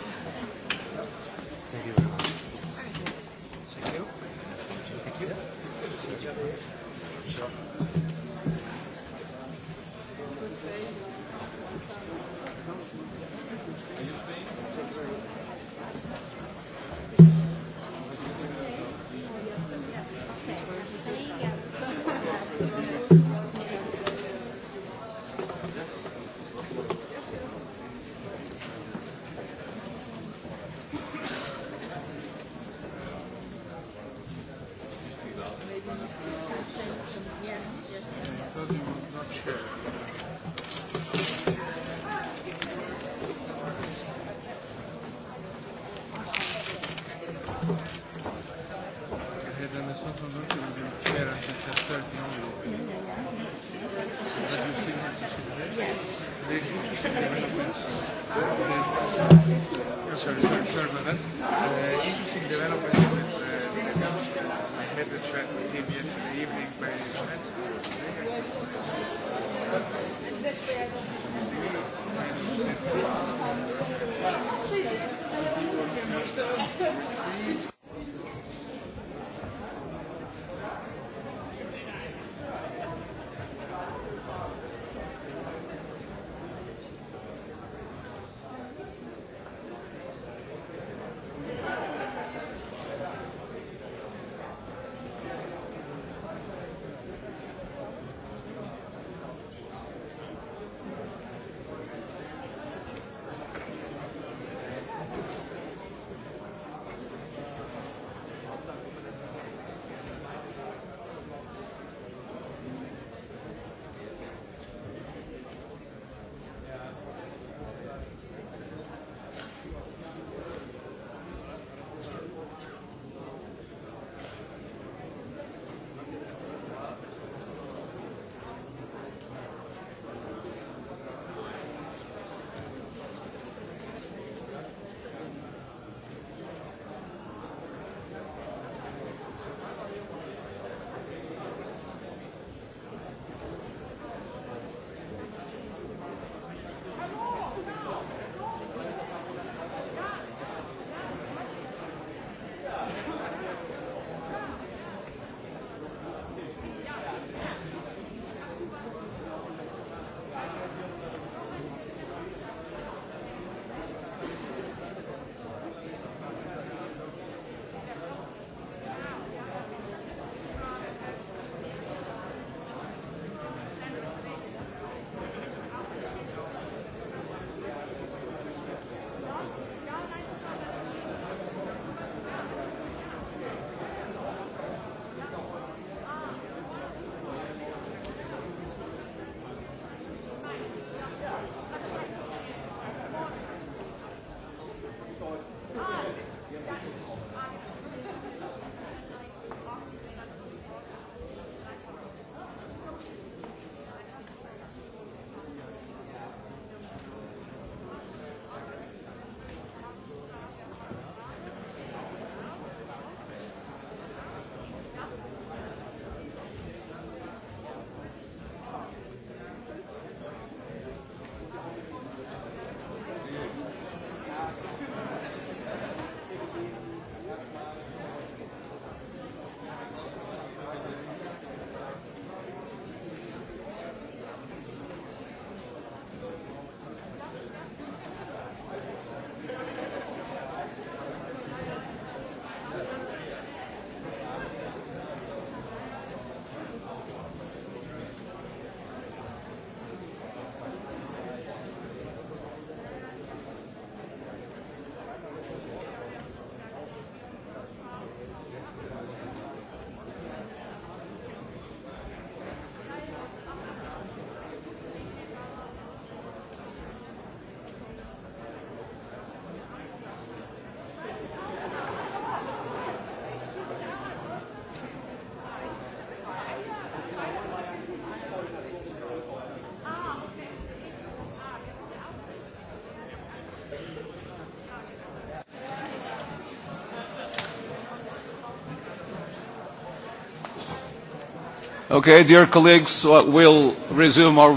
Speaker 2: Okay, dear colleagues, uh, we'll resume our...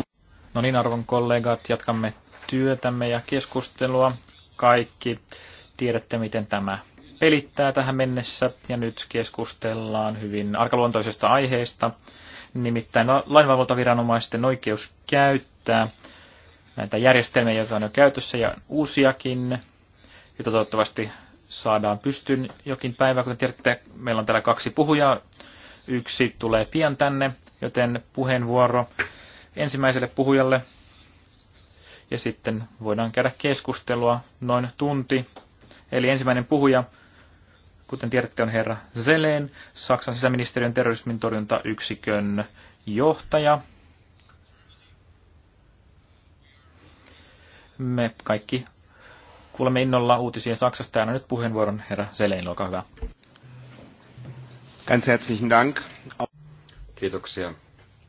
Speaker 2: No niin,
Speaker 3: arvon kollegat, jatkamme työtämme ja keskustelua. Kaikki tiedätte, miten tämä pelittää tähän mennessä, ja nyt keskustellaan hyvin arkaluontoisesta aiheesta, nimittäin lainvalvontaviranomaisten oikeus käyttää näitä järjestelmiä, joita on jo käytössä, ja uusiakin, joita toivottavasti saadaan pystyyn jokin päivä. Kuten tiedätte, meillä on täällä kaksi puhujaa yksi tulee pian tänne, joten puheenvuoro ensimmäiselle puhujalle. Ja sitten voidaan käydä keskustelua noin tunti. Eli ensimmäinen puhuja, kuten tiedätte, on herra Zeleen, Saksan sisäministeriön terrorismin torjuntayksikön johtaja. Me kaikki kuulemme innolla uutisia Saksasta. Täällä nyt puheenvuoron herra Zelein, olkaa hyvä.
Speaker 4: Ganz herzlichen Dank. Kiitoksia.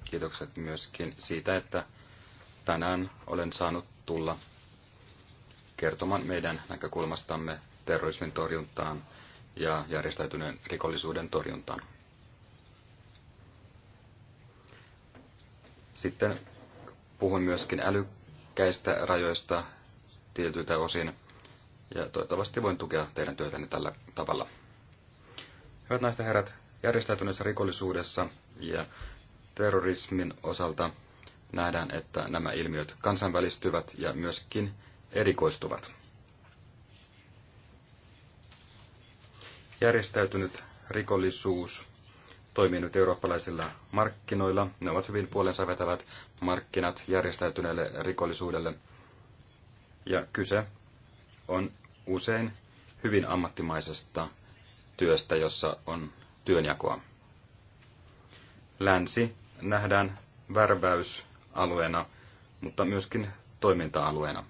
Speaker 4: Kiitokset myöskin siitä, että tänään olen saanut tulla kertomaan meidän näkökulmastamme terrorismin torjuntaan ja järjestäytyneen rikollisuuden torjuntaan. Sitten puhun myöskin älykkäistä rajoista tietyiltä osin, ja toivottavasti voin tukea teidän työtänne tällä tavalla. Hyvät naiset ja herrat, järjestäytyneessä rikollisuudessa ja terrorismin osalta nähdään, että nämä ilmiöt kansainvälistyvät ja myöskin erikoistuvat. Järjestäytynyt rikollisuus toimii nyt eurooppalaisilla markkinoilla. Ne ovat hyvin puolensa vetävät markkinat järjestäytyneelle rikollisuudelle. Ja kyse on usein hyvin ammattimaisesta työstä, jossa on työnjakoa. Länsi nähdään värväysalueena, mutta myöskin toiminta-alueena.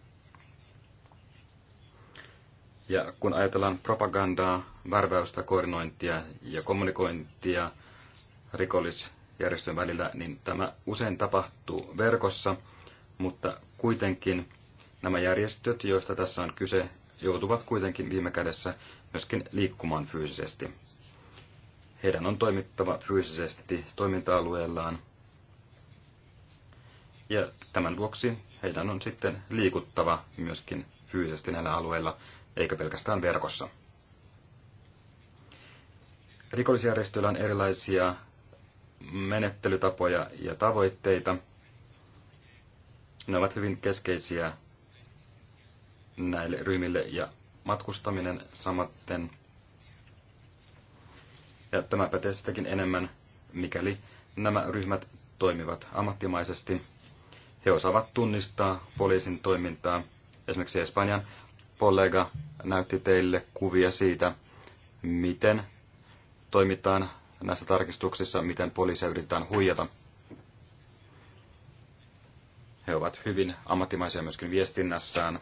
Speaker 4: Ja kun ajatellaan propagandaa, värväystä, koordinointia ja kommunikointia rikollisjärjestön välillä, niin tämä usein tapahtuu verkossa, mutta kuitenkin nämä järjestöt, joista tässä on kyse, joutuvat kuitenkin viime kädessä myöskin liikkumaan fyysisesti. Heidän on toimittava fyysisesti toiminta-alueellaan. Ja tämän vuoksi heidän on sitten liikuttava myöskin fyysisesti näillä alueilla, eikä pelkästään verkossa. Rikollisjärjestöillä on erilaisia menettelytapoja ja tavoitteita. Ne ovat hyvin keskeisiä näille ryhmille ja matkustaminen samaten ja tämä pätee sitäkin enemmän, mikäli nämä ryhmät toimivat ammattimaisesti. He osaavat tunnistaa poliisin toimintaa. Esimerkiksi Espanjan kollega näytti teille kuvia siitä, miten toimitaan näissä tarkistuksissa, miten poliisia yritetään huijata. He ovat hyvin ammattimaisia myöskin viestinnässään.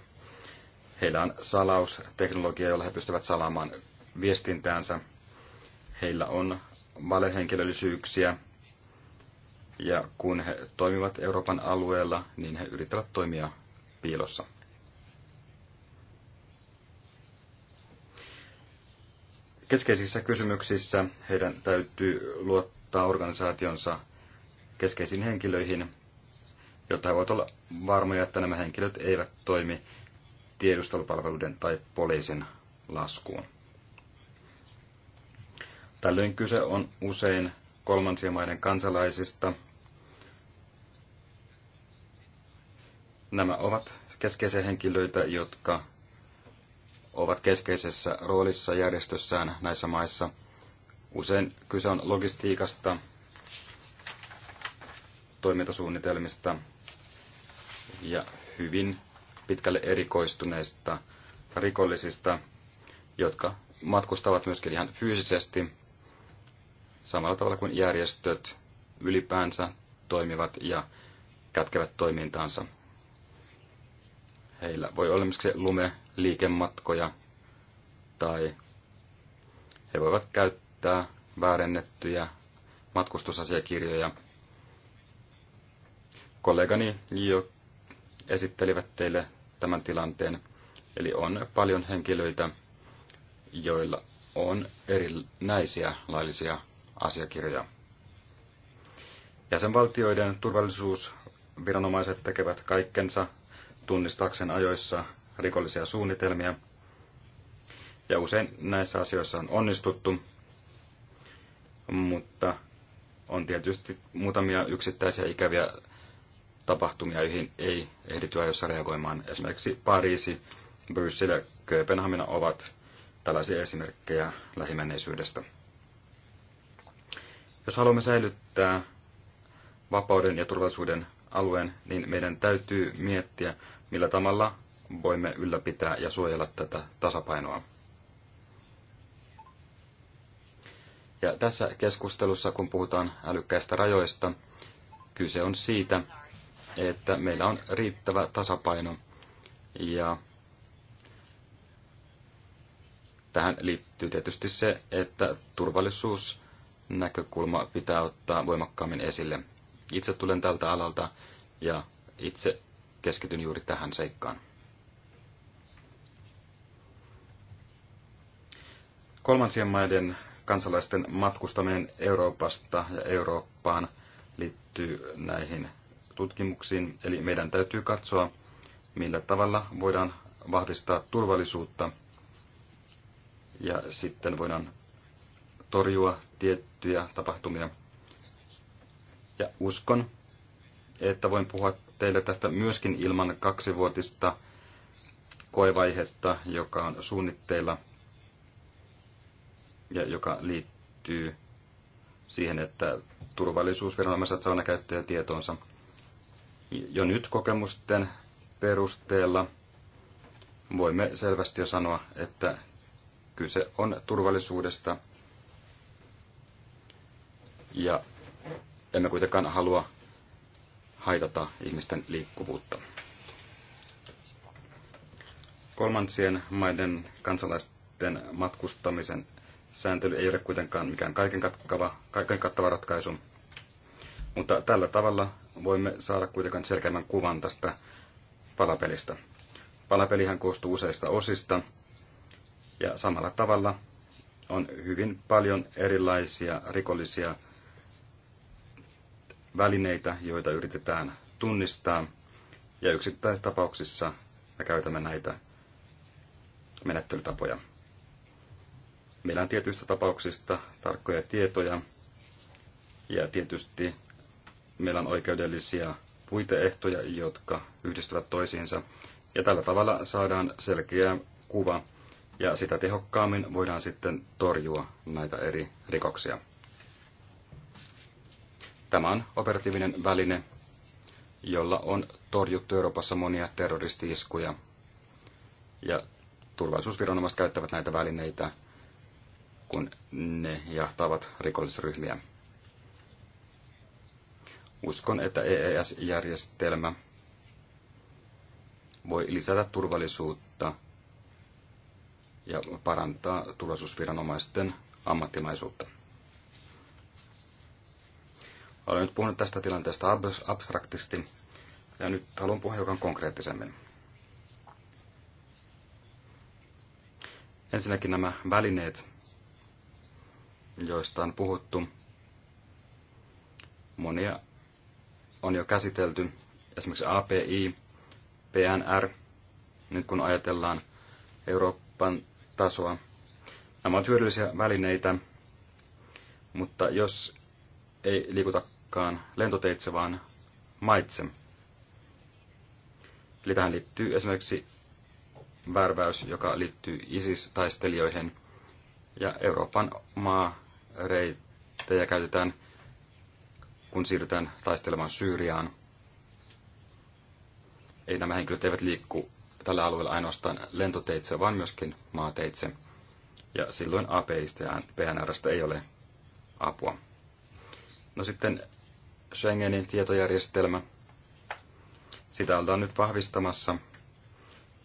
Speaker 4: Heillä on salausteknologia, jolla he pystyvät salaamaan viestintäänsä heillä on valehenkilöllisyyksiä, ja kun he toimivat Euroopan alueella, niin he yrittävät toimia piilossa. Keskeisissä kysymyksissä heidän täytyy luottaa organisaationsa keskeisiin henkilöihin, jotta he voivat olla varmoja, että nämä henkilöt eivät toimi tiedustelupalveluiden tai poliisin laskuun. Tällöin kyse on usein kolmansien maiden kansalaisista. Nämä ovat keskeisiä henkilöitä, jotka ovat keskeisessä roolissa järjestössään näissä maissa. Usein kyse on logistiikasta, toimintasuunnitelmista ja hyvin pitkälle erikoistuneista rikollisista, jotka matkustavat myöskin ihan fyysisesti samalla tavalla kuin järjestöt ylipäänsä toimivat ja kätkevät toimintaansa. Heillä voi olla esimerkiksi lume, liikematkoja tai he voivat käyttää väärennettyjä matkustusasiakirjoja. Kollegani jo esittelivät teille tämän tilanteen. Eli on paljon henkilöitä, joilla on erinäisiä laillisia asiakirja. Jäsenvaltioiden turvallisuusviranomaiset tekevät kaikkensa tunnistaakseen ajoissa rikollisia suunnitelmia, ja usein näissä asioissa on onnistuttu, mutta on tietysti muutamia yksittäisiä ikäviä tapahtumia, joihin ei ehdity ajoissa reagoimaan. Esimerkiksi Pariisi, Bryssel ja Kööpenhamina ovat tällaisia esimerkkejä lähimenneisyydestä. Jos haluamme säilyttää vapauden ja turvallisuuden alueen, niin meidän täytyy miettiä, millä tavalla voimme ylläpitää ja suojella tätä tasapainoa. Ja tässä keskustelussa, kun puhutaan älykkäistä rajoista, kyse on siitä, että meillä on riittävä tasapaino ja tähän liittyy tietysti se, että turvallisuus näkökulma pitää ottaa voimakkaammin esille. Itse tulen tältä alalta ja itse keskityn juuri tähän seikkaan. Kolmansien maiden kansalaisten matkustaminen Euroopasta ja Eurooppaan liittyy näihin tutkimuksiin. Eli meidän täytyy katsoa, millä tavalla voidaan vahvistaa turvallisuutta ja sitten voidaan torjua tiettyjä tapahtumia. Ja uskon, että voin puhua teille tästä myöskin ilman kaksivuotista koevaihetta, joka on suunnitteilla ja joka liittyy siihen, että turvallisuusviranomaiset saavat käyttöä tietoonsa. Jo nyt kokemusten perusteella voimme selvästi jo sanoa, että kyse on turvallisuudesta, ja emme kuitenkaan halua haitata ihmisten liikkuvuutta. Kolmansien maiden kansalaisten matkustamisen sääntely ei ole kuitenkaan mikään kaiken kattava, kaiken kattava ratkaisu, mutta tällä tavalla voimme saada kuitenkaan selkeämmän kuvan tästä palapelistä. Palapelihän koostuu useista osista, ja samalla tavalla on hyvin paljon erilaisia rikollisia välineitä, joita yritetään tunnistaa. Ja yksittäistapauksissa me käytämme näitä menettelytapoja. Meillä on tietyistä tapauksista tarkkoja tietoja ja tietysti meillä on oikeudellisia puiteehtoja, jotka yhdistyvät toisiinsa. Ja tällä tavalla saadaan selkeä kuva ja sitä tehokkaammin voidaan sitten torjua näitä eri rikoksia. Tämä on operatiivinen väline, jolla on torjuttu Euroopassa monia terroristiiskuja. Ja turvallisuusviranomaiset käyttävät näitä välineitä, kun ne jahtaavat rikollisryhmiä. Uskon, että EES-järjestelmä voi lisätä turvallisuutta ja parantaa turvallisuusviranomaisten ammattimaisuutta. Olen nyt puhunut tästä tilanteesta abstraktisti ja nyt haluan puhua hiukan konkreettisemmin. Ensinnäkin nämä välineet, joista on puhuttu. Monia on jo käsitelty, esimerkiksi API, PNR, nyt kun ajatellaan Euroopan tasoa. Nämä ovat hyödyllisiä välineitä, mutta jos ei liikuta suinkaan lentoteitse, vaan maitse. Eli tähän liittyy esimerkiksi värväys, joka liittyy ISIS-taistelijoihin, ja Euroopan maareittejä käytetään, kun siirrytään taistelemaan Syyriaan. Ei nämä henkilöt eivät liikku tällä alueella ainoastaan lentoteitse, vaan myöskin maateitse. Ja silloin APIstä ja PNRstä ei ole apua. No sitten Schengenin tietojärjestelmä. Sitä ollaan nyt vahvistamassa.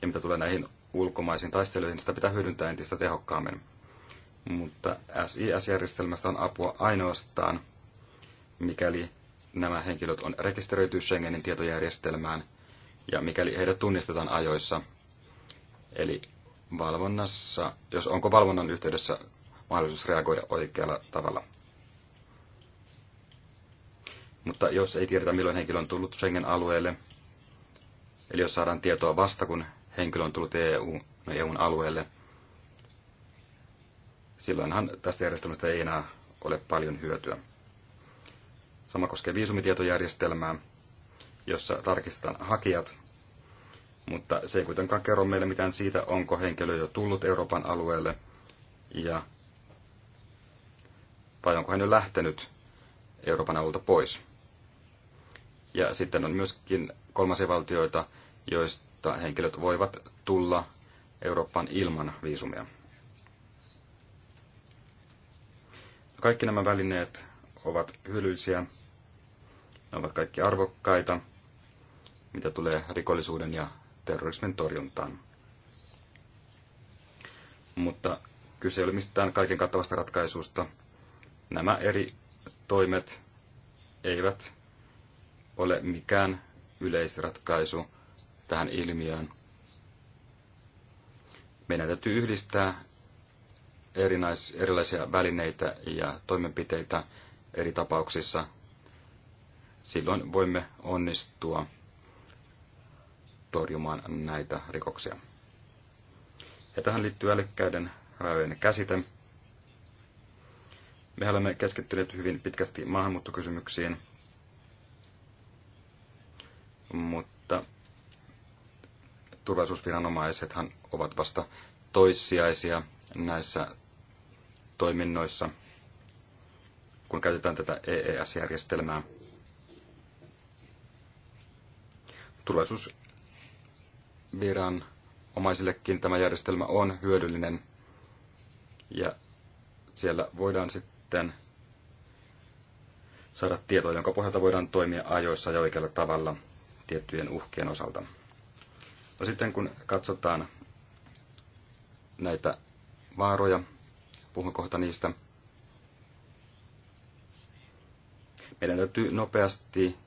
Speaker 4: Ja mitä tulee näihin ulkomaisiin taisteluihin, niin sitä pitää hyödyntää entistä tehokkaammin. Mutta SIS-järjestelmästä on apua ainoastaan, mikäli nämä henkilöt on rekisteröity Schengenin tietojärjestelmään ja mikäli heidät tunnistetaan ajoissa. Eli valvonnassa, jos onko valvonnan yhteydessä mahdollisuus reagoida oikealla tavalla. Mutta jos ei tiedetä, milloin henkilö on tullut Schengen-alueelle, eli jos saadaan tietoa vasta, kun henkilö on tullut EU, no EUn alueelle, silloinhan tästä järjestelmästä ei enää ole paljon hyötyä. Sama koskee viisumitietojärjestelmää, jossa tarkistetaan hakijat, mutta se ei kuitenkaan kerro meille mitään siitä, onko henkilö jo tullut Euroopan alueelle ja vai onko hän jo lähtenyt Euroopan alueelta pois. Ja sitten on myöskin kolmasia valtioita, joista henkilöt voivat tulla Eurooppaan ilman viisumia. Kaikki nämä välineet ovat hyödyllisiä, ne ovat kaikki arvokkaita, mitä tulee rikollisuuden ja terrorismin torjuntaan. Mutta kyse ei ole mistään kaiken kattavasta ratkaisusta. Nämä eri toimet eivät ole mikään yleisratkaisu tähän ilmiöön. Meidän täytyy yhdistää erinais, erilaisia välineitä ja toimenpiteitä eri tapauksissa. Silloin voimme onnistua torjumaan näitä rikoksia. Ja tähän liittyy älykkäiden rajojen käsite. Me olemme keskittyneet hyvin pitkästi maahanmuuttokysymyksiin – mutta turvallisuusviranomaisethan ovat vasta toissijaisia näissä toiminnoissa, kun käytetään tätä EES-järjestelmää. Turvallisuusviranomaisillekin omaisillekin tämä järjestelmä on hyödyllinen ja siellä voidaan sitten saada tietoa, jonka pohjalta voidaan toimia ajoissa ja oikealla tavalla – tiettyjen uhkien osalta. No sitten kun katsotaan näitä vaaroja, puhun kohta niistä, meidän täytyy nopeasti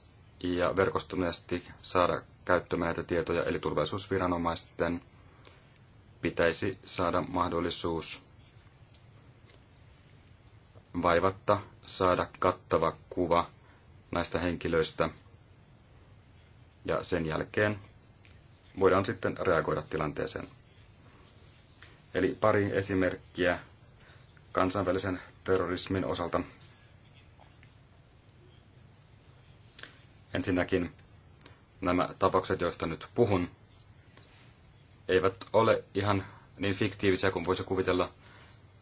Speaker 4: ja verkostuneesti saada käyttämään näitä tietoja, eli turvallisuusviranomaisten pitäisi saada mahdollisuus vaivatta saada kattava kuva näistä henkilöistä – ja sen jälkeen voidaan sitten reagoida tilanteeseen. Eli pari esimerkkiä kansainvälisen terrorismin osalta. Ensinnäkin nämä tapaukset, joista nyt puhun, eivät ole ihan niin fiktiivisiä kuin voisi kuvitella.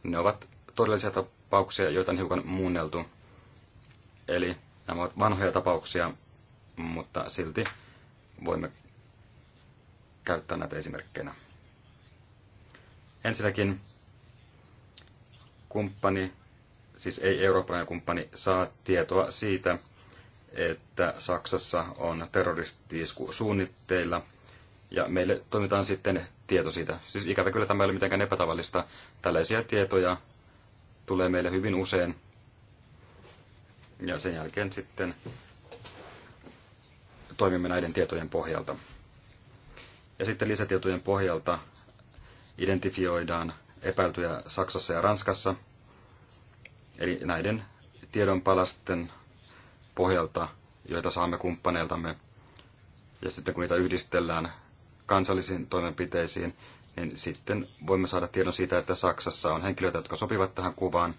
Speaker 4: Ne ovat todellisia tapauksia, joita on hiukan muunneltu. Eli nämä ovat vanhoja tapauksia, mutta silti voimme käyttää näitä esimerkkeinä. Ensinnäkin kumppani, siis ei eurooppalainen kumppani, saa tietoa siitä, että Saksassa on terroristiisku suunnitteilla, ja meille toimitaan sitten tieto siitä. Siis ikävä kyllä tämä ei ole mitenkään epätavallista. Tällaisia tietoja tulee meille hyvin usein, ja sen jälkeen sitten toimimme näiden tietojen pohjalta. Ja sitten lisätietojen pohjalta identifioidaan epäiltyjä Saksassa ja Ranskassa. Eli näiden tiedonpalasten pohjalta, joita saamme kumppaneiltamme, ja sitten kun niitä yhdistellään kansallisiin toimenpiteisiin, niin sitten voimme saada tiedon siitä, että Saksassa on henkilöitä, jotka sopivat tähän kuvaan.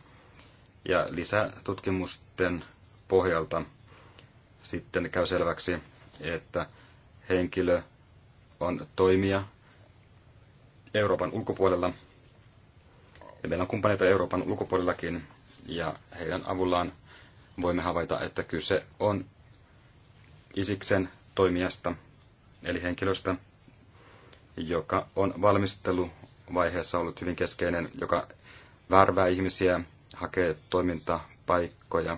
Speaker 4: Ja lisätutkimusten pohjalta sitten käy selväksi, että henkilö on toimija Euroopan ulkopuolella. Ja meillä on kumppaneita Euroopan ulkopuolellakin, ja heidän avullaan voimme havaita, että kyse on Isiksen toimijasta, eli henkilöstä, joka on valmisteluvaiheessa ollut hyvin keskeinen, joka värvää ihmisiä, hakee toimintapaikkoja,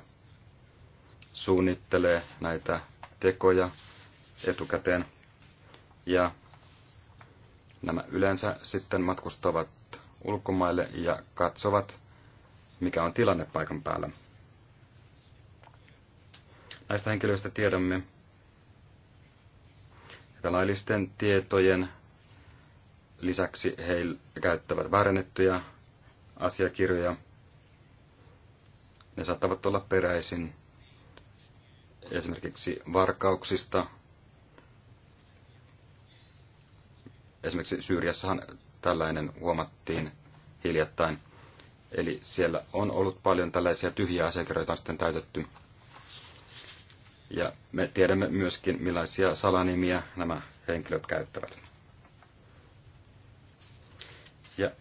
Speaker 4: suunnittelee näitä tekoja – etukäteen. Ja nämä yleensä sitten matkustavat ulkomaille ja katsovat, mikä on tilanne paikan päällä. Näistä henkilöistä tiedämme, että laillisten tietojen lisäksi he käyttävät väärennettyjä asiakirjoja. Ne saattavat olla peräisin esimerkiksi varkauksista Esimerkiksi Syyriassahan tällainen huomattiin hiljattain. Eli siellä on ollut paljon tällaisia tyhjiä asiakirjoja, on sitten täytetty. Ja me tiedämme myöskin, millaisia salanimiä nämä henkilöt käyttävät. Ja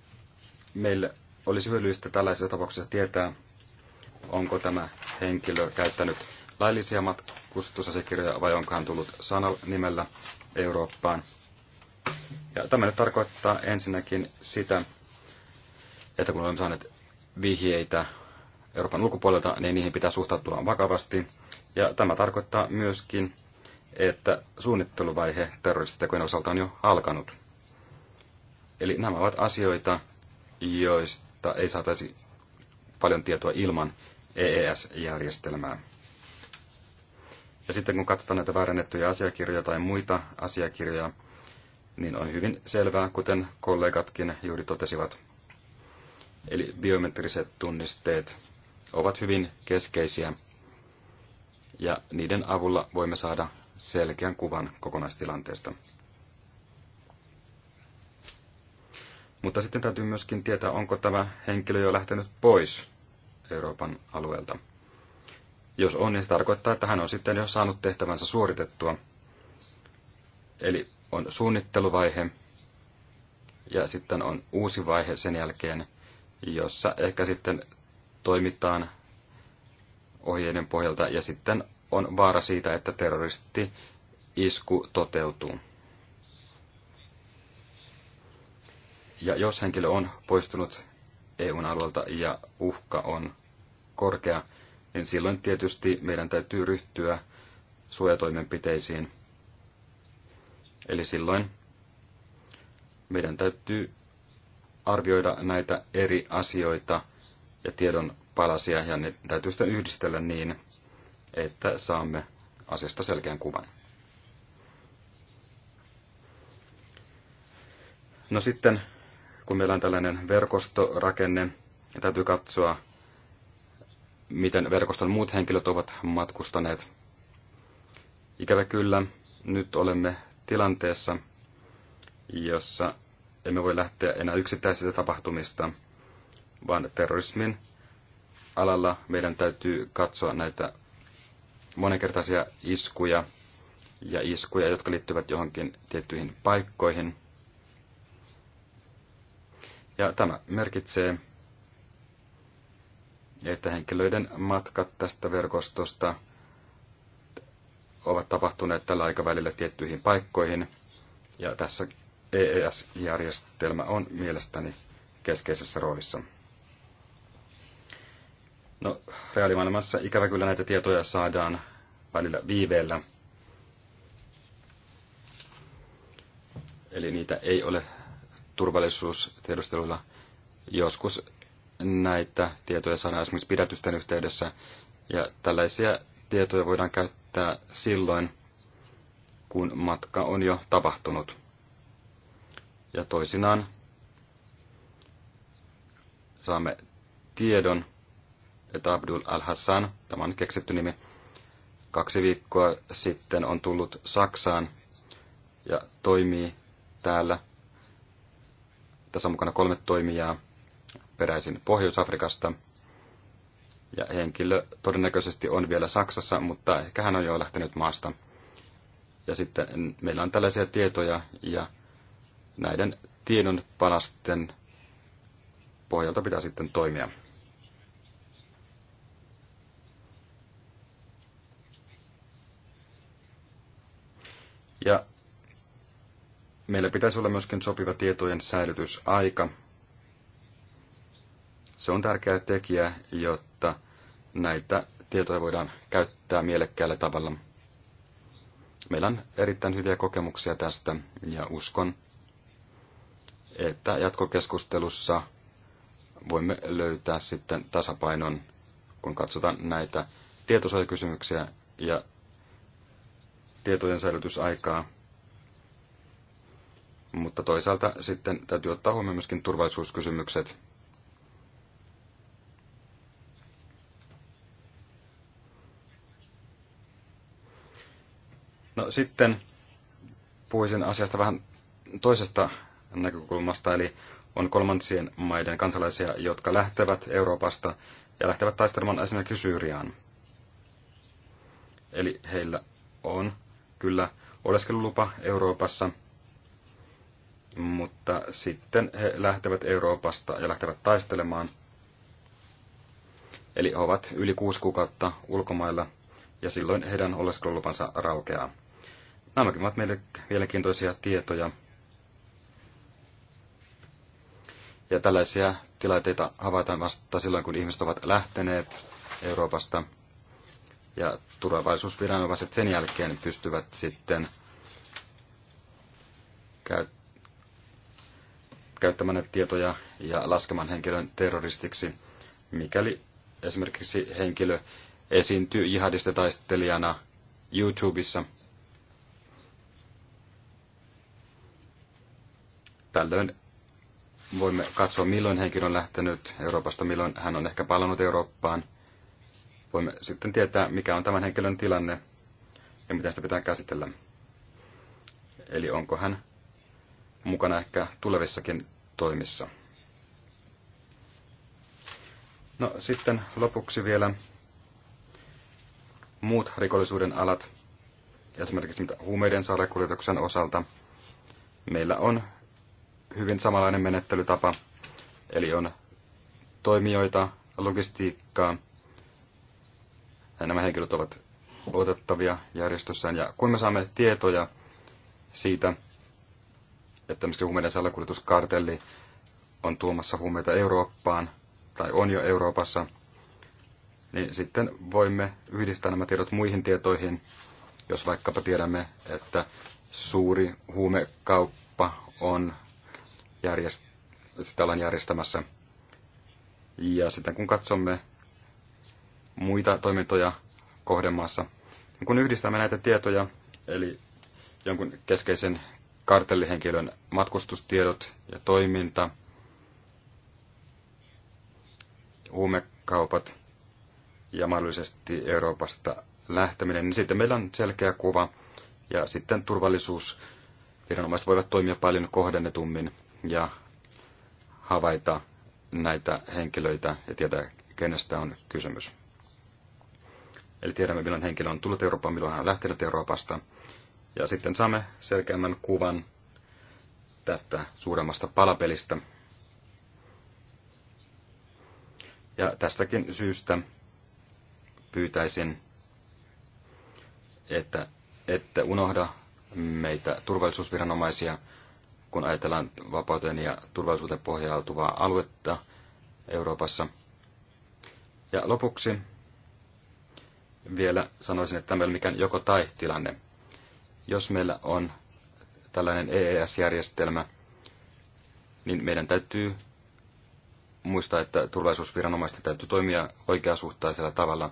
Speaker 4: meille olisi hyödyllistä tällaisessa tapauksessa tietää, onko tämä henkilö käyttänyt laillisia matkustusasiakirjoja vai onko hän tullut nimellä Eurooppaan – ja tämä nyt tarkoittaa ensinnäkin sitä, että kun olemme saaneet vihjeitä Euroopan ulkopuolelta, niin niihin pitää suhtautua vakavasti. Ja tämä tarkoittaa myöskin, että suunnitteluvaihe terroristitekojen osalta on jo alkanut. Eli nämä ovat asioita, joista ei saataisi paljon tietoa ilman EES-järjestelmää. Ja sitten kun katsotaan näitä väärennettyjä asiakirjoja tai muita asiakirjoja, niin on hyvin selvää, kuten kollegatkin juuri totesivat. Eli biometriset tunnisteet ovat hyvin keskeisiä ja niiden avulla voimme saada selkeän kuvan kokonaistilanteesta. Mutta sitten täytyy myöskin tietää, onko tämä henkilö jo lähtenyt pois Euroopan alueelta. Jos on, niin se tarkoittaa, että hän on sitten jo saanut tehtävänsä suoritettua. Eli on suunnitteluvaihe ja sitten on uusi vaihe sen jälkeen, jossa ehkä sitten toimitaan ohjeiden pohjalta ja sitten on vaara siitä, että terroristi isku toteutuu. Ja jos henkilö on poistunut EUn alueelta ja uhka on korkea, niin silloin tietysti meidän täytyy ryhtyä suojatoimenpiteisiin – Eli silloin meidän täytyy arvioida näitä eri asioita ja tiedon palasia, ja ne täytyy sitä yhdistellä niin, että saamme asiasta selkeän kuvan. No sitten, kun meillä on tällainen verkostorakenne, täytyy katsoa, miten verkoston muut henkilöt ovat matkustaneet. Ikävä kyllä, nyt olemme tilanteessa, jossa emme voi lähteä enää yksittäisistä tapahtumista, vaan terrorismin alalla meidän täytyy katsoa näitä monenkertaisia iskuja ja iskuja, jotka liittyvät johonkin tiettyihin paikkoihin. Ja tämä merkitsee, että henkilöiden matkat tästä verkostosta ovat tapahtuneet tällä aikavälillä tiettyihin paikkoihin, ja tässä EES-järjestelmä on mielestäni keskeisessä roolissa. No, reaalimaailmassa ikävä kyllä näitä tietoja saadaan välillä viiveellä. Eli niitä ei ole turvallisuustiedusteluilla. Joskus näitä tietoja saadaan esimerkiksi pidätysten yhteydessä, ja tällaisia tietoja voidaan käyttää päättää silloin, kun matka on jo tapahtunut. Ja toisinaan saamme tiedon, että Abdul al-Hassan, tämä on keksitty nimi, kaksi viikkoa sitten on tullut Saksaan ja toimii täällä. Tässä on mukana kolme toimijaa peräisin Pohjois-Afrikasta – ja henkilö todennäköisesti on vielä Saksassa, mutta ehkä hän on jo lähtenyt maasta. Ja sitten meillä on tällaisia tietoja ja näiden tiedon palasten pohjalta pitää sitten toimia. Ja meillä pitäisi olla myöskin sopiva tietojen säilytysaika. Se on tärkeä tekijä, jotta näitä tietoja voidaan käyttää mielekkäällä tavalla. Meillä on erittäin hyviä kokemuksia tästä ja uskon, että jatkokeskustelussa voimme löytää sitten tasapainon, kun katsotaan näitä tietosuojakysymyksiä ja tietojen säilytysaikaa. Mutta toisaalta sitten täytyy ottaa huomioon myöskin turvallisuuskysymykset. No, sitten puhuisin asiasta vähän toisesta näkökulmasta, eli on kolmansien maiden kansalaisia, jotka lähtevät Euroopasta ja lähtevät taistelemaan esimerkiksi Syyriaan. Eli heillä on kyllä oleskelulupa Euroopassa, mutta sitten he lähtevät Euroopasta ja lähtevät taistelemaan. Eli ovat yli kuusi kuukautta ulkomailla ja silloin heidän oleskelulupansa raukeaa. Nämäkin ovat meille mielenkiintoisia tietoja. Ja tällaisia tilanteita havaitaan vasta silloin, kun ihmiset ovat lähteneet Euroopasta. Ja turvallisuusviranomaiset sen jälkeen pystyvät sitten käyttämään näitä tietoja ja laskemaan henkilön terroristiksi, mikäli esimerkiksi henkilö esiintyy jihadistetaistelijana YouTubessa – Tällöin voimme katsoa, milloin henkilö on lähtenyt Euroopasta, milloin hän on ehkä palannut Eurooppaan. Voimme sitten tietää, mikä on tämän henkilön tilanne ja miten sitä pitää käsitellä. Eli onko hän mukana ehkä tulevissakin toimissa. No sitten lopuksi vielä muut rikollisuuden alat, esimerkiksi mitä huumeiden salakuljetuksen osalta. Meillä on hyvin samanlainen menettelytapa. Eli on toimijoita, logistiikkaa. nämä henkilöt ovat luotettavia järjestössään. Ja kun me saamme tietoja siitä, että esimerkiksi huumeiden salakuljetuskartelli on tuomassa huumeita Eurooppaan tai on jo Euroopassa, niin sitten voimme yhdistää nämä tiedot muihin tietoihin, jos vaikkapa tiedämme, että suuri huumekauppa on järjest, sitä ollaan järjestämässä. Ja sitten kun katsomme muita toimintoja kohdemaassa, niin kun yhdistämme näitä tietoja, eli jonkun keskeisen kartellihenkilön matkustustiedot ja toiminta, huumekaupat ja mahdollisesti Euroopasta lähteminen, niin sitten meillä on selkeä kuva ja sitten turvallisuus. Viranomaiset voivat toimia paljon kohdennetummin ja havaita näitä henkilöitä ja tietää, kenestä on kysymys. Eli tiedämme, milloin henkilö on tullut Eurooppaan, milloin hän on lähtenyt Euroopasta. Ja sitten saamme selkeämmän kuvan tästä suuremmasta palapelistä. Ja tästäkin syystä pyytäisin, että ette unohda meitä turvallisuusviranomaisia, kun ajatellaan vapauteen ja turvallisuuteen pohjautuvaa aluetta Euroopassa. Ja lopuksi vielä sanoisin, että tämä ei ole mikään joko tai tilanne. Jos meillä on tällainen EES-järjestelmä, niin meidän täytyy muistaa, että turvallisuusviranomaisten täytyy toimia oikeasuhtaisella tavalla,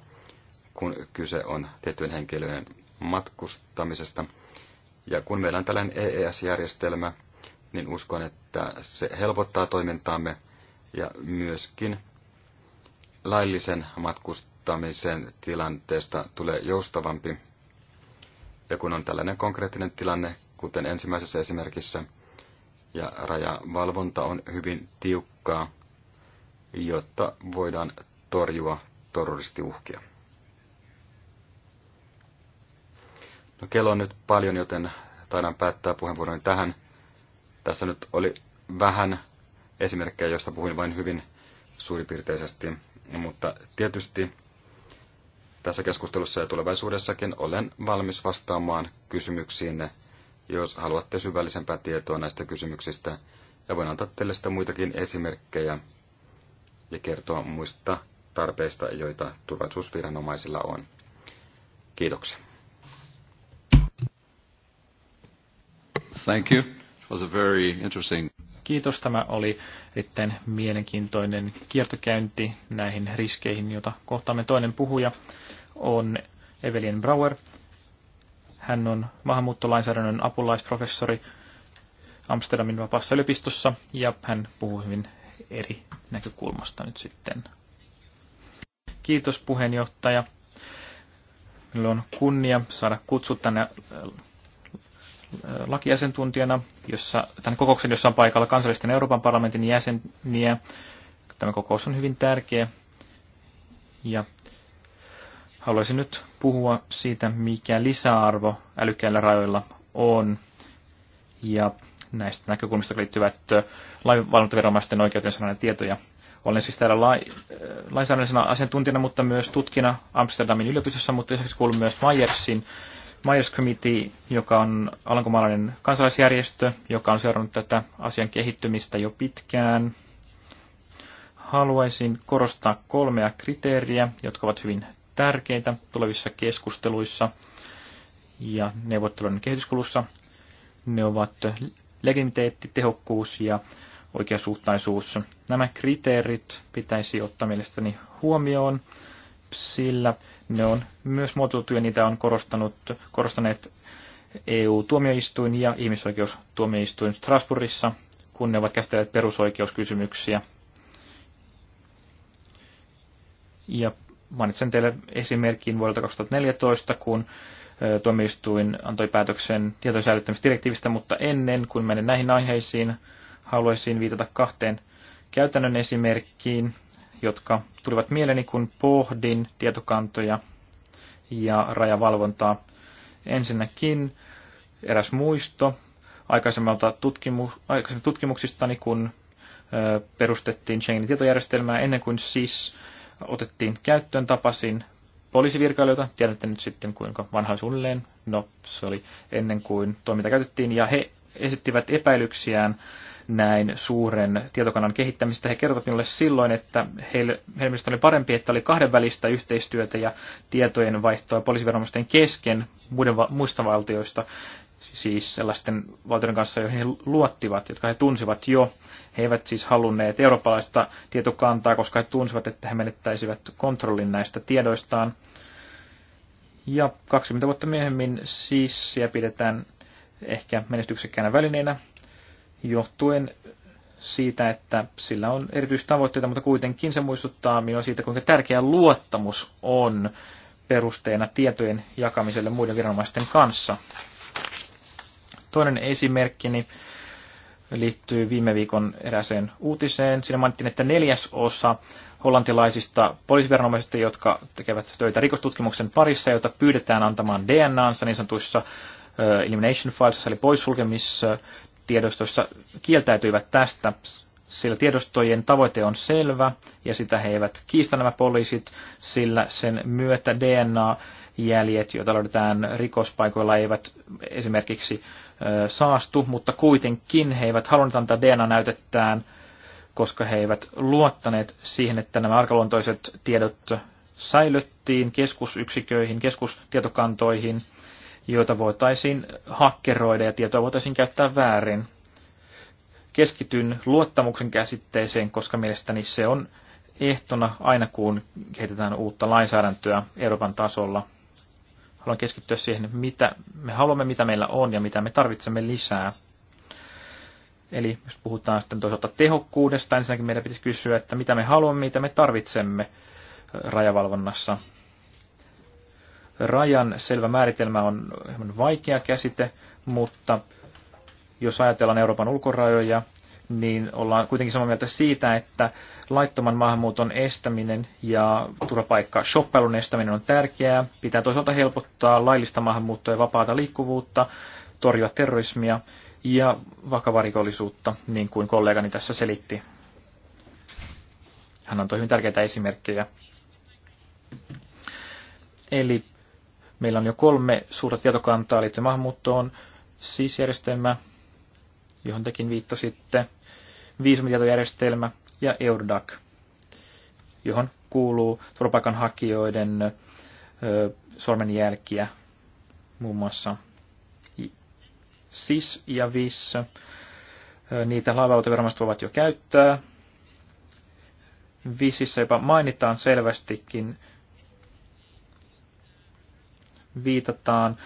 Speaker 4: kun kyse on tiettyjen henkilöiden matkustamisesta. Ja kun meillä on tällainen EES-järjestelmä, niin uskon, että se helpottaa toimintaamme ja myöskin laillisen matkustamisen tilanteesta tulee joustavampi. Ja kun on tällainen konkreettinen tilanne, kuten ensimmäisessä esimerkissä, ja rajavalvonta on hyvin tiukkaa, jotta voidaan torjua terroristiuhkia. No kello on nyt paljon, joten taidan päättää puheenvuoroni tähän. Tässä nyt oli vähän esimerkkejä, joista puhuin vain hyvin suuripiirteisesti, mutta tietysti tässä keskustelussa ja tulevaisuudessakin olen valmis vastaamaan kysymyksiin, jos haluatte syvällisempää tietoa näistä kysymyksistä, ja voin antaa teille sitä muitakin esimerkkejä ja kertoa muista tarpeista, joita turvallisuusviranomaisilla on.
Speaker 3: Kiitoksia. Thank you was a very interesting... Kiitos, tämä oli erittäin mielenkiintoinen kiertokäynti näihin riskeihin, joita kohtaamme. Toinen puhuja on Evelyn Brauer. Hän on maahanmuuttolainsäädännön apulaisprofessori Amsterdamin vapaassa yliopistossa ja hän puhuu hyvin eri näkökulmasta nyt sitten. Kiitos puheenjohtaja. Minulla on kunnia saada kutsu tänne Äh, lakiasiantuntijana, jossa, tämän kokouksen, jossa on paikalla kansallisten Euroopan parlamentin jäseniä. Tämä kokous on hyvin tärkeä. Ja haluaisin nyt puhua siitä, mikä lisäarvo älykkäillä rajoilla on. Ja näistä näkökulmista liittyvät äh, laivanvalvontaviranomaisten oikeuteen saada tietoja. Olen siis täällä lai, äh, lainsäädännöllisenä asiantuntijana, mutta myös tutkina Amsterdamin yliopistossa, mutta lisäksi kuulun myös Myersin Myers Committee, joka on alankomaalainen kansalaisjärjestö, joka on seurannut tätä asian kehittymistä jo pitkään. Haluaisin korostaa kolmea kriteeriä, jotka ovat hyvin tärkeitä tulevissa keskusteluissa ja neuvottelujen kehityskulussa. Ne ovat legitimiteetti, tehokkuus ja oikeasuhtaisuus. Nämä kriteerit pitäisi ottaa mielestäni huomioon, sillä ne on myös muotoiltu ja niitä on korostanut, korostaneet EU-tuomioistuin ja ihmisoikeustuomioistuin Strasbourgissa, kun ne ovat käsitelleet perusoikeuskysymyksiä. Ja mainitsen teille esimerkin vuodelta 2014, kun tuomioistuin antoi päätöksen tietosäilyttämisdirektiivistä, mutta ennen kuin menen näihin aiheisiin, haluaisin viitata kahteen käytännön esimerkkiin, jotka tulivat mieleni, kun pohdin tietokantoja ja rajavalvontaa. Ensinnäkin eräs muisto aikaisemmalta tutkimu- aikaisemmista tutkimuksistani, kun perustettiin Schengenin tietojärjestelmää ennen kuin siis otettiin käyttöön, tapasin poliisivirkailijoita, tiedätte nyt sitten kuinka vanha suunnilleen, no se oli ennen kuin toiminta käytettiin, ja he esittivät epäilyksiään näin suuren tietokannan kehittämistä. He kertovat minulle silloin, että heille, heille oli parempi, että oli kahdenvälistä yhteistyötä ja tietojen vaihtoa poliisiviranomaisten kesken muiden, muista valtioista, siis sellaisten valtioiden kanssa, joihin he luottivat, jotka he tunsivat jo. He eivät siis halunneet eurooppalaista tietokantaa, koska he tunsivat, että he menettäisivät kontrollin näistä tiedoistaan. Ja 20 vuotta myöhemmin siis pidetään ehkä menestyksekkäänä välineenä johtuen siitä, että sillä on erityistavoitteita, mutta kuitenkin se muistuttaa minua siitä, kuinka tärkeä luottamus on perusteena tietojen jakamiselle muiden viranomaisten kanssa. Toinen esimerkkini liittyy viime viikon eräseen uutiseen. Siinä mainittiin, että neljäs osa hollantilaisista poliisiviranomaisista, jotka tekevät töitä rikostutkimuksen parissa, joita pyydetään antamaan DNAnsa niin sanotuissa elimination files, eli poissulkemis tiedostossa kieltäytyivät tästä, sillä tiedostojen tavoite on selvä ja sitä he eivät kiistä nämä poliisit, sillä sen myötä DNA-jäljet, joita löydetään rikospaikoilla, eivät esimerkiksi saastu, mutta kuitenkin he eivät halunneet antaa DNA-näytettään, koska he eivät luottaneet siihen, että nämä arkaluontoiset tiedot säilyttiin keskusyksiköihin, keskustietokantoihin, joita voitaisiin hakkeroida ja tietoa voitaisiin käyttää väärin. Keskityn luottamuksen käsitteeseen, koska mielestäni se on ehtona aina, kun kehitetään uutta lainsäädäntöä Euroopan tasolla. Haluan keskittyä siihen, mitä me haluamme, mitä meillä on ja mitä me tarvitsemme lisää. Eli jos puhutaan sitten toisaalta tehokkuudesta, ensinnäkin meidän pitäisi kysyä, että mitä me haluamme, mitä me tarvitsemme rajavalvonnassa rajan selvä määritelmä on vaikea käsite, mutta jos ajatellaan Euroopan ulkorajoja, niin ollaan kuitenkin samaa mieltä siitä, että laittoman maahanmuuton estäminen ja turvapaikka shoppailun estäminen on tärkeää. Pitää toisaalta helpottaa laillista maahanmuuttoa ja vapaata liikkuvuutta, torjua terrorismia ja vakavarikollisuutta, niin kuin kollegani tässä selitti. Hän antoi hyvin tärkeitä esimerkkejä. Eli Meillä on jo kolme suurta tietokantaa liittyen maahanmuuttoon, SIS-järjestelmä, johon tekin viittasitte, viisumitietojärjestelmä ja EURDAC, johon kuuluu turvapaikanhakijoiden sormenjälkiä muun muassa SIS ja VIS. Niitä laivautoviranomaiset voivat jo käyttää. VISissä jopa mainitaan selvästikin viitataan,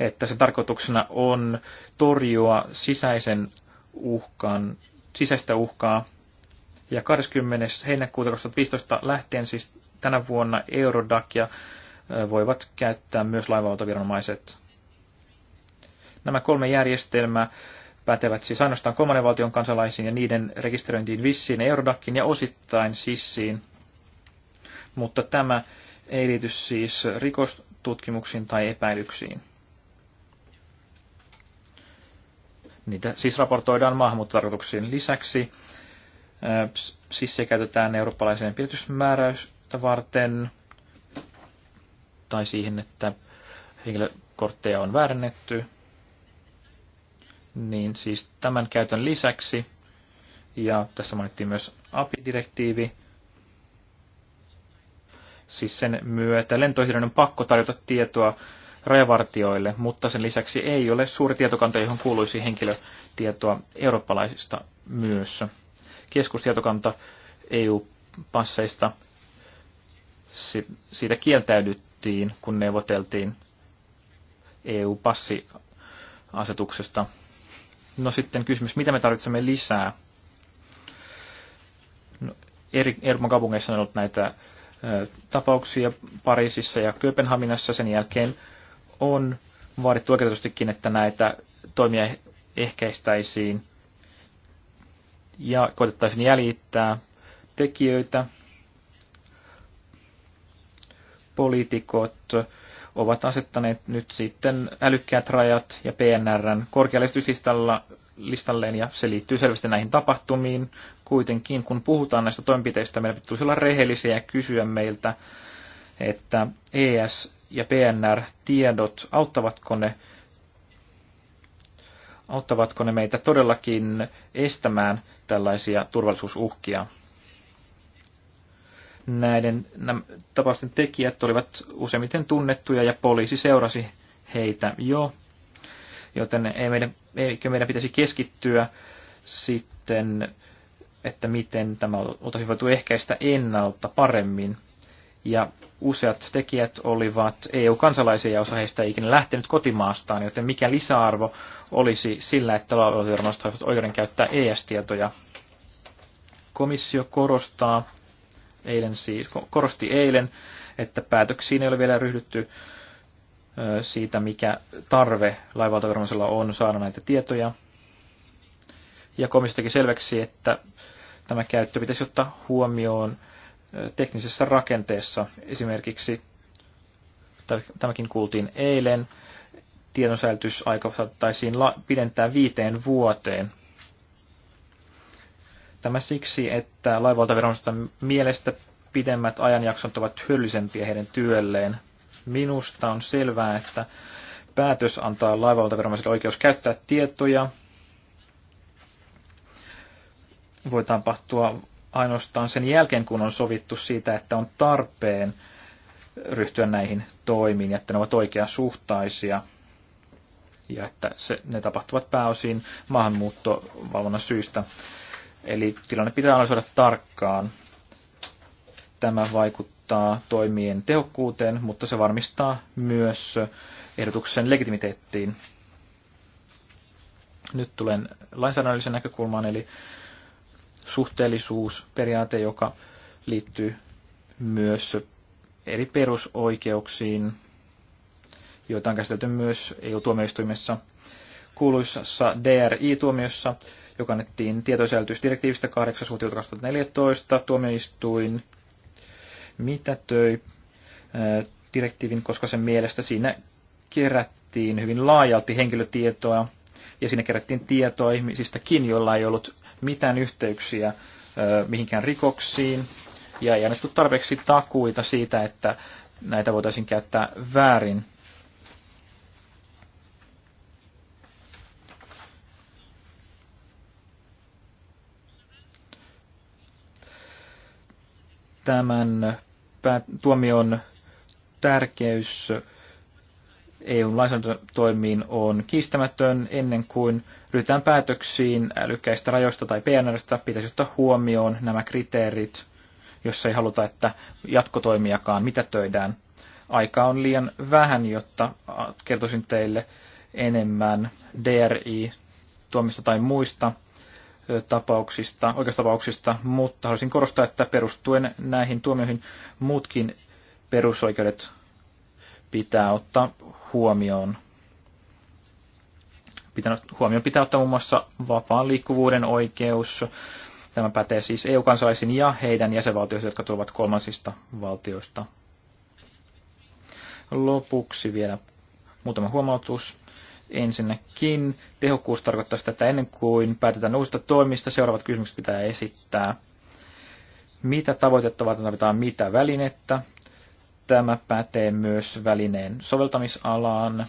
Speaker 3: että se tarkoituksena on torjua sisäisen uhkan, sisäistä uhkaa. Ja 20. heinäkuuta 2015 lähtien siis tänä vuonna Eurodacia voivat käyttää myös laivautaviranomaiset. Nämä kolme järjestelmää pätevät siis ainoastaan kolmannen valtion kansalaisiin ja niiden rekisteröintiin vissiin Eurodakkiin ja osittain sissiin. Mutta tämä ei liity siis rikos, tutkimuksiin tai epäilyksiin. Niitä siis raportoidaan maahanmuuttotarkoituksiin lisäksi. Siis se käytetään eurooppalaiseen pidätysmääräystä varten tai siihen, että henkilökortteja on väärennetty. Niin siis tämän käytön lisäksi, ja tässä mainittiin myös API-direktiivi, Siis sen myötä lentoyhtiön on pakko tarjota tietoa rajavartioille, mutta sen lisäksi ei ole suuri tietokanta, johon kuuluisi henkilötietoa eurooppalaisista myös. Keskustietokanta EU-passeista, siitä kieltäydyttiin, kun neuvoteltiin EU-passiasetuksesta. No sitten kysymys, mitä me tarvitsemme lisää? No, eri, Euroopan kaupungeissa on ollut näitä tapauksia Pariisissa ja Kööpenhaminassa. Sen jälkeen on vaadittu oikeutustikin, että näitä toimia ehkäistäisiin ja koitettaisiin jäljittää tekijöitä. Poliitikot ovat asettaneet nyt sitten älykkäät rajat ja PNRn korkealistyslistalla listalleen ja se liittyy selvästi näihin tapahtumiin. Kuitenkin kun puhutaan näistä toimenpiteistä, meidän pitäisi olla rehellisiä ja kysyä meiltä, että ES ja PNR-tiedot, auttavatko ne, auttavatko ne meitä todellakin estämään tällaisia turvallisuusuhkia. Näiden nämä, tapausten tekijät olivat useimmiten tunnettuja ja poliisi seurasi heitä jo joten ei meidän, eikö meidän pitäisi keskittyä sitten, että miten tämä oltaisiin voitu ehkäistä ennalta paremmin. Ja useat tekijät olivat EU-kansalaisia ja osa heistä ei ikinä lähtenyt kotimaastaan, joten mikä lisäarvo olisi sillä, että laivasviranomaiset saivat oikeuden käyttää ES-tietoja. Komissio korostaa eilen siis, korosti eilen, että päätöksiin ei ole vielä ryhdytty siitä, mikä tarve laivaltaviranomaisella on saada näitä tietoja. Ja komissio teki selväksi, että tämä käyttö pitäisi ottaa huomioon teknisessä rakenteessa. Esimerkiksi, tämäkin kuultiin eilen, tiedonsäilytysaika saattaisiin pidentää viiteen vuoteen. Tämä siksi, että laivaltaviranomaisten mielestä pidemmät ajanjaksot ovat hyödyllisempiä heidän työlleen – Minusta on selvää, että päätös antaa laivavaltaviranomaisille oikeus käyttää tietoja. Voi tapahtua ainoastaan sen jälkeen, kun on sovittu siitä, että on tarpeen ryhtyä näihin toimiin, ja että ne ovat oikeasuhtaisia ja että se, ne tapahtuvat pääosin maahanmuuttovalvonnan syystä, Eli tilanne pitää analysoida tarkkaan. Tämä vaikuttaa vaikuttaa toimien tehokkuuteen, mutta se varmistaa myös ehdotuksen legitimiteettiin. Nyt tulen lainsäädännöllisen näkökulmaan, eli suhteellisuusperiaate, joka liittyy myös eri perusoikeuksiin, joita on käsitelty myös EU-tuomioistuimessa kuuluisassa DRI-tuomiossa, joka annettiin tietosäilytysdirektiivistä 8. 2014. Tuomioistuin mitä töi direktiivin, koska sen mielestä siinä kerättiin hyvin laajalti henkilötietoa ja siinä kerättiin tietoa ihmisistäkin, joilla ei ollut mitään yhteyksiä mihinkään rikoksiin ja ei annettu tarpeeksi takuita siitä, että näitä voitaisiin käyttää väärin. tämän tuomion tärkeys EUn lainsäädäntötoimiin on kiistämätön ennen kuin ryhdytään päätöksiin älykkäistä rajoista tai PNRstä, pitäisi ottaa huomioon nämä kriteerit, jos ei haluta, että jatkotoimiakaan mitätöidään. Aika on liian vähän, jotta kertoisin teille enemmän DRI-tuomista tai muista tapauksista, oikeustapauksista, mutta haluaisin korostaa, että perustuen näihin tuomioihin muutkin perusoikeudet pitää ottaa huomioon. Pitää, huomioon pitää ottaa muun muassa vapaan liikkuvuuden oikeus. Tämä pätee siis EU-kansalaisiin ja heidän jäsenvaltioihin, jotka tulevat kolmansista valtioista. Lopuksi vielä muutama huomautus. Ensinnäkin tehokkuus tarkoittaa sitä, että ennen kuin päätetään uusista toimista, seuraavat kysymykset pitää esittää. Mitä tavoitetta varten tarvitaan mitä välinettä? Tämä pätee myös välineen soveltamisalaan.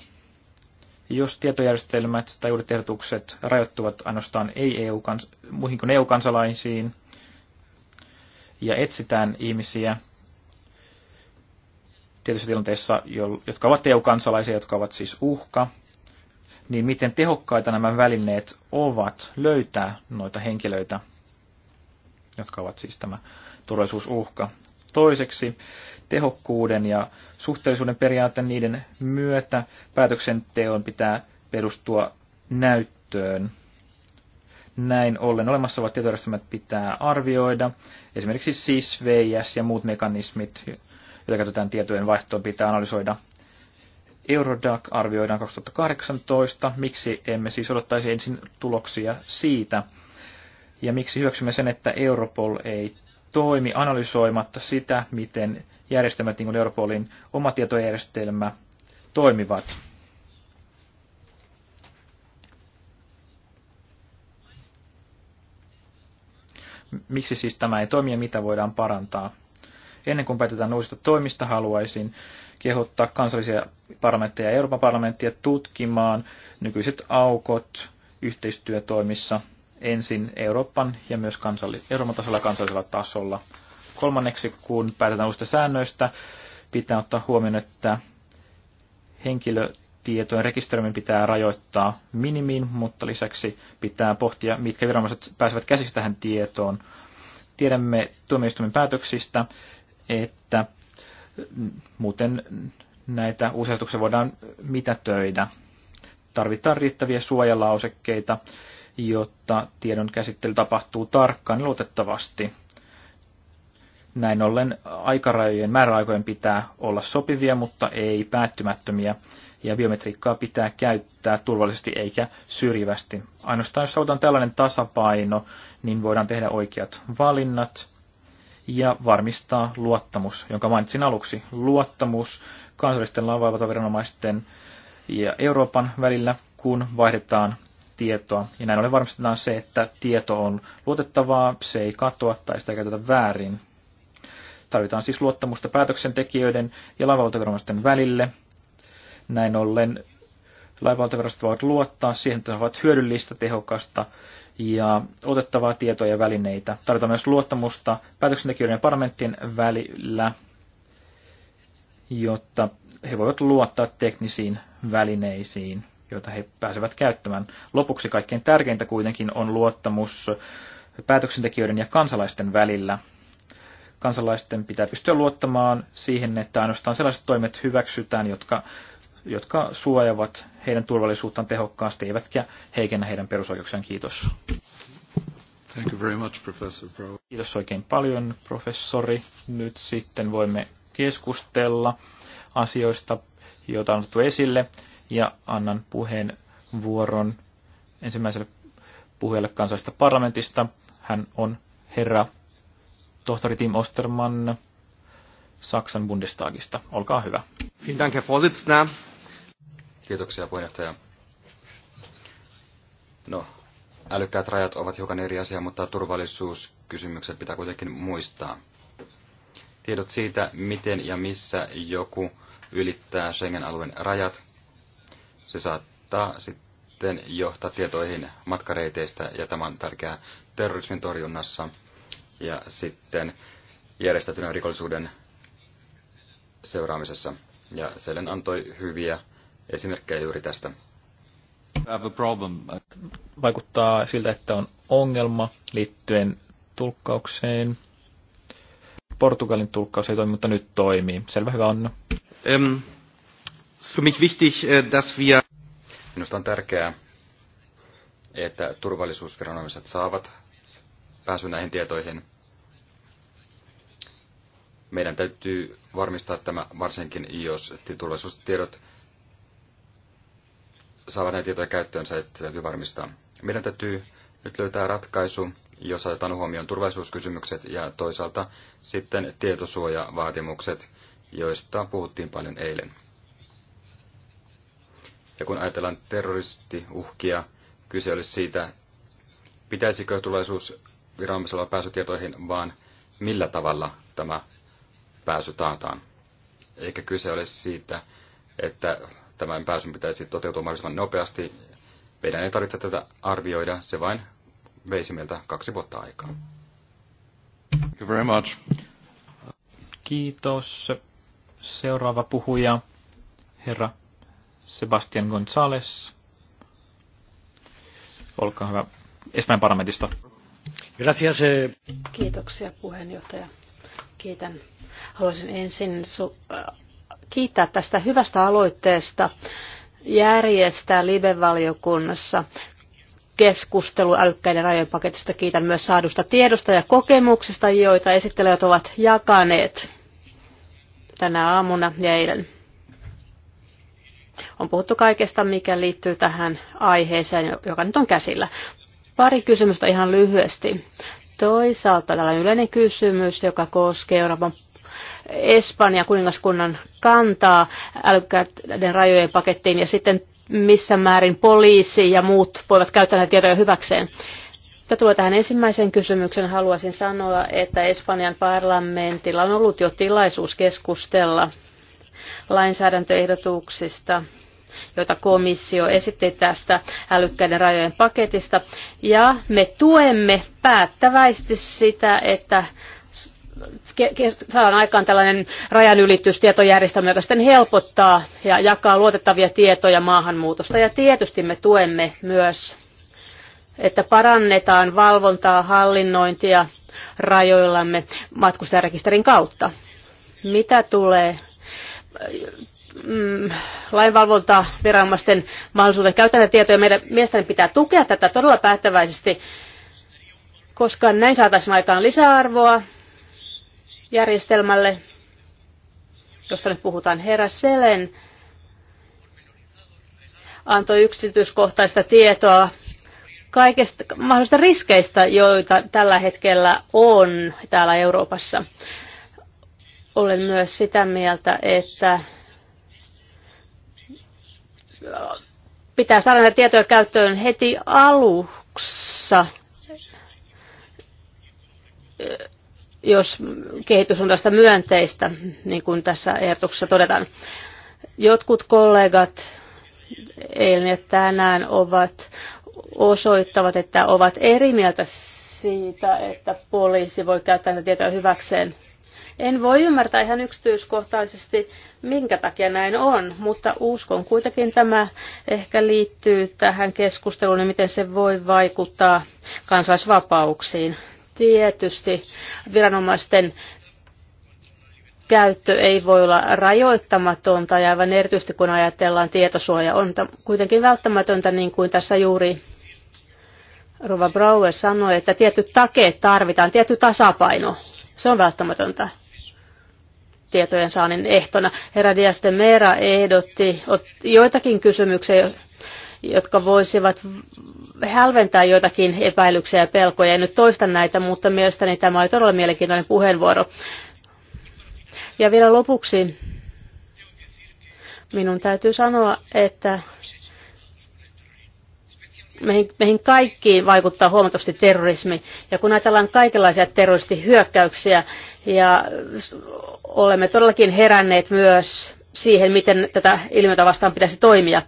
Speaker 3: Jos tietojärjestelmät tai uudet ehdotukset rajoittuvat ainoastaan ei EU muihin kuin EU-kansalaisiin ja etsitään ihmisiä tietyissä tilanteissa, jotka ovat EU-kansalaisia, jotka ovat siis uhka, niin miten tehokkaita nämä välineet ovat löytää noita henkilöitä, jotka ovat siis tämä turvallisuusuhka. Toiseksi tehokkuuden ja suhteellisuuden periaate niiden myötä päätöksenteon pitää perustua näyttöön. Näin ollen olemassa olevat tietojärjestelmät pitää arvioida. Esimerkiksi SIS, VIS ja muut mekanismit, joita käytetään tietojen vaihtoon, pitää analysoida Eurodac arvioidaan 2018. Miksi emme siis odottaisi ensin tuloksia siitä? Ja miksi hyväksymme sen, että Europol ei toimi analysoimatta sitä, miten järjestelmät, niin kuin Europolin oma tietojärjestelmä, toimivat? Miksi siis tämä ei toimi ja mitä voidaan parantaa? Ennen kuin päätetään uusista toimista, haluaisin kehottaa kansallisia parlamentteja ja Euroopan parlamenttia tutkimaan nykyiset aukot yhteistyötoimissa ensin Euroopan ja myös kansalli- Euroopan tasolla ja kansallisella tasolla. Kolmanneksi, kun päätetään uusista säännöistä, pitää ottaa huomioon, että henkilötietojen rekisteröiminen pitää rajoittaa minimiin, mutta lisäksi pitää pohtia, mitkä viranomaiset pääsevät käsiksi tähän tietoon. Tiedämme tuomioistuimen päätöksistä, että muuten näitä uusia voidaan mitätöidä. Tarvitaan riittäviä suojalausekkeita, jotta tiedon käsittely tapahtuu tarkkaan ja luotettavasti. Näin ollen aikarajojen määräaikojen pitää olla sopivia, mutta ei päättymättömiä, ja biometriikkaa pitää käyttää turvallisesti eikä syrjivästi. Ainoastaan jos saavutaan tällainen tasapaino, niin voidaan tehdä oikeat valinnat ja varmistaa luottamus, jonka mainitsin aluksi. Luottamus kansallisten lainvalvontaviranomaisten ja Euroopan välillä, kun vaihdetaan tietoa. Ja näin ollen varmistetaan se, että tieto on luotettavaa, se ei katoa tai sitä ei käytetä väärin. Tarvitaan siis luottamusta päätöksentekijöiden ja lainvalvontaviranomaisten välille. Näin ollen lainvalvontavirastot voivat luottaa siihen, että ne ovat hyödyllistä, tehokasta ja otettavaa tietoa ja välineitä. Tarvitaan myös luottamusta päätöksentekijöiden ja parlamenttien välillä, jotta he voivat luottaa teknisiin välineisiin, joita he pääsevät käyttämään. Lopuksi kaikkein tärkeintä kuitenkin on luottamus päätöksentekijöiden ja kansalaisten välillä. Kansalaisten pitää pystyä luottamaan siihen, että ainoastaan sellaiset toimet hyväksytään, jotka jotka suojavat heidän turvallisuuttaan tehokkaasti, eivätkä heikennä heidän perusoikeuksiaan. Kiitos. Thank you very much, Professor Kiitos oikein paljon, professori. Nyt sitten voimme keskustella asioista, joita on otettu esille, ja annan puheenvuoron ensimmäiselle puhujalle kansallisesta parlamentista. Hän on herra tohtori Tim Ostermann Saksan Bundestagista. Olkaa hyvä.
Speaker 4: Vielen Dank, Herr Vorsitzender. Kiitoksia puheenjohtaja. No, älykkäät rajat ovat hiukan eri asia, mutta turvallisuuskysymykset pitää kuitenkin muistaa. Tiedot siitä, miten ja missä joku ylittää Schengen-alueen rajat, se saattaa sitten johtaa tietoihin matkareiteistä, ja tämän tärkeää terrorismin torjunnassa, ja sitten järjestetynä rikollisuuden seuraamisessa. Ja Selen antoi
Speaker 3: hyviä esimerkkejä juuri tästä. Vaikuttaa siltä, että on ongelma liittyen tulkkaukseen. Portugalin tulkkaus ei toimi, mutta nyt toimii. Selvä, hyvä Anna. Ähm,
Speaker 2: für mich wichtig, eh, dass
Speaker 4: wir... Minusta on tärkeää, että turvallisuusviranomaiset saavat pääsyn näihin tietoihin. Meidän täytyy varmistaa tämä varsinkin, jos turvallisuustiedot saavat näitä tietoja käyttöönsä, että täytyy varmistaa. Meidän täytyy nyt löytää ratkaisu, jos otetaan huomioon turvallisuuskysymykset ja toisaalta sitten tietosuojavaatimukset, joista puhuttiin paljon eilen. Ja kun ajatellaan terroristiuhkia, kyse olisi siitä, pitäisikö turvallisuusviranomaisella olla pääsy tietoihin, vaan millä tavalla tämä pääsy taataan. Eikä kyse ole siitä, että tämän pääsyn pitäisi toteutua mahdollisimman nopeasti. Meidän ei tarvitse tätä arvioida, se vain veisi meiltä kaksi vuotta aikaa. Thank you very much.
Speaker 3: Kiitos. Seuraava puhuja, herra Sebastian González. Olkaa hyvä. Espanjan parlamentista. Gracias. Eh.
Speaker 1: Kiitoksia puheenjohtaja. Kiitän. Haluaisin ensin su- kiittää tästä hyvästä aloitteesta järjestää live-valiokunnassa keskustelu älykkäiden rajojen paketista. Kiitän myös saadusta tiedosta ja kokemuksista, joita esittelijät ovat jakaneet tänä aamuna ja eilen. On puhuttu kaikesta, mikä liittyy tähän aiheeseen, joka nyt on käsillä. Pari kysymystä ihan lyhyesti. Toisaalta tällainen yleinen kysymys, joka koskee Euroopan Espanja kuningaskunnan kantaa älykkäiden rajojen pakettiin ja sitten missä määrin poliisi ja muut voivat käyttää näitä tietoja hyväkseen. Mitä tulee tähän ensimmäiseen kysymykseen, haluaisin sanoa, että Espanjan parlamentilla on ollut jo tilaisuus keskustella lainsäädäntöehdotuksista, joita komissio esitti tästä älykkäiden rajojen paketista. Ja me tuemme päättäväisesti sitä, että saadaan aikaan tällainen rajanylitystietojärjestelmä, joka sitten helpottaa ja jakaa luotettavia tietoja maahanmuutosta. Ja tietysti me tuemme myös, että parannetaan valvontaa, hallinnointia rajoillamme matkustajarekisterin kautta. Mitä tulee mm, lainvalvontaviranomaisten mahdollisuuden käyttää tietoja. Meidän mielestäni pitää tukea tätä todella päättäväisesti, koska näin saataisiin aikaan lisäarvoa järjestelmälle, josta nyt puhutaan. Herra Selen antoi yksityiskohtaista tietoa kaikista mahdollisista riskeistä, joita tällä hetkellä on täällä Euroopassa. Olen myös sitä mieltä, että pitää saada näitä tietoja käyttöön heti alussa jos kehitys on tästä myönteistä, niin kuin tässä ehdotuksessa todetaan. Jotkut kollegat eilen ja tänään ovat osoittavat, että ovat eri mieltä siitä, että poliisi voi käyttää näitä tietoja hyväkseen. En voi ymmärtää ihan yksityiskohtaisesti, minkä takia näin on, mutta uskon kuitenkin tämä ehkä liittyy tähän keskusteluun, ja miten se voi vaikuttaa kansalaisvapauksiin Tietysti viranomaisten käyttö ei voi olla rajoittamatonta ja aivan erityisesti kun ajatellaan tietosuoja on kuitenkin välttämätöntä, niin kuin tässä juuri Rova Brauer sanoi, että tietty takeet tarvitaan, tietty tasapaino, se on välttämätöntä tietojen saannin ehtona. Herra Dias de Mera ehdotti joitakin kysymyksiä, jotka voisivat hälventää joitakin epäilyksiä ja pelkoja. En nyt toista näitä, mutta mielestäni tämä oli todella mielenkiintoinen puheenvuoro. Ja vielä lopuksi minun täytyy sanoa, että meihin, meihin kaikkiin vaikuttaa huomattavasti terrorismi. Ja kun ajatellaan kaikenlaisia terroristihyökkäyksiä, ja olemme todellakin heränneet myös siihen, miten tätä ilmiötä vastaan pitäisi toimia.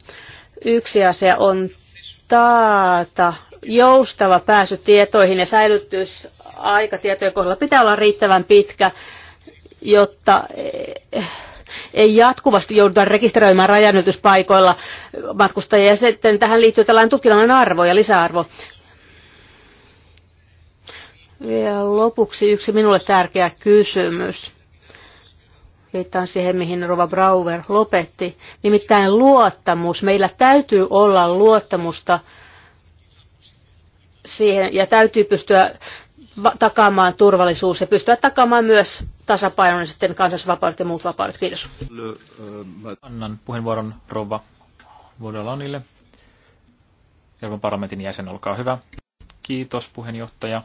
Speaker 1: Yksi asia on taata joustava pääsy tietoihin ja säilytys aika tietojen kohdalla pitää olla riittävän pitkä, jotta eh, ei jatkuvasti jouduta rekisteröimään rajanylityspaikoilla matkustajia. Ja sitten tähän liittyy tällainen tutkinnon arvo ja lisäarvo. Vielä lopuksi yksi minulle tärkeä kysymys. Viittaan siihen, mihin Rova Brauer lopetti. Nimittäin luottamus. Meillä täytyy olla luottamusta siihen ja täytyy pystyä takaamaan turvallisuus ja pystyä takaamaan myös tasapainon sitten kansallisvapaudet ja muut vapaudet. Kiitos.
Speaker 3: Annan puheenvuoron Rova Vodalanille. Euroopan parlamentin jäsen, olkaa hyvä. Kiitos puheenjohtaja.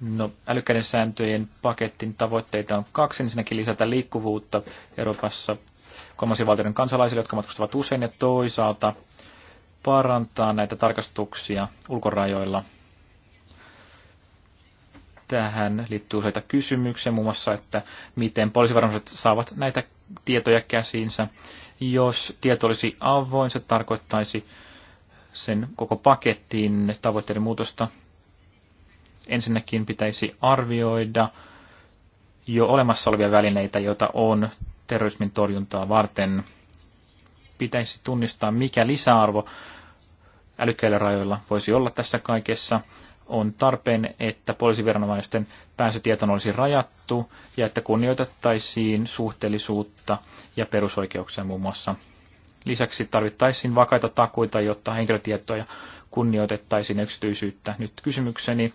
Speaker 3: No, älykkäiden sääntöjen paketin tavoitteita on kaksi. Ensinnäkin lisätä liikkuvuutta Euroopassa kolmansien valtioiden kansalaisille, jotka matkustavat usein, ja toisaalta parantaa näitä tarkastuksia ulkorajoilla. Tähän liittyy useita kysymyksiä, muun muassa, että miten poliisivarmuudet saavat näitä tietoja käsiinsä. Jos tieto olisi avoin, se tarkoittaisi sen koko paketin tavoitteiden muutosta. Ensinnäkin pitäisi arvioida jo olemassa olevia välineitä, joita on terrorismin torjuntaa varten. Pitäisi tunnistaa, mikä lisäarvo älykkäillä rajoilla voisi olla tässä kaikessa. On tarpeen, että poliisiviranomaisten pääsytietoon olisi rajattu ja että kunnioitettaisiin suhteellisuutta ja perusoikeuksia muun muassa. Lisäksi tarvittaisiin vakaita takuita, jotta henkilötietoja kunnioitettaisiin yksityisyyttä. Nyt kysymykseni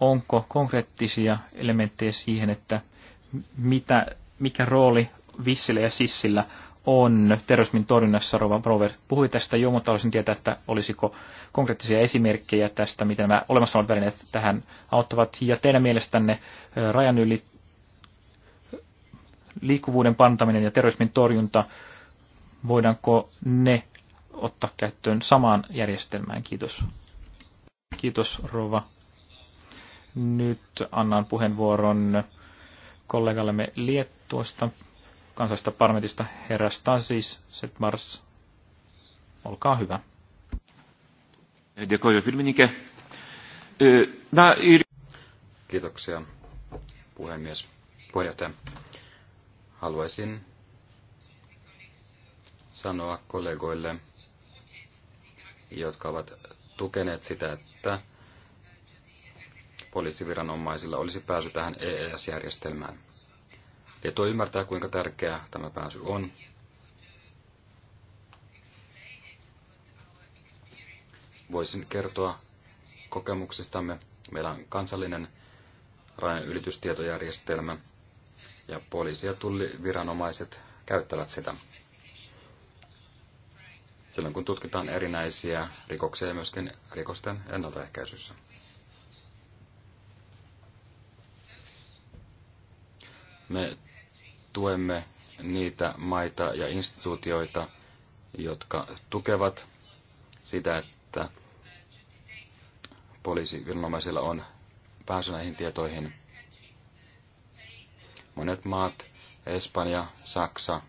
Speaker 3: onko konkreettisia elementtejä siihen, että mitä, mikä rooli vissillä ja sissillä on terrorismin torjunnassa. Rova Brover puhui tästä jo, mutta haluaisin tietää, että olisiko konkreettisia esimerkkejä tästä, miten nämä olemassa olevat välineet tähän auttavat. Ja teidän mielestänne rajan yli liikkuvuuden pantaminen ja terrorismin torjunta, voidaanko ne ottaa käyttöön samaan järjestelmään? Kiitos. Kiitos Rova nyt annan puheenvuoron kollegallemme Liettuosta, kansallista parlamentista, herra Stasis Setmars. Olkaa hyvä. E,
Speaker 4: Kiitoksia, puhemies, puheenjohtaja. Haluaisin sanoa kollegoille, jotka ovat tukeneet sitä, että poliisiviranomaisilla olisi pääsy tähän EES-järjestelmään. Lietua ymmärtää, kuinka tärkeää tämä pääsy on. Voisin kertoa kokemuksistamme. Meillä on kansallinen rajan ylitystietojärjestelmä ja poliisi- ja tulliviranomaiset käyttävät sitä. Silloin kun tutkitaan erinäisiä rikoksia ja myöskin rikosten ennaltaehkäisyssä. Me tuemme niitä maita ja instituutioita, jotka tukevat sitä, että poliisiviranomaisilla on pääsy näihin tietoihin. Monet maat, Espanja, Saksa,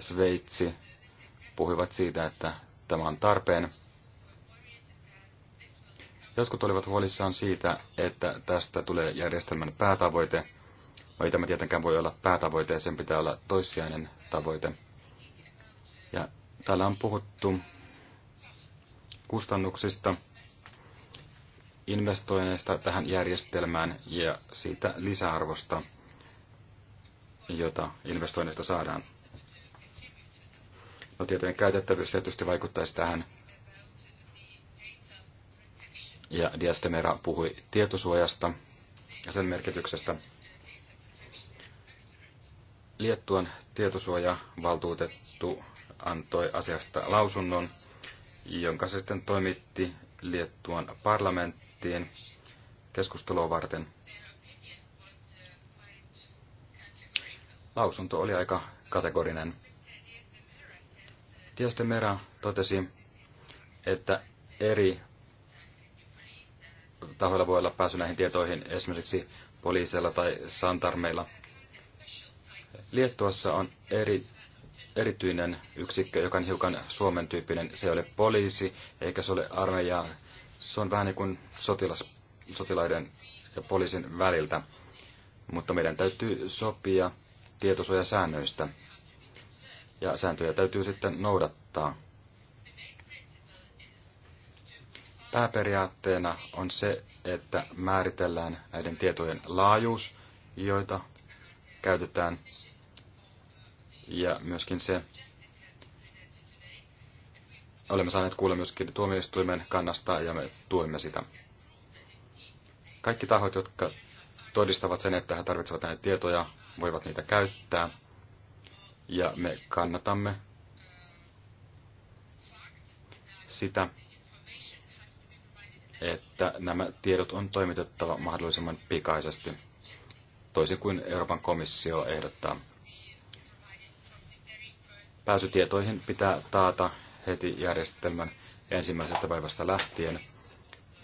Speaker 4: Sveitsi, puhuivat siitä, että tämä on tarpeen Jotkut olivat huolissaan siitä, että tästä tulee järjestelmän päätavoite. No ei tämä tietenkään voi olla päätavoite, ja sen pitää olla toissijainen tavoite. Ja täällä on puhuttu kustannuksista, investoinneista tähän järjestelmään ja siitä lisäarvosta, jota investoinneista saadaan. No tietojen käytettävyys tietysti vaikuttaisi tähän, ja Diastemera puhui tietosuojasta ja sen merkityksestä. Liettuan tietosuojavaltuutettu antoi asiasta lausunnon, jonka se sitten toimitti Liettuan parlamenttiin keskustelua varten. Lausunto oli aika kategorinen. Tiestä totesi, että eri tahoilla voi olla pääsy näihin tietoihin, esimerkiksi poliiseilla tai santarmeilla. Liettuassa on eri, erityinen yksikkö, joka on hiukan Suomen tyyppinen. Se ei ole poliisi, eikä se ole armeija. Se on vähän niin kuin sotilas, sotilaiden ja poliisin väliltä. Mutta meidän täytyy sopia tietosuojasäännöistä. Ja sääntöjä täytyy sitten noudattaa. Pääperiaatteena on se, että määritellään näiden tietojen laajuus, joita käytetään, ja myöskin se, olemme saaneet kuulla myöskin tuomioistuimen kannasta ja me tuemme sitä. Kaikki tahot, jotka todistavat sen, että he tarvitsevat näitä tietoja, voivat niitä käyttää. Ja me kannatamme sitä, että nämä tiedot on toimitettava mahdollisimman pikaisesti, toisin kuin Euroopan komissio ehdottaa. Pääsytietoihin pitää taata heti järjestelmän ensimmäisestä päivästä lähtien,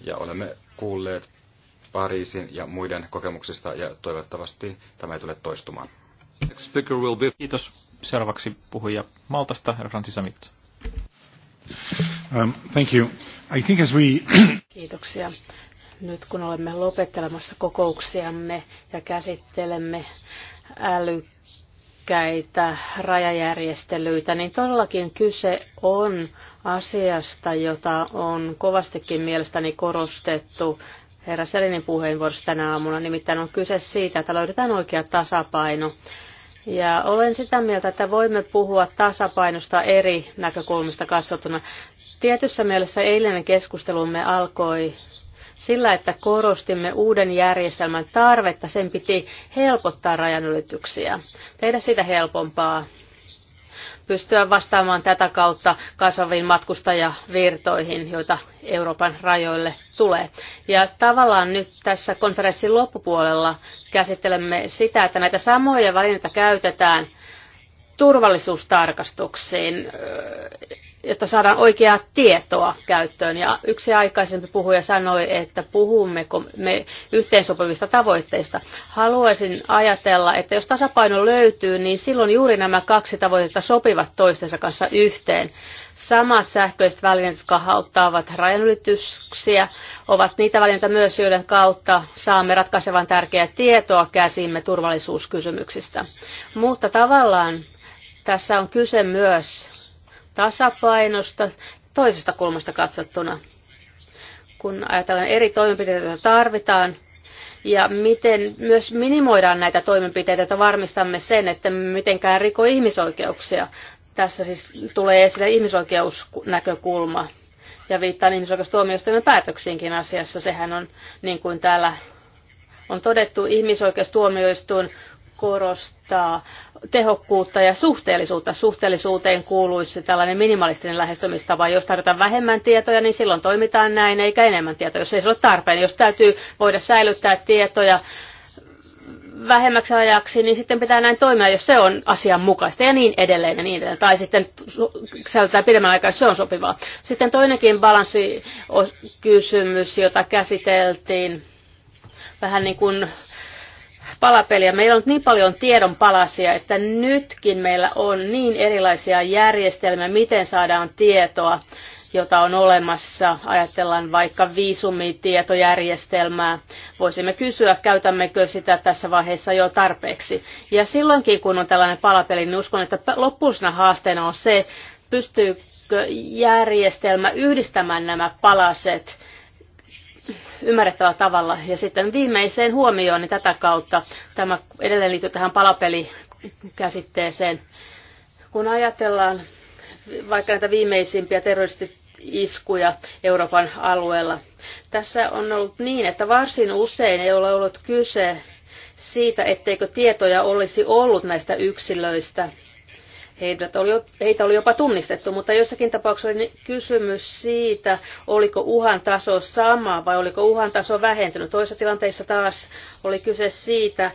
Speaker 4: ja olemme kuulleet Pariisin ja muiden kokemuksista, ja toivottavasti tämä ei tule toistumaan.
Speaker 3: Kiitos. Seuraavaksi puhuja Maltasta, herra Francis Amit.
Speaker 2: Um, thank you. I think as we
Speaker 1: Kiitoksia. Nyt kun olemme lopettelemassa kokouksiamme ja käsittelemme älykkäitä rajajärjestelyitä, niin todellakin kyse on asiasta, jota on kovastikin mielestäni korostettu herra Selinin puheenvuorossa tänä aamuna. Nimittäin on kyse siitä, että löydetään oikea tasapaino ja olen sitä mieltä, että voimme puhua tasapainosta eri näkökulmista katsottuna. Tietyssä mielessä eilinen keskustelumme alkoi sillä, että korostimme uuden järjestelmän tarvetta, sen piti helpottaa rajanylityksiä, tehdä sitä helpompaa, pystyä vastaamaan tätä kautta kasvaviin matkustajavirtoihin, joita Euroopan rajoille tulee. Ja tavallaan nyt tässä konferenssin loppupuolella käsittelemme sitä, että näitä samoja valinnoita käytetään turvallisuustarkastuksiin jotta saadaan oikeaa tietoa käyttöön. Ja yksi aikaisempi puhuja sanoi, että puhummeko me yhteensopivista tavoitteista. Haluaisin ajatella, että jos tasapaino löytyy, niin silloin juuri nämä kaksi tavoitetta sopivat toistensa kanssa yhteen. Samat sähköiset välineet, jotka hauttaavat rajanylityksiä, ovat niitä välineitä myös, joiden kautta saamme ratkaisevan tärkeää tietoa käsimme turvallisuuskysymyksistä. Mutta tavallaan tässä on kyse myös tasapainosta toisesta kulmasta katsottuna, kun ajatellaan eri toimenpiteitä, joita tarvitaan, ja miten myös minimoidaan näitä toimenpiteitä, että varmistamme sen, että mitenkään riko ihmisoikeuksia. Tässä siis tulee esille ihmisoikeusnäkökulma ja viittaan ihmisoikeustuomioistuimen päätöksiinkin asiassa. Sehän on, niin kuin täällä on todettu, ihmisoikeustuomioistuin korostaa tehokkuutta ja suhteellisuutta. Suhteellisuuteen kuuluisi tällainen minimalistinen lähestymistapa. Jos tarvitaan vähemmän tietoja, niin silloin toimitaan näin, eikä enemmän tietoja, jos ei se ole tarpeen. Jos täytyy voida säilyttää tietoja vähemmäksi ajaksi, niin sitten pitää näin toimia, jos se on asianmukaista ja niin edelleen ja niin edelleen. Tai sitten säilyttää pidemmän aikaa, jos se on sopivaa. Sitten toinenkin balanssikysymys, jota käsiteltiin vähän niin kuin palapeliä. Meillä on niin paljon tiedon palasia, että nytkin meillä on niin erilaisia järjestelmiä, miten saadaan tietoa, jota on olemassa. Ajatellaan vaikka viisumitietojärjestelmää. Voisimme kysyä, käytämmekö sitä tässä vaiheessa jo tarpeeksi. Ja silloinkin, kun on tällainen palapeli, niin uskon, että loppuisena haasteena on se, pystyykö järjestelmä yhdistämään nämä palaset ymmärrettävällä tavalla. Ja sitten viimeiseen huomioon niin tätä kautta, tämä edelleen liittyy tähän palapelikäsitteeseen, kun ajatellaan vaikka näitä viimeisimpiä terroristi-iskuja Euroopan alueella. Tässä on ollut niin, että varsin usein ei ole ollut kyse siitä, etteikö tietoja olisi ollut näistä yksilöistä – Heidät oli, heitä oli jopa tunnistettu, mutta jossakin tapauksessa oli kysymys siitä, oliko uhan taso sama vai oliko uhan taso vähentynyt. Toisessa tilanteessa taas oli kyse siitä,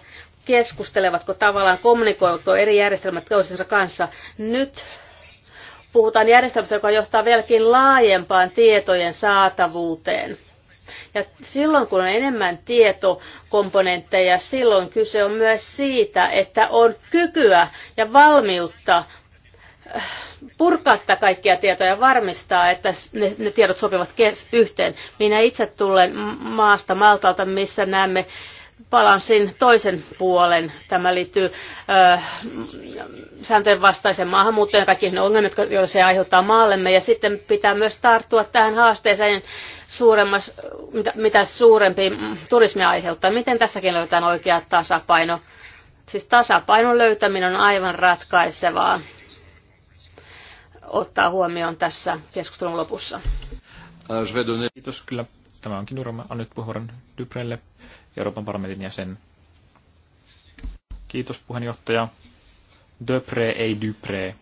Speaker 1: keskustelevatko tavallaan, kommunikoivatko eri järjestelmät toisensa kanssa. Nyt puhutaan järjestelmästä, joka johtaa vieläkin laajempaan tietojen saatavuuteen. Ja silloin kun on enemmän tietokomponentteja, silloin kyse on myös siitä, että on kykyä ja valmiutta äh, purkaa kaikkia tietoja ja varmistaa, että ne, ne tiedot sopivat kes, yhteen. Minä itse tulen maasta Maltalta, missä näemme Palaan sen toisen puolen. Tämä liittyy äh, sääntöjen vastaisen maahanmuuttoon ja kaikkiin ne ongelmat, joita se aiheuttaa maallemme. Ja sitten pitää myös tarttua tähän haasteeseen, suuremmas, mitä, mitä suurempi turismia aiheuttaa. Miten tässäkin löytää oikea tasapaino? Siis tasapainon löytäminen on aivan ratkaisevaa ottaa huomioon tässä keskustelun lopussa.
Speaker 3: Äh, Kiitos kyllä. Tämä onkin Nurma. Annet puheenvuoron Dybrelle Euroopan parlamentin jäsen. Kiitos puheenjohtaja. Döpre ei Dupre.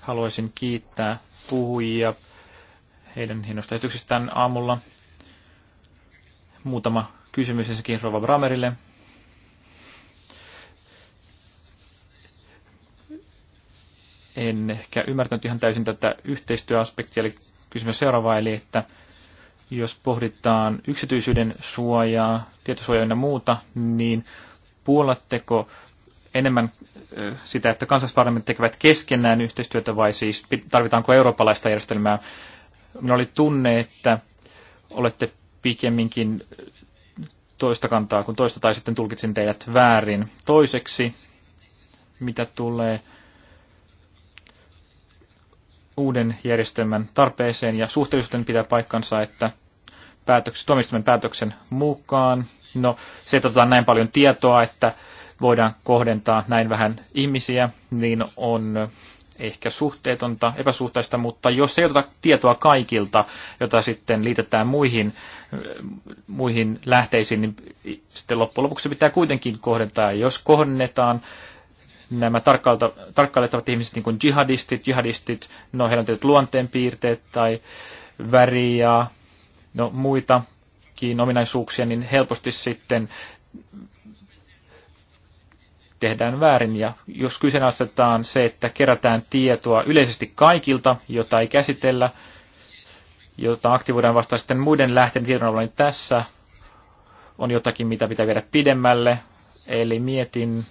Speaker 3: Haluaisin kiittää puhujia heidän hienosta esityksestään aamulla. Muutama kysymys ensinnäkin Rova Bramerille. En ehkä ymmärtänyt ihan täysin tätä yhteistyöaspektia, eli kysymys seuraava, eli että jos pohditaan yksityisyyden suojaa, tietosuojaa ja muuta, niin puolatteko enemmän sitä, että kansallisparlamentit tekevät keskenään yhteistyötä vai siis tarvitaanko eurooppalaista järjestelmää? Minulla oli tunne, että olette pikemminkin toista kantaa kuin toista, tai sitten tulkitsin teidät väärin. Toiseksi, mitä tulee uuden järjestelmän tarpeeseen ja suhteellisuuden pitää paikkansa, että päätöksen, tuomioistuimen päätöksen mukaan. No, se, että otetaan näin paljon tietoa, että voidaan kohdentaa näin vähän ihmisiä, niin on ehkä suhteetonta, epäsuhtaista, mutta jos ei oteta tietoa kaikilta, jota sitten liitetään muihin, muihin lähteisiin, niin sitten loppujen lopuksi pitää kuitenkin kohdentaa. jos kohdennetaan nämä tarkkailettavat ihmiset, niin kuin jihadistit, jihadistit, no heillä on tietyt luonteenpiirteet tai väri ja no, muitakin ominaisuuksia, niin helposti sitten tehdään väärin. Ja jos kyseenalaistetaan se, että kerätään tietoa yleisesti kaikilta, jota ei käsitellä, jota aktivoidaan vasta sitten muiden lähteen tiedon niin tässä on jotakin, mitä pitää viedä pidemmälle. Eli mietin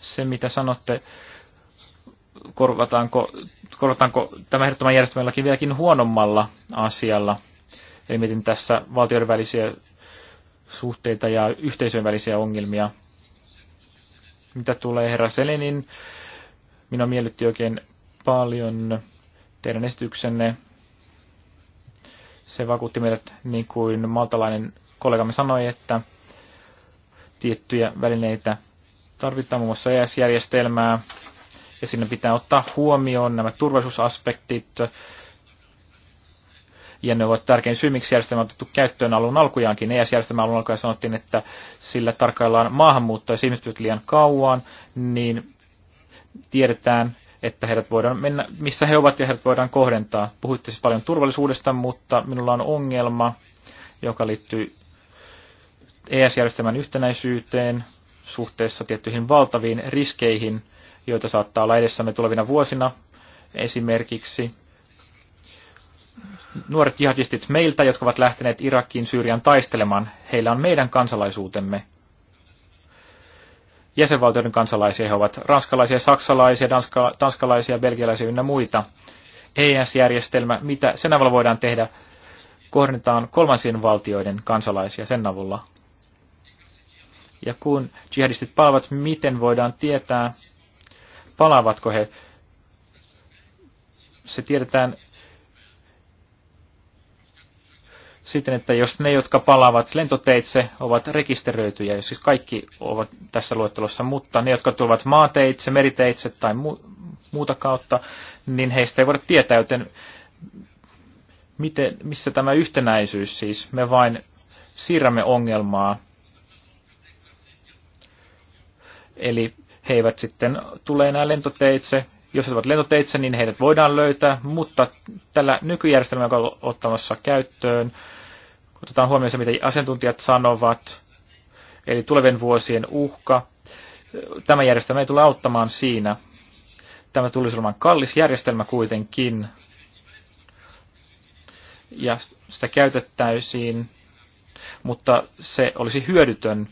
Speaker 3: se, mitä sanotte, korvataanko korvataanko tämä ehdottoman järjestelmälläkin vieläkin huonommalla asialla. Eli mietin tässä valtioiden välisiä suhteita ja yhteisöjen välisiä ongelmia. Mitä tulee herra Selenin, minä miellytti oikein paljon teidän esityksenne. Se vakuutti meidät, niin kuin maltalainen kollegamme sanoi, että tiettyjä välineitä tarvitaan muun muassa ES-järjestelmää, ja sinne pitää ottaa huomioon nämä turvallisuusaspektit, ja ne ovat tärkein syy, miksi järjestelmä on otettu käyttöön alun alkujaankin. es järjestelmä alun alkujaan sanottiin, että sillä tarkkaillaan maahanmuuttoa, jos siis ihmiset liian kauan, niin tiedetään, että heidät voidaan mennä, missä he ovat ja heidät voidaan kohdentaa. Puhuitte siis paljon turvallisuudesta, mutta minulla on ongelma, joka liittyy ES-järjestelmän yhtenäisyyteen suhteessa tiettyihin valtaviin riskeihin, joita saattaa olla edessämme tulevina vuosina. Esimerkiksi nuoret jihadistit meiltä, jotka ovat lähteneet Irakiin Syyrian taistelemaan, heillä on meidän kansalaisuutemme. Jäsenvaltioiden kansalaisia he ovat ranskalaisia, saksalaisia, danska, tanskalaisia, belgialaisia ynnä muita. eis järjestelmä mitä sen avulla voidaan tehdä, kohdennetaan kolmansien valtioiden kansalaisia sen avulla. Ja kun jihadistit palvat, miten voidaan tietää, palaavatko he. Se tiedetään siten, että jos ne, jotka palaavat lentoteitse, ovat rekisteröityjä, jos siis kaikki ovat tässä luettelossa, mutta ne, jotka tulevat maateitse, meriteitse tai mu- muuta kautta, niin heistä ei voida tietää, joten miten, missä tämä yhtenäisyys siis, me vain siirrämme ongelmaa. Eli he eivät sitten tule enää lentoteitse. Jos he ovat lentoteitse, niin heidät voidaan löytää, mutta tällä nykyjärjestelmällä, joka on ottamassa käyttöön, otetaan huomioon se, mitä asiantuntijat sanovat, eli tulevien vuosien uhka. Tämä järjestelmä ei tule auttamaan siinä. Tämä tulisi olemaan kallis järjestelmä kuitenkin, ja sitä käytettäisiin, mutta se olisi hyödytön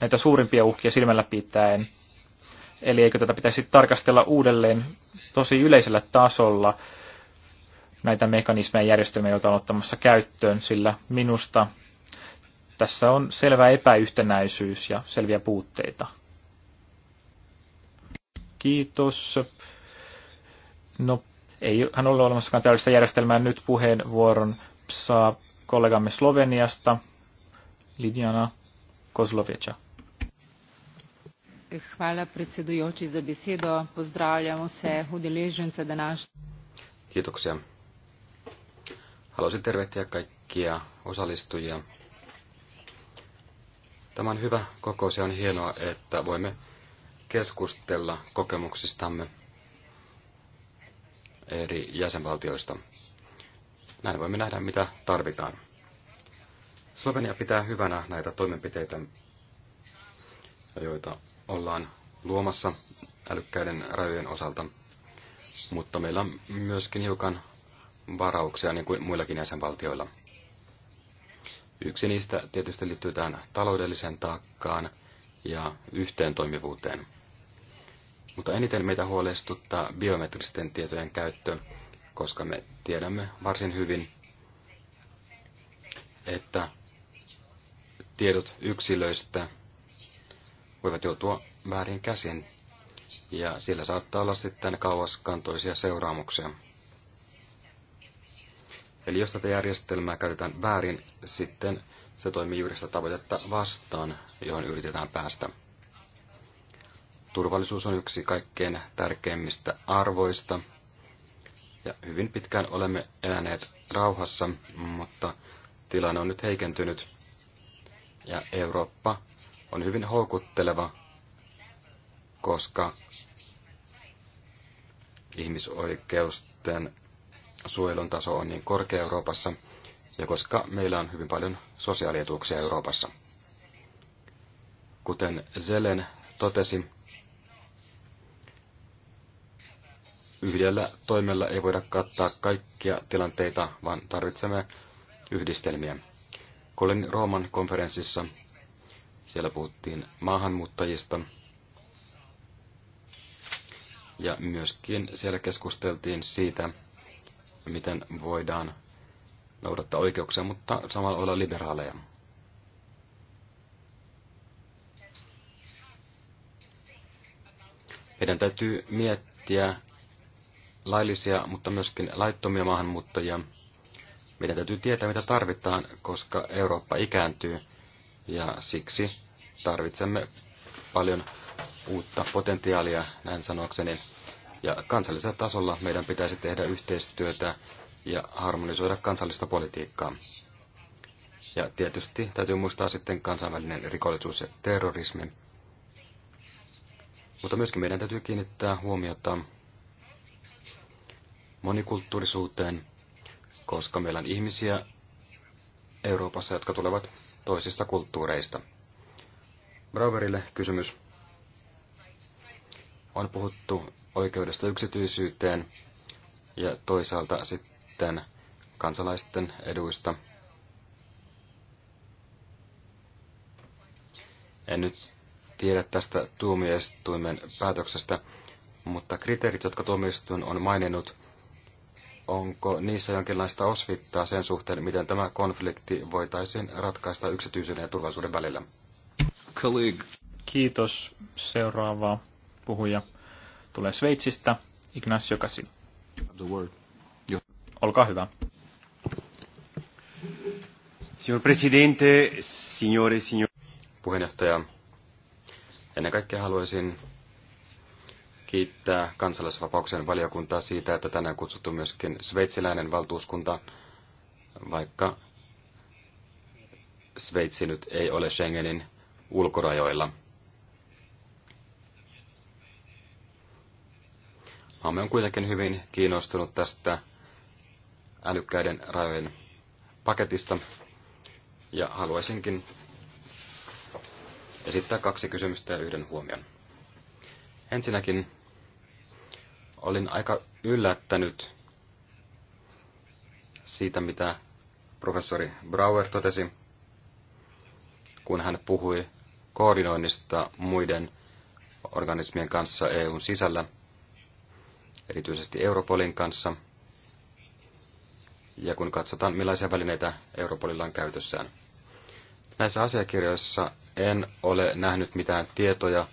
Speaker 3: näitä suurimpia uhkia silmällä pitäen. Eli eikö tätä pitäisi tarkastella uudelleen tosi yleisellä tasolla näitä mekanismeja ja järjestelmiä, joita on ottamassa käyttöön, sillä minusta tässä on selvä epäyhtenäisyys ja selviä puutteita. Kiitos. No, ei hän ole olemassakaan täydellistä järjestelmää. Nyt puheenvuoron saa kollegamme Sloveniasta, Lidjana Kozloveča.
Speaker 1: Hvala predsedujoči za besedo. Pozdravljam vse udeležence današnje.
Speaker 4: Kiitoksia. Haluaisin tervehtiä kaikkia osallistujia. Tämä on hyvä kokous ja on hienoa, että voimme keskustella kokemuksistamme eri jäsenvaltioista. Näin voimme nähdä, mitä tarvitaan. Slovenia pitää hyvänä näitä toimenpiteitä, joita ollaan luomassa älykkäiden rajojen osalta, mutta meillä on myöskin hiukan varauksia niin kuin muillakin jäsenvaltioilla. Yksi niistä tietysti liittyy tähän taloudelliseen taakkaan ja yhteen toimivuuteen. Mutta eniten meitä huolestuttaa biometristen tietojen käyttö, koska me tiedämme varsin hyvin, että tiedot yksilöistä voivat joutua väärin käsin, ja sillä saattaa olla sitten kauaskantoisia seuraamuksia. Eli jos tätä järjestelmää käytetään väärin, sitten se toimii juuri sitä tavoitetta vastaan, johon yritetään päästä. Turvallisuus on yksi kaikkein tärkeimmistä arvoista, ja hyvin pitkään olemme eläneet rauhassa, mutta tilanne on nyt heikentynyt, ja Eurooppa on hyvin houkutteleva, koska ihmisoikeusten suojelun taso on niin korkea Euroopassa ja koska meillä on hyvin paljon sosiaalietuuksia Euroopassa. Kuten Zelen totesi, yhdellä toimella ei voida kattaa kaikkia tilanteita, vaan tarvitsemme yhdistelmiä. Kolin Rooman konferenssissa. Siellä puhuttiin maahanmuuttajista. Ja myöskin siellä keskusteltiin siitä, miten voidaan noudattaa oikeuksia, mutta samalla olla liberaaleja. Meidän täytyy miettiä laillisia, mutta myöskin laittomia maahanmuuttajia, meidän täytyy tietää, mitä tarvitaan, koska Eurooppa ikääntyy ja siksi tarvitsemme paljon uutta potentiaalia, näin sanokseni. Ja kansallisella tasolla meidän pitäisi tehdä yhteistyötä ja harmonisoida kansallista politiikkaa. Ja tietysti täytyy muistaa sitten kansainvälinen rikollisuus ja terrorismi. Mutta myöskin meidän täytyy kiinnittää huomiota monikulttuurisuuteen koska meillä on ihmisiä Euroopassa, jotka tulevat toisista kulttuureista. Browerille kysymys. On puhuttu oikeudesta yksityisyyteen ja toisaalta sitten kansalaisten eduista. En nyt tiedä tästä tuomioistuimen päätöksestä, mutta kriteerit, jotka tuomioistuin on maininnut, onko niissä jonkinlaista osvittaa sen suhteen, miten tämä konflikti voitaisiin ratkaista
Speaker 3: yksityisyyden ja turvallisuuden välillä. Colleague. Kiitos. Seuraava puhuja tulee Sveitsistä, Ignacio Kasi. Olkaa hyvä.
Speaker 4: Signor Presidente, signore, signore. Puheenjohtaja, ennen kaikkea haluaisin kiittää kansalaisvapauksen valiokuntaa siitä, että tänään kutsuttu myöskin sveitsiläinen valtuuskunta, vaikka Sveitsi nyt ei ole Schengenin ulkorajoilla. Maamme on kuitenkin hyvin kiinnostunut tästä älykkäiden rajojen paketista ja haluaisinkin esittää kaksi kysymystä ja yhden huomion. Ensinnäkin Olin aika yllättänyt siitä, mitä professori Brauer totesi, kun hän puhui koordinoinnista muiden organismien kanssa EUn sisällä, erityisesti Europolin kanssa, ja kun katsotaan, millaisia välineitä Europolilla on käytössään. Näissä asiakirjoissa en ole nähnyt mitään tietoja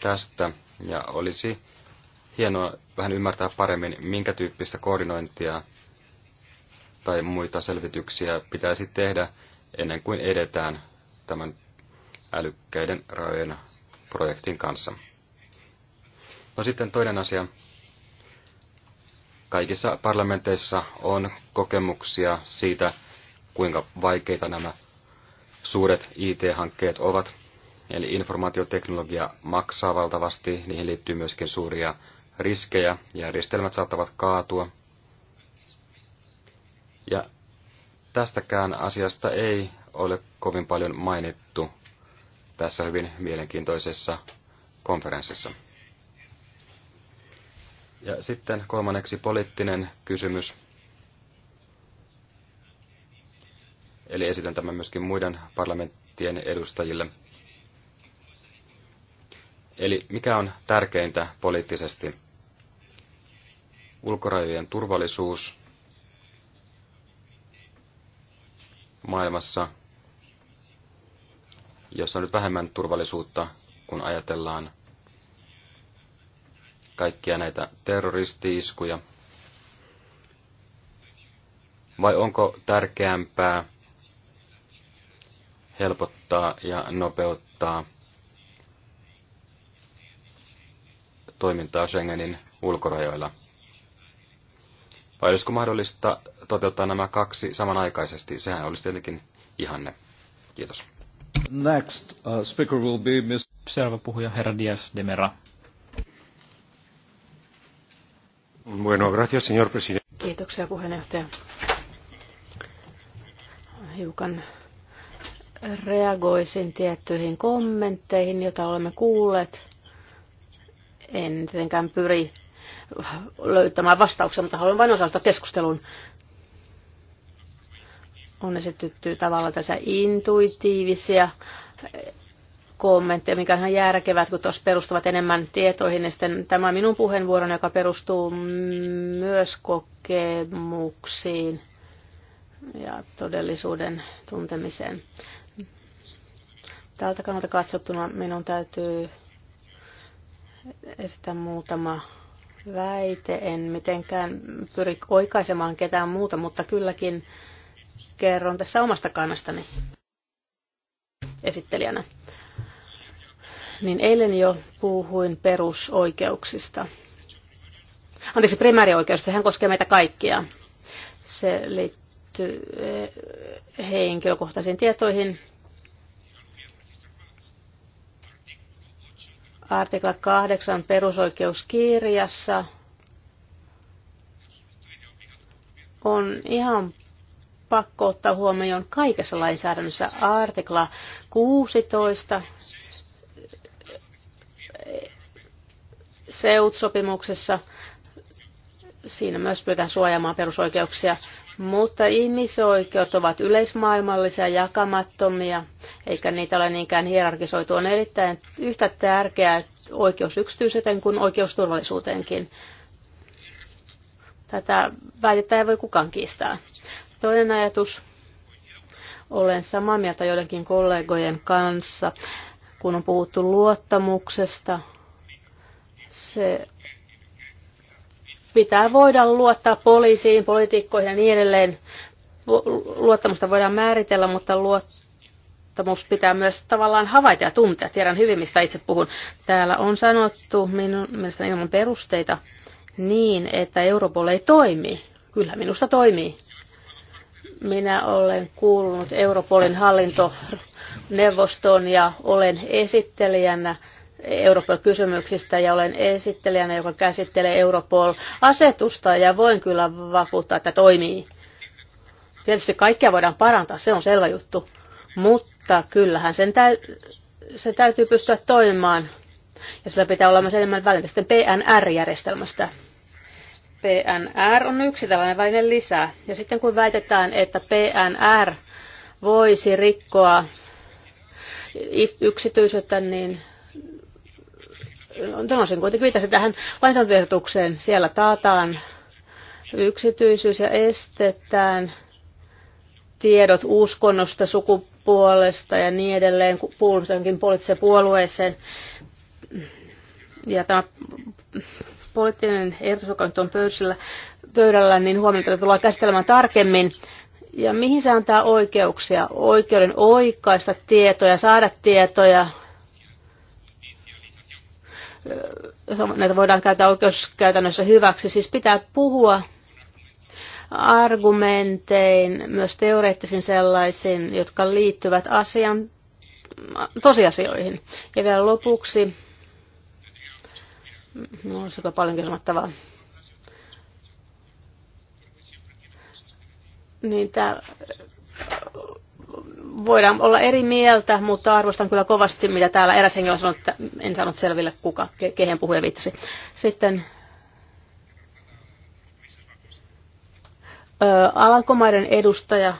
Speaker 4: tästä, ja olisi hienoa vähän ymmärtää paremmin, minkä tyyppistä koordinointia tai muita selvityksiä pitäisi tehdä ennen kuin edetään tämän älykkäiden rajojen projektin kanssa. No sitten toinen asia. Kaikissa parlamenteissa on kokemuksia siitä, kuinka vaikeita nämä suuret IT-hankkeet ovat. Eli informaatioteknologia maksaa valtavasti, niihin liittyy myöskin suuria riskejä, järjestelmät saattavat kaatua. Ja tästäkään asiasta ei ole kovin paljon mainittu tässä hyvin mielenkiintoisessa konferenssissa. Ja sitten kolmanneksi poliittinen kysymys. Eli esitän tämän myöskin muiden parlamenttien edustajille. Eli mikä on tärkeintä poliittisesti? ulkorajojen turvallisuus maailmassa, jossa on nyt vähemmän turvallisuutta, kun ajatellaan kaikkia näitä terroristiiskuja, Vai onko tärkeämpää helpottaa ja nopeuttaa toimintaa Schengenin ulkorajoilla? Vai olisiko mahdollista toteuttaa nämä kaksi samanaikaisesti? Sehän olisi tietenkin ihanne.
Speaker 3: Kiitos. Next uh, speaker will be Ms. Seuraava puhuja, herra Diaz de Mera.
Speaker 4: Bueno, gracias, señor presidente.
Speaker 1: Kiitoksia puheenjohtaja. Hiukan reagoisin tiettyihin kommentteihin, joita olemme kuulleet. En tietenkään pyri löytämään vastauksia, mutta haluan vain osalta keskustelun. On esitetty tavallaan tässä intuitiivisia kommentteja, mikä on ihan järkevät, kun tuossa perustuvat enemmän tietoihin. Ja sitten tämä minun puheenvuoroni, joka perustuu myös kokemuksiin ja todellisuuden tuntemiseen. Tältä kannalta katsottuna minun täytyy esittää muutama väite. En mitenkään pyri oikaisemaan ketään muuta, mutta kylläkin kerron tässä omasta kannastani esittelijänä. Niin eilen jo puhuin perusoikeuksista. Anteeksi, primäärioikeudesta. Sehän koskee meitä kaikkia. Se liittyy eh, henkilökohtaisiin tietoihin, Artikla 8 perusoikeuskirjassa on ihan pakko ottaa huomioon kaikessa lainsäädännössä. Artikla 16 SEUT-sopimuksessa, siinä myös pyritään suojaamaan perusoikeuksia. Mutta ihmisoikeudet ovat yleismaailmallisia, jakamattomia, eikä niitä ole niinkään hierarkisoitu. On erittäin yhtä tärkeää oikeus yksityisyyteen kuin oikeusturvallisuuteenkin. Tätä väitettä ei voi kukaan kiistää. Toinen ajatus. Olen samaa mieltä joidenkin kollegojen kanssa, kun on puhuttu luottamuksesta. Se Pitää voida luottaa poliisiin, poliitikkoihin ja niin edelleen. Luottamusta voidaan määritellä, mutta luottamus pitää myös tavallaan havaita ja tuntea. Tiedän hyvin, mistä itse puhun. Täällä on sanottu minun mielestäni ilman perusteita niin, että Europol ei toimi. Kyllä minusta toimii. Minä olen kuulunut Europolin hallintoneuvoston ja olen esittelijänä Europol-kysymyksistä ja olen esittelijänä, joka käsittelee Europol-asetusta ja voin kyllä vakuuttaa, että toimii. Tietysti kaikkea voidaan parantaa, se on selvä juttu, mutta kyllähän sen täy- se täytyy pystyä toimimaan ja sillä pitää olla myös enemmän välineitä sitten PNR-järjestelmästä. PNR on yksi tällainen väline lisää. Ja sitten kun väitetään, että PNR voisi rikkoa yksityisyyttä, niin sanoisin kuitenkin viitasi tähän lainsäädäntöehdotukseen. Siellä taataan yksityisyys ja estetään tiedot uskonnosta, sukupuolesta ja niin edelleen, kuulusta poliittiseen puolueeseen. Ja tämä poliittinen ehdotus, joka nyt on pöydällä, pöydällä niin huomenta tullaan käsittelemään tarkemmin. Ja mihin se antaa oikeuksia? Oikeuden oikaista tietoja, saada tietoja näitä voidaan käyttää oikeuskäytännössä hyväksi. Siis pitää puhua argumentein, myös teoreettisin sellaisin, jotka liittyvät asian tosiasioihin. Ja vielä lopuksi, no olisiko paljonkin sanottavaa, niin tämä voidaan olla eri mieltä, mutta arvostan kyllä kovasti, mitä täällä eräs henkilö sanoi, että en saanut selville, kuka, ke, kehen puhuja viittasi. Sitten ö, Alankomaiden edustaja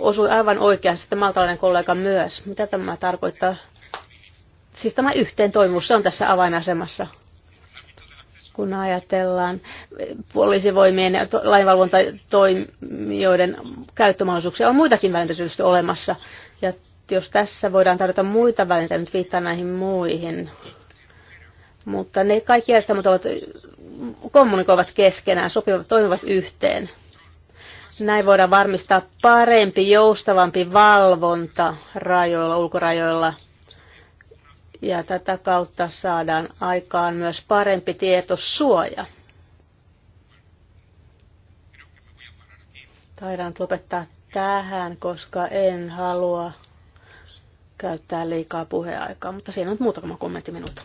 Speaker 1: osui aivan oikeaan, sitten maltalainen kollega myös. Mitä tämä tarkoittaa? Siis tämä yhteen toimivuus, se on tässä avainasemassa kun ajatellaan poliisivoimien ja lainvalvontatoimijoiden käyttömahdollisuuksia. On muitakin välineitä olemassa. Ja jos tässä voidaan tarjota muita välineitä, nyt viittaa näihin muihin. Mutta ne kaikki järjestelmät ovat, kommunikoivat keskenään, sopivat, toimivat yhteen. Näin voidaan varmistaa parempi, joustavampi valvonta rajoilla, ulkorajoilla – ja tätä kautta saadaan aikaan myös parempi tietosuoja. Taidan lopettaa tähän, koska en halua käyttää liikaa puheaikaa, mutta siinä on muutama kommentti minulta.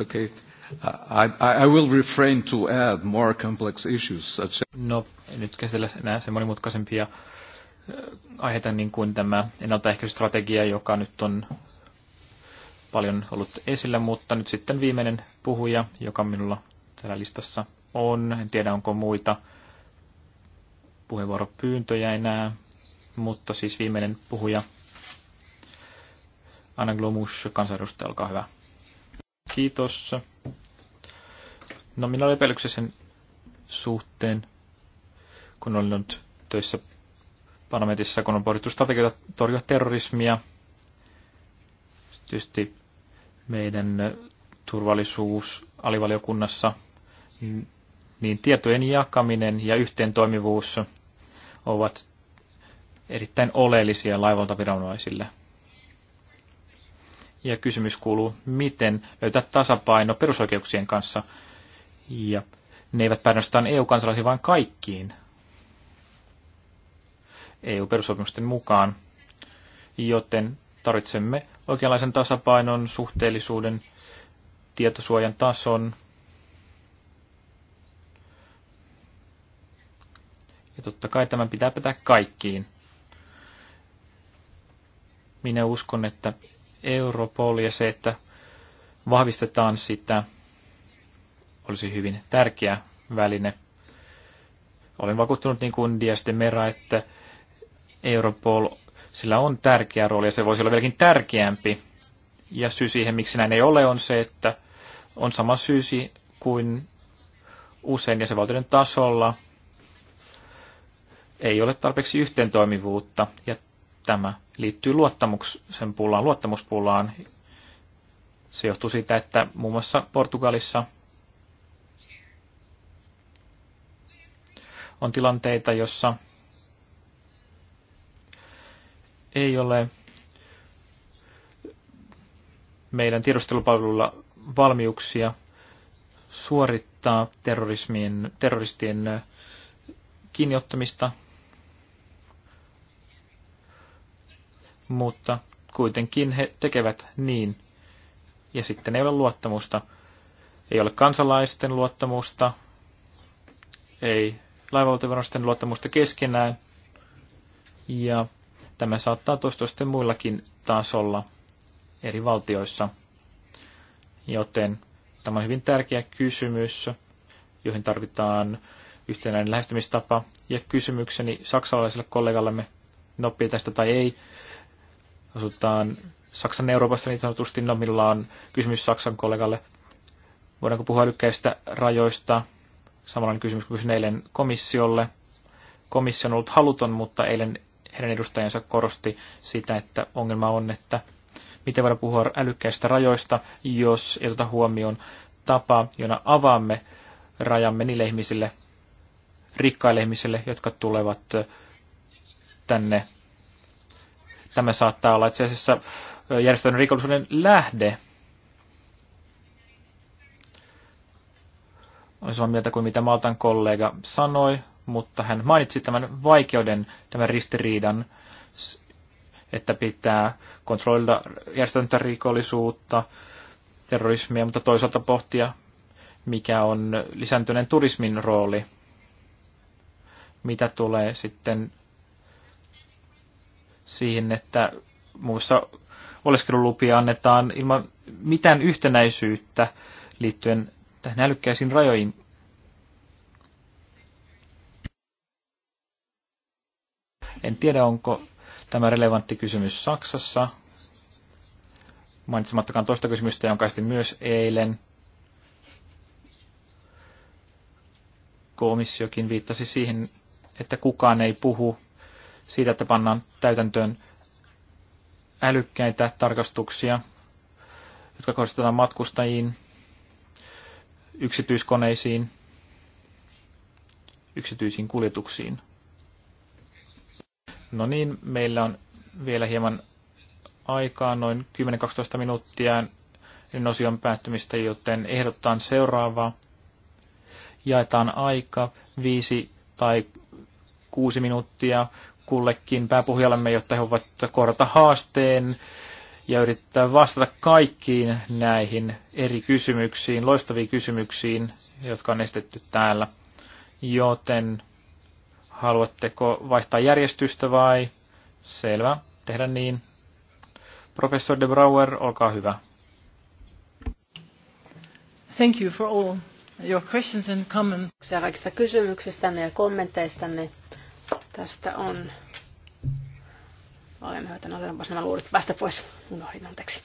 Speaker 4: Okay. I, I will refrain to add more complex issues. Such as...
Speaker 3: No, nyt käsitellä enää se monimutkaisempia äh, aiheita, niin kuin tämä ennaltaehkäisystrategia, joka nyt on paljon ollut esillä, mutta nyt sitten viimeinen puhuja, joka minulla täällä listassa on. En tiedä, onko muita puheenvuoropyyntöjä enää, mutta siis viimeinen puhuja. Anna Glomus, kansanedustaja, olkaa hyvä. Kiitos. No minä olin epäilyksessä sen suhteen, kun olin nyt töissä parlamentissa, kun on pohdittu strategioita torjua terrorismia. Tietysti meidän turvallisuusalivaliokunnassa, niin tietojen jakaminen ja yhteen toimivuus ovat erittäin oleellisia laivaltaviranomaisille. Ja kysymys kuuluu, miten löytää tasapaino perusoikeuksien kanssa. Ja ne eivät päädöstään EU-kansalaisiin, vaan kaikkiin EU-perusopimusten mukaan. Joten Tarvitsemme oikeanlaisen tasapainon, suhteellisuuden, tietosuojan tason. Ja totta kai tämän pitää pitää kaikkiin. Minä uskon, että Europol ja se, että vahvistetaan sitä, olisi hyvin tärkeä väline. Olen vakuuttunut niin kuin Dias de Mera, että Europol sillä on tärkeä rooli ja se voisi olla vieläkin tärkeämpi. Ja syy siihen, miksi näin ei ole, on se, että on sama syy kuin usein jäsenvaltioiden tasolla ei ole tarpeeksi yhteentoimivuutta ja tämä liittyy luottamuksen pulaan, luottamuspulaan. Se johtuu siitä, että muun muassa Portugalissa on tilanteita, jossa ei ole meidän tiedustelupalvelulla valmiuksia suorittaa terrorismin, terroristien äh, kiinniottamista, mutta kuitenkin he tekevät niin. Ja sitten ei ole luottamusta. Ei ole kansalaisten luottamusta, ei laivavaltioviranomaisten luottamusta keskenään. Ja Tämä saattaa toistua sitten muillakin tasolla eri valtioissa. Joten tämä on hyvin tärkeä kysymys, johon tarvitaan yhtenäinen lähestymistapa. Ja kysymykseni saksalaiselle kollegallemme, noppii tästä tai ei, asutaan Saksan Euroopassa niin sanotusti, no millä on kysymys Saksan kollegalle, voidaanko puhua älykkäistä rajoista, samanlainen kysymys kuin kysyin eilen komissiolle. Komissio on ollut haluton, mutta eilen heidän edustajansa korosti sitä, että ongelma on, että miten voidaan puhua älykkäistä rajoista, jos ei oteta huomioon tapaa, jona avaamme rajamme niille ihmisille, rikkaille ihmisille, jotka tulevat tänne. Tämä saattaa olla itse asiassa järjestäytyneen rikollisuuden lähde. Olen samaa mieltä kuin mitä Maltan kollega sanoi mutta hän mainitsi tämän vaikeuden, tämän ristiriidan, että pitää kontrolloida järjestäntärikollisuutta, terrorismia, mutta toisaalta pohtia, mikä on lisääntyneen turismin rooli, mitä tulee sitten siihen, että muissa oleskelulupia annetaan ilman mitään yhtenäisyyttä liittyen tähän älykkäisiin rajoihin En tiedä, onko tämä relevantti kysymys Saksassa. Mainitsemattakaan toista kysymystä, jonka sitten myös eilen komissiokin viittasi siihen, että kukaan ei puhu siitä, että pannaan täytäntöön älykkäitä tarkastuksia, jotka kohdistetaan matkustajiin, yksityiskoneisiin, yksityisiin kuljetuksiin. No niin, meillä on vielä hieman aikaa, noin 10-12 minuuttia osion päättymistä, joten ehdottaan seuraavaa. Jaetaan aika viisi tai kuusi minuuttia kullekin pääpuhjallamme, jotta he voivat kohdata haasteen ja yrittää vastata kaikkiin näihin eri kysymyksiin, loistaviin kysymyksiin, jotka on estetty täällä. Joten Haluatteko vaihtaa järjestystä vai? Selvä, tehdä niin. Professor de Brouwer, olkaa hyvä.
Speaker 1: Thank you for all your questions and comments. Kaikista kysymyksistänne ja kommenteistanne tästä on. Olen hoitanut, pois nämä luulit päästä pois. Unohdin, niin, anteeksi.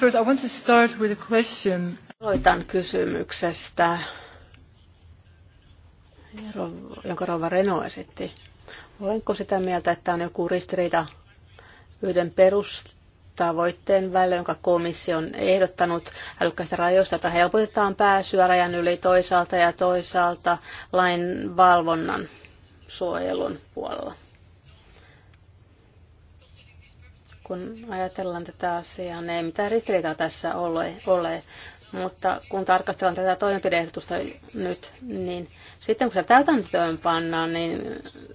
Speaker 2: First, I want to start with a question.
Speaker 1: Aloitan kysymyksestä, jonka Rova Reno esitti. Olenko sitä mieltä, että on joku ristiriita yhden perustavoitteen välillä, jonka komissio on ehdottanut älykkäistä rajoista, että helpotetaan pääsyä rajan yli toisaalta ja toisaalta lain valvonnan suojelun puolella? Kun ajatellaan tätä asiaa, niin ei mitään ristiriitaa tässä ole. ole mutta kun tarkastellaan tätä toimenpideehdotusta nyt, niin sitten kun se täytäntöön pannaan, niin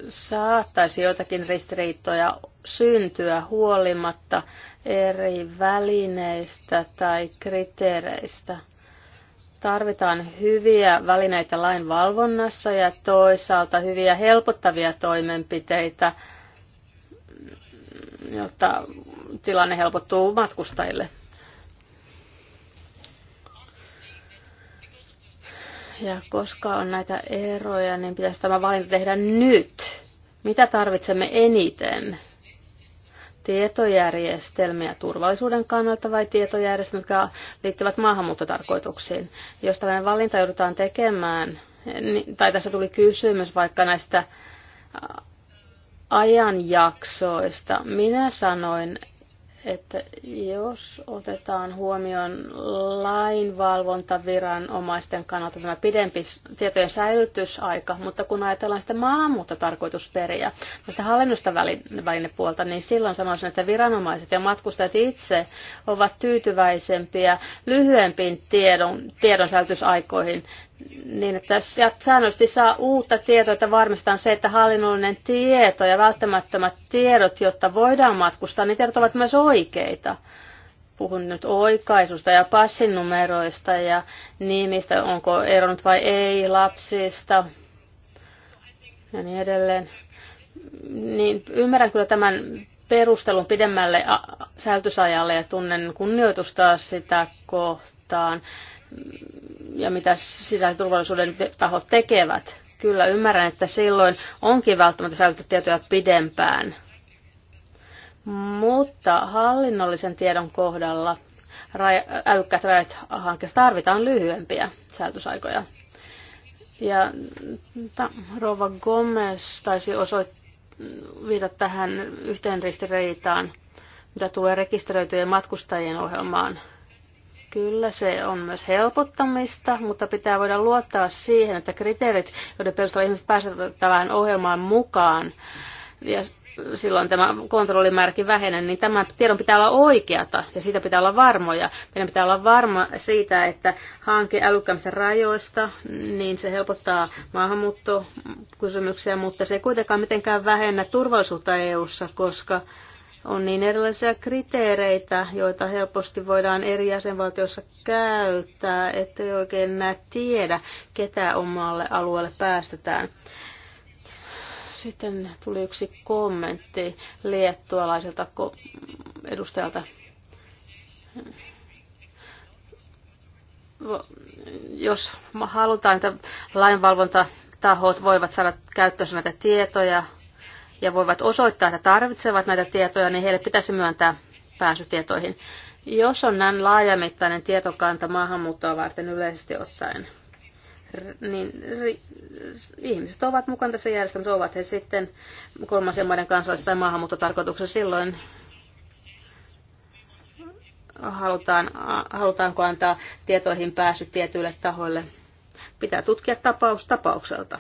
Speaker 1: saattaisi jotakin ristiriittoja syntyä huolimatta eri välineistä tai kriteereistä. Tarvitaan hyviä välineitä lain valvonnassa ja toisaalta hyviä helpottavia toimenpiteitä, jotta tilanne helpottuu matkustajille. Ja koska on näitä eroja, niin pitäisi tämä valinta tehdä nyt. Mitä tarvitsemme eniten? tietojärjestelmiä turvallisuuden kannalta vai tietojärjestelmiä, jotka liittyvät maahanmuuttotarkoituksiin. Jos tällainen valinta joudutaan tekemään, niin, tai tässä tuli kysymys vaikka näistä ajanjaksoista. Minä sanoin, että jos otetaan huomioon lainvalvontaviranomaisten kannalta tämä pidempi tietojen säilytysaika, mutta kun ajatellaan sitä maahanmuuttotarkoitusperiä, tästä hallinnosta puolta, niin silloin sanoisin, että viranomaiset ja matkustajat itse ovat tyytyväisempiä lyhyempiin tiedon, tiedon säilytysaikoihin niin, että säännöllisesti saa uutta tietoa, että varmistetaan se, että hallinnollinen tieto ja välttämättömät tiedot, jotta voidaan matkustaa, niin tiedot ovat myös oikeita. Puhun nyt oikaisusta ja passinumeroista ja nimistä, onko eronnut vai ei, lapsista ja niin edelleen. Niin ymmärrän kyllä tämän perustelun pidemmälle säältysajalle ja tunnen kunnioitusta sitä kohtaan ja mitä sisäisen turvallisuuden tahot tekevät. Kyllä ymmärrän, että silloin onkin välttämättä säilyttää tietoja pidempään. Mutta hallinnollisen tiedon kohdalla älykkäät rajat hankkeessa tarvitaan lyhyempiä säilytysaikoja. Ja Rova Gomez taisi viitata tähän yhteen ristiriitaan, mitä tulee rekisteröityjen matkustajien ohjelmaan – Kyllä se on myös helpottamista, mutta pitää voida luottaa siihen, että kriteerit, joiden perusteella ihmiset pääsevät tähän ohjelmaan mukaan, ja silloin tämä kontrollimääräkin vähenee, niin tämä tiedon pitää olla oikeata ja siitä pitää olla varmoja. Meidän pitää olla varma siitä, että hanke älykkäämisen rajoista, niin se helpottaa maahanmuuttokysymyksiä, mutta se ei kuitenkaan mitenkään vähennä turvallisuutta EU-ssa, koska on niin erilaisia kriteereitä, joita helposti voidaan eri jäsenvaltioissa käyttää, ettei oikein enää tiedä, ketä omalle alueelle päästetään. Sitten tuli yksi kommentti liettualaiselta edustajalta. Jos halutaan, että lainvalvontatahot voivat saada käyttöön näitä tietoja, ja voivat osoittaa, että tarvitsevat näitä tietoja, niin heille pitäisi myöntää pääsytietoihin. Jos on näin laajamittainen tietokanta maahanmuuttoa varten yleisesti ottaen, niin ihmiset ovat mukana tässä järjestelmässä, ovat he sitten kolmansien maiden kansalaiset tai maahanmuuttotarkoituksessa silloin halutaan, halutaanko antaa tietoihin pääsy tietyille tahoille. Pitää tutkia tapaus tapaukselta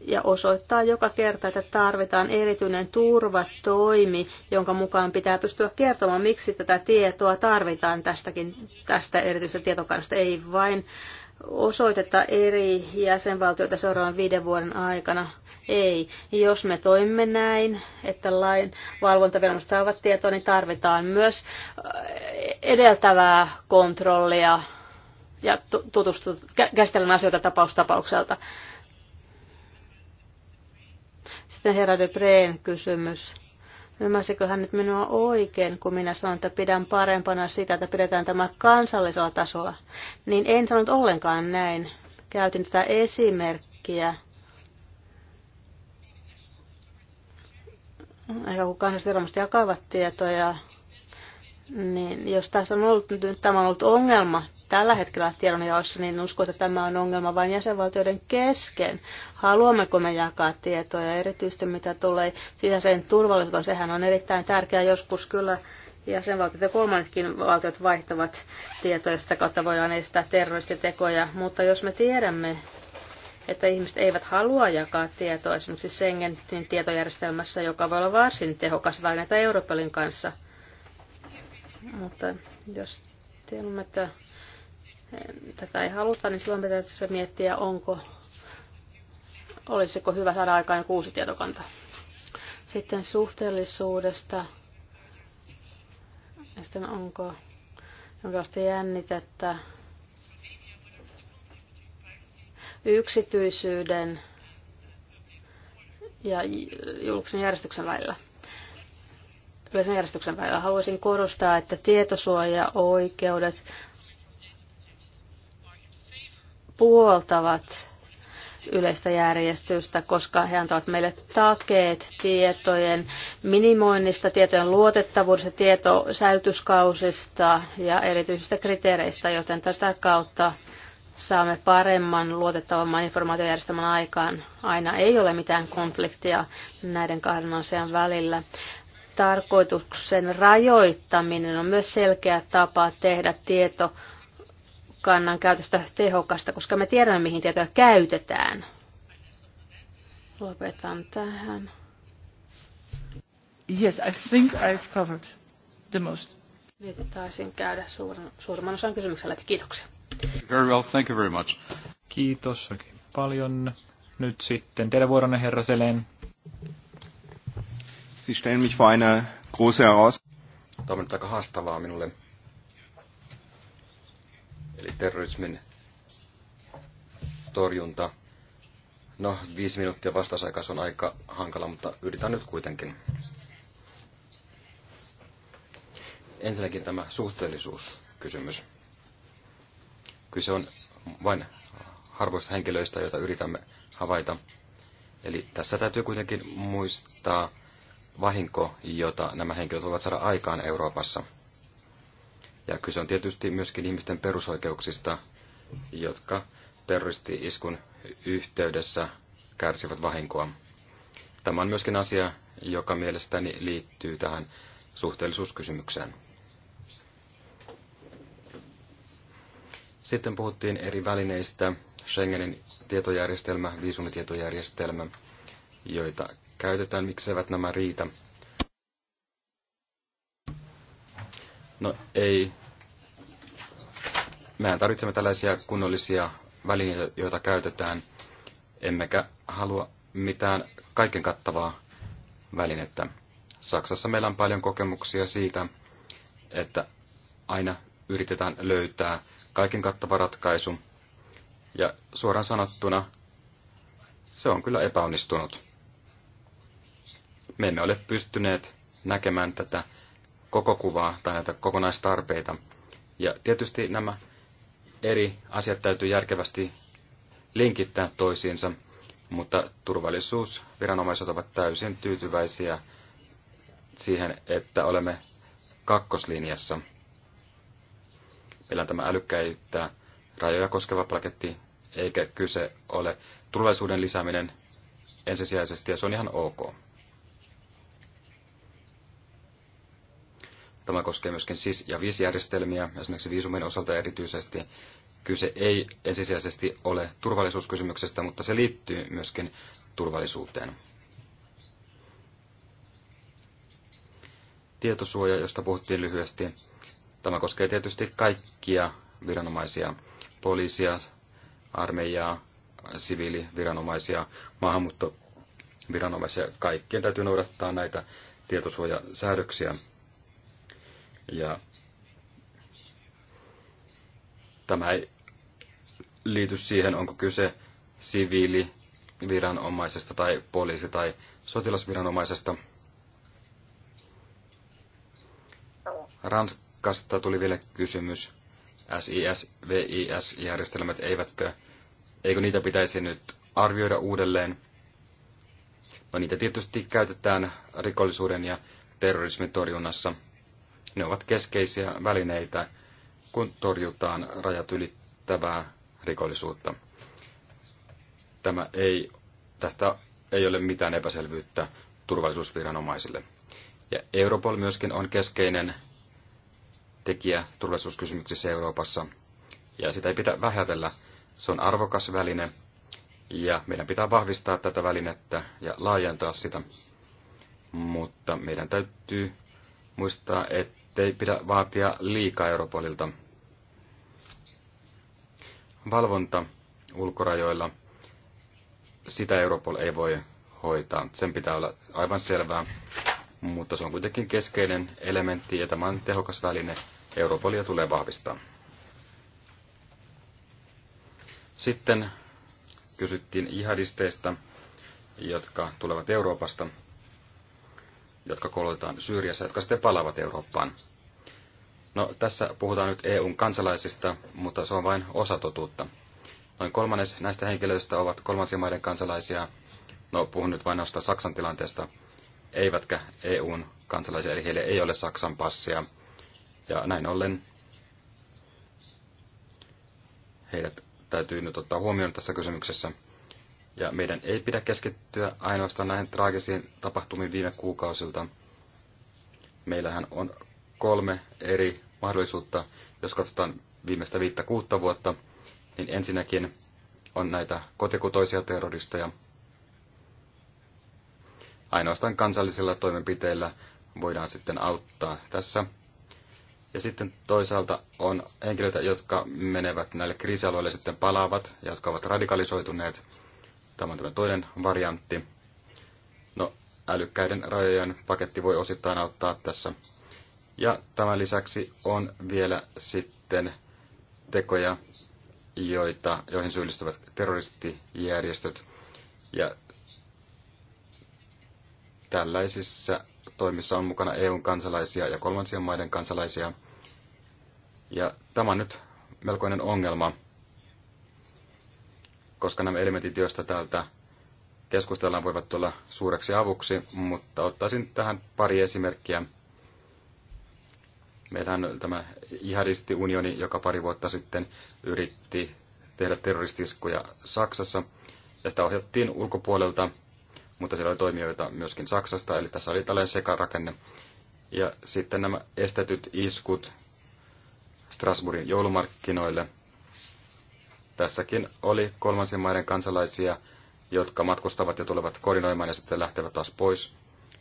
Speaker 1: ja osoittaa joka kerta, että tarvitaan erityinen turvatoimi, jonka mukaan pitää pystyä kertomaan, miksi tätä tietoa tarvitaan tästäkin, tästä erityisestä tietokannasta. Ei vain osoiteta eri jäsenvaltioita seuraavan viiden vuoden aikana. Ei. Jos me toimme näin, että lain valvontaviranomaiset saavat tietoa, niin tarvitaan myös äh, edeltävää kontrollia ja tutustu, käsitellään asioita tapaustapaukselta. tapaukselta sitten herra de Breen kysymys. Ymmärsikö hän nyt minua oikein, kun minä sanon, että pidän parempana sitä, että pidetään tämä kansallisella tasolla? Niin en sanonut ollenkaan näin. Käytin tätä esimerkkiä. Ehkä kun kansallisviranomaiset jakavat tietoja, niin jos tässä on ollut, nyt tämä on ollut ongelma tällä hetkellä tiedonjaossa, niin usko, että tämä on ongelma vain jäsenvaltioiden kesken. Haluammeko me jakaa tietoja, erityisesti mitä tulee sisäiseen turvallisuuteen, sehän on erittäin tärkeää. Joskus kyllä jäsenvaltiot ja kolmannetkin valtiot vaihtavat tietoja, sitä kautta voidaan estää terroristitekoja, mutta jos me tiedämme, että ihmiset eivät halua jakaa tietoa esimerkiksi Schengenin tietojärjestelmässä, joka voi olla varsin tehokas väline tai kanssa. Mutta jos tiedämme, että tätä ei haluta, niin silloin pitäisi miettiä, onko, olisiko hyvä saada aikaan kuusi tietokanta. Sitten suhteellisuudesta, ja sitten onko jonkinlaista jännitettä yksityisyyden ja julkisen järjestyksen välillä. Yleisen järjestyksen välillä haluaisin korostaa, että tietosuoja-oikeudet puoltavat yleistä järjestystä, koska he antavat meille takeet tietojen minimoinnista, tietojen luotettavuudesta, tietosäilytyskausista ja erityisistä kriteereistä, joten tätä kautta saamme paremman, luotettavamman informaatiojärjestelmän aikaan. Aina ei ole mitään konfliktia näiden kahden asian välillä. Tarkoituksen rajoittaminen on myös selkeä tapa tehdä tieto kannan käytöstä tehokasta, koska me tiedämme, mihin tietoja käytetään. Lopetan tähän.
Speaker 2: Yes, I think I've covered the most.
Speaker 1: Nyt taisin käydä suurin, suurimman osan kysymyksellä, läpi. Kiitoksia.
Speaker 3: Very well, thank you very much. Kiitos oikein paljon. Nyt sitten teidän vuoronne, herra Selen. Sie stellen mich vor eine große Herausforderung. Tämä on aika haastavaa minulle
Speaker 4: eli terrorismin torjunta. No, viisi minuuttia vastausaikaus on aika hankala, mutta yritän nyt kuitenkin. Ensinnäkin tämä suhteellisuuskysymys. Kyse on vain harvoista henkilöistä, joita yritämme havaita. Eli tässä täytyy kuitenkin muistaa vahinko, jota nämä henkilöt voivat saada aikaan Euroopassa – ja kyse on tietysti myöskin ihmisten perusoikeuksista, jotka terroristi-iskun yhteydessä kärsivät vahinkoa. Tämä on myöskin asia, joka mielestäni liittyy tähän suhteellisuuskysymykseen. Sitten puhuttiin eri välineistä, Schengenin tietojärjestelmä, viisumitietojärjestelmä, joita käytetään, mikseivät nämä riitä. No ei. Mehän tarvitsemme tällaisia kunnollisia välineitä, joita käytetään, emmekä halua mitään kaiken kattavaa välinettä. Saksassa meillä on paljon kokemuksia siitä, että aina yritetään löytää kaiken kattava ratkaisu, ja suoraan sanottuna se on kyllä epäonnistunut. Me emme ole pystyneet näkemään tätä koko kuvaa tai näitä kokonaistarpeita. Ja tietysti nämä eri asiat täytyy järkevästi linkittää toisiinsa, mutta turvallisuusviranomaiset ovat täysin tyytyväisiä siihen, että olemme kakkoslinjassa. Meillä on tämä älykkäyttä rajoja koskeva paketti, eikä kyse ole turvallisuuden lisääminen ensisijaisesti, ja se on ihan ok. Tämä koskee myöskin SIS- ja VIS-järjestelmiä, esimerkiksi viisumin osalta erityisesti. Kyse ei ensisijaisesti ole turvallisuuskysymyksestä, mutta se liittyy myöskin turvallisuuteen. Tietosuoja, josta puhuttiin lyhyesti. Tämä koskee tietysti kaikkia viranomaisia, poliisia, armeijaa, siviiliviranomaisia, maahanmuuttoviranomaisia. Kaikkien täytyy noudattaa näitä tietosuojasäädöksiä. Ja tämä ei liity siihen, onko kyse siviiliviranomaisesta tai poliisi- tai sotilasviranomaisesta. Ranskasta tuli vielä kysymys. SIS, VIS-järjestelmät, eivätkö, eikö niitä pitäisi nyt arvioida uudelleen? No niitä tietysti käytetään rikollisuuden ja terrorismin torjunnassa – ne ovat keskeisiä välineitä, kun torjutaan rajat ylittävää rikollisuutta. Tämä ei, tästä ei ole mitään epäselvyyttä turvallisuusviranomaisille. Ja Europol myöskin on keskeinen tekijä turvallisuuskysymyksissä Euroopassa. Ja sitä ei pidä vähätellä. Se on arvokas väline ja meidän pitää vahvistaa tätä välinettä ja laajentaa sitä. Mutta meidän täytyy muistaa, että ettei pidä vaatia liikaa Europolilta. Valvonta ulkorajoilla, sitä Europol ei voi hoitaa. Sen pitää olla aivan selvää, mutta se on kuitenkin keskeinen elementti ja tämä on tehokas väline. Europolia tulee vahvistaa. Sitten kysyttiin jihadisteista, jotka tulevat Euroopasta – jotka koulutetaan Syyriassa, jotka sitten palaavat Eurooppaan. No, tässä puhutaan nyt EUn kansalaisista, mutta se on vain osa totuutta. Noin kolmannes näistä henkilöistä ovat kolmansien maiden kansalaisia, no puhun nyt vain noista Saksan tilanteesta, eivätkä EUn kansalaisia, eli heille ei ole Saksan passia. Ja näin ollen heidät täytyy nyt ottaa huomioon tässä kysymyksessä. Ja meidän ei pidä keskittyä ainoastaan näihin traagisiin tapahtumiin viime kuukausilta. Meillähän on kolme eri mahdollisuutta, jos katsotaan viimeistä viittä kuutta vuotta, niin ensinnäkin on näitä kotikutoisia terroristeja. Ainoastaan kansallisilla toimenpiteillä voidaan sitten auttaa tässä. Ja sitten toisaalta on henkilöitä, jotka menevät näille kriisialueille sitten palaavat ja jotka ovat radikalisoituneet – Tämä on tämä toinen variantti. No, älykkäiden rajojen paketti voi osittain auttaa tässä. Ja tämän lisäksi on vielä sitten tekoja, joita, joihin syyllistyvät terroristijärjestöt. Ja tällaisissa toimissa on mukana EUn kansalaisia ja kolmansien maiden kansalaisia. Ja tämä on nyt melkoinen ongelma, koska nämä elementit, joista täältä keskustellaan, voivat olla suureksi avuksi, mutta ottaisin tähän pari esimerkkiä. Meillähän on tämä jihadistiunioni, joka pari vuotta sitten yritti tehdä terroristiskuja Saksassa, ja sitä ohjattiin ulkopuolelta, mutta siellä oli toimijoita myöskin Saksasta, eli tässä oli tällainen sekarakenne. Ja sitten nämä estetyt iskut Strasbourgin joulumarkkinoille – Tässäkin oli kolmansien maiden kansalaisia, jotka matkustavat ja tulevat koordinoimaan ja sitten lähtevät taas pois,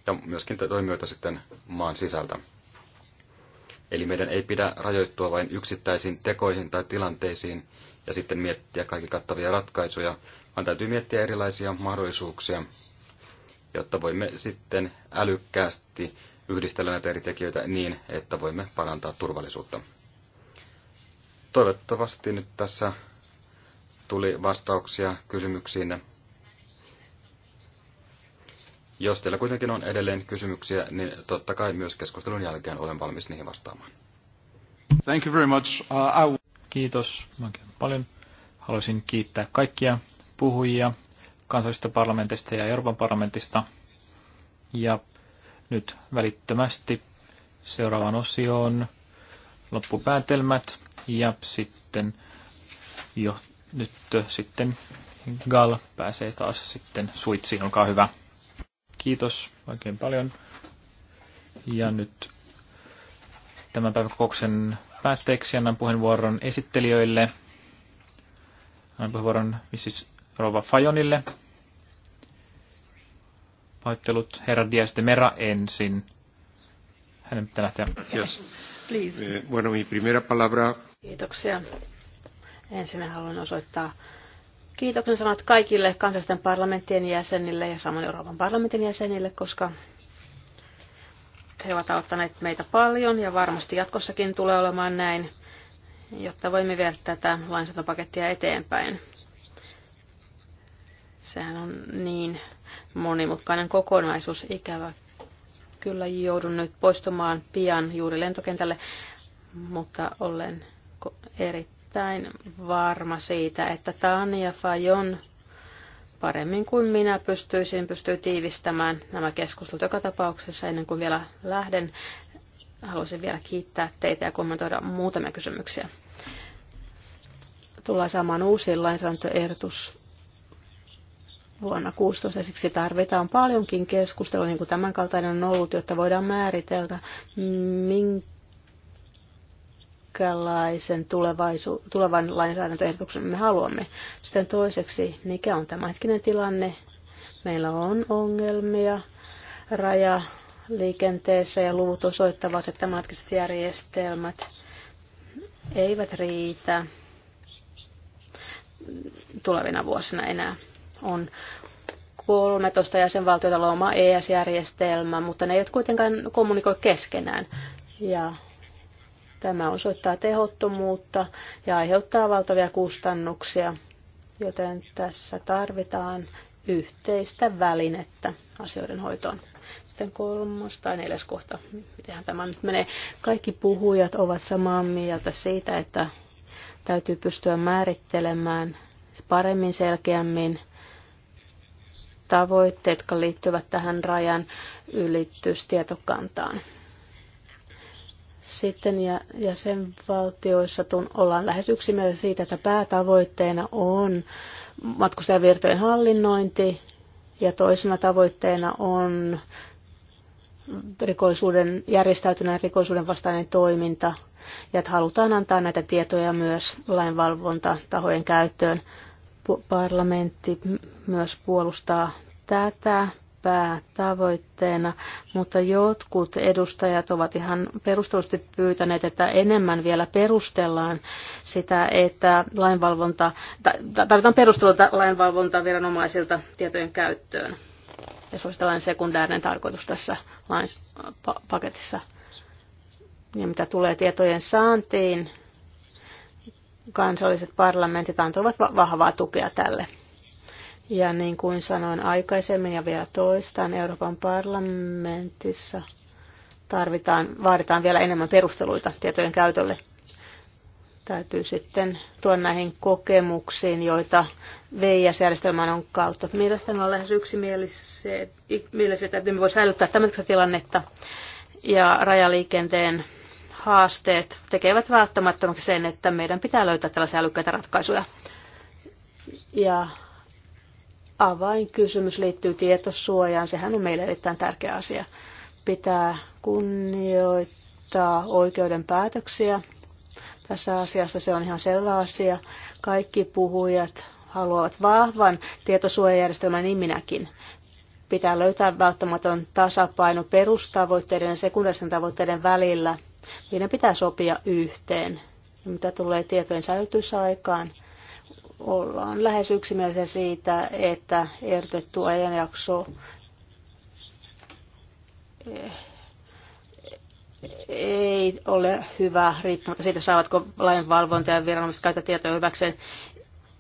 Speaker 4: ja myöskin toimijoita sitten maan sisältä. Eli meidän ei pidä rajoittua vain yksittäisiin tekoihin tai tilanteisiin ja sitten miettiä kaikki kattavia ratkaisuja, vaan täytyy miettiä erilaisia mahdollisuuksia, jotta voimme sitten älykkäästi yhdistellä näitä eri tekijöitä niin, että voimme parantaa turvallisuutta. Toivottavasti nyt tässä tuli vastauksia kysymyksiinne. Jos teillä kuitenkin on edelleen kysymyksiä, niin totta kai myös keskustelun jälkeen olen valmis niihin vastaamaan.
Speaker 3: Thank you very much. Uh, I... Kiitos oikein paljon. Haluaisin kiittää kaikkia puhujia kansallisista parlamentista ja Euroopan parlamentista. Ja nyt välittömästi seuraavaan osioon loppupäätelmät ja sitten jo nyt äh, sitten Gal pääsee taas sitten suitsiin, olkaa hyvä. Kiitos oikein paljon. Ja nyt tämän päivän kokouksen päätteeksi annan puheenvuoron esittelijöille. Annan puheenvuoron Mrs. Rova Fajonille. Pahoittelut herra Diaz de Mera ensin. Hänen pitää lähteä. Yes. Please. Eh, bueno, mi primera palabra.
Speaker 1: Kiitoksia. Ensin haluan osoittaa kiitoksen sanat kaikille kansallisten parlamenttien jäsenille ja samoin Euroopan parlamentin jäsenille, koska he ovat auttaneet meitä paljon ja varmasti jatkossakin tulee olemaan näin, jotta voimme viedä tätä lainsäädäntöpakettia eteenpäin. Sehän on niin monimutkainen kokonaisuus, ikävä. Kyllä joudun nyt poistumaan pian juuri lentokentälle, mutta olen erittäin erittäin varma siitä, että Tania Fajon paremmin kuin minä pystyisin, pystyy tiivistämään nämä keskustelut joka tapauksessa ennen kuin vielä lähden. Haluaisin vielä kiittää teitä ja kommentoida muutamia kysymyksiä. Tullaan saamaan uusi lainsäädäntöehdotus vuonna 16 siksi tarvitaan paljonkin keskustelua, niin kuin tämänkaltainen on ollut, jotta voidaan määritellä, minkä minkälaisen tulevaisu- tulevan lainsäädäntöehdotuksen me haluamme. Sitten toiseksi, mikä on tämänhetkinen tilanne. Meillä on ongelmia rajaliikenteessä ja luvut osoittavat, että tämänhetkiset järjestelmät eivät riitä tulevina vuosina enää. On 13 jäsenvaltiota luoma ES-järjestelmä, mutta ne eivät kuitenkaan kommunikoi keskenään. Ja Tämä osoittaa tehottomuutta ja aiheuttaa valtavia kustannuksia, joten tässä tarvitaan yhteistä välinettä asioiden hoitoon. Sitten kolmas tai neljäs kohta, miten tämä nyt menee. Kaikki puhujat ovat samaa mieltä siitä, että täytyy pystyä määrittelemään paremmin, selkeämmin tavoitteet, jotka liittyvät tähän rajan ylitystietokantaan. Sitten ja, sen valtioissa tun, ollaan lähes yksimielisiä siitä, että päätavoitteena on matkustajavirtojen hallinnointi ja toisena tavoitteena on rikollisuuden, järjestäytyneen rikollisuuden vastainen toiminta ja että halutaan antaa näitä tietoja myös lainvalvontatahojen käyttöön. Parlamentti myös puolustaa tätä päätavoitteena, mutta jotkut edustajat ovat ihan perustellusti pyytäneet, että enemmän vielä perustellaan sitä, että lainvalvonta, tarvitaan lainvalvontaa viranomaisilta tietojen käyttöön. Ja se olisi tällainen sekundäärinen tarkoitus tässä paketissa. Ja mitä tulee tietojen saantiin, kansalliset parlamentit antoivat vahvaa tukea tälle ja niin kuin sanoin aikaisemmin ja vielä toistaan, Euroopan parlamentissa tarvitaan, vaaditaan vielä enemmän perusteluita tietojen käytölle. Täytyy sitten tuoda näihin kokemuksiin, joita VIS-järjestelmän on kautta. Mielestäni on lähes yksimielisiä, että me voi säilyttää tämmöistä tilannetta ja rajaliikenteen haasteet tekevät välttämättömäksi sen, että meidän pitää löytää tällaisia älykkäitä ratkaisuja. Ja avainkysymys liittyy tietosuojaan. Sehän on meille erittäin tärkeä asia. Pitää kunnioittaa oikeuden päätöksiä. Tässä asiassa se on ihan selvä asia. Kaikki puhujat haluavat vahvan tietosuojajärjestelmän, niin minäkin. Pitää löytää välttämätön tasapaino perustavoitteiden ja sekundaristen tavoitteiden välillä. Niiden pitää sopia yhteen. mitä tulee tietojen säilytysaikaan, ollaan lähes yksimielisiä siitä, että ehdotettu ajanjakso eh, ei ole hyvä riippumatta siitä, saavatko lainvalvonta ja viranomaiset käyttää tietoja hyväkseen.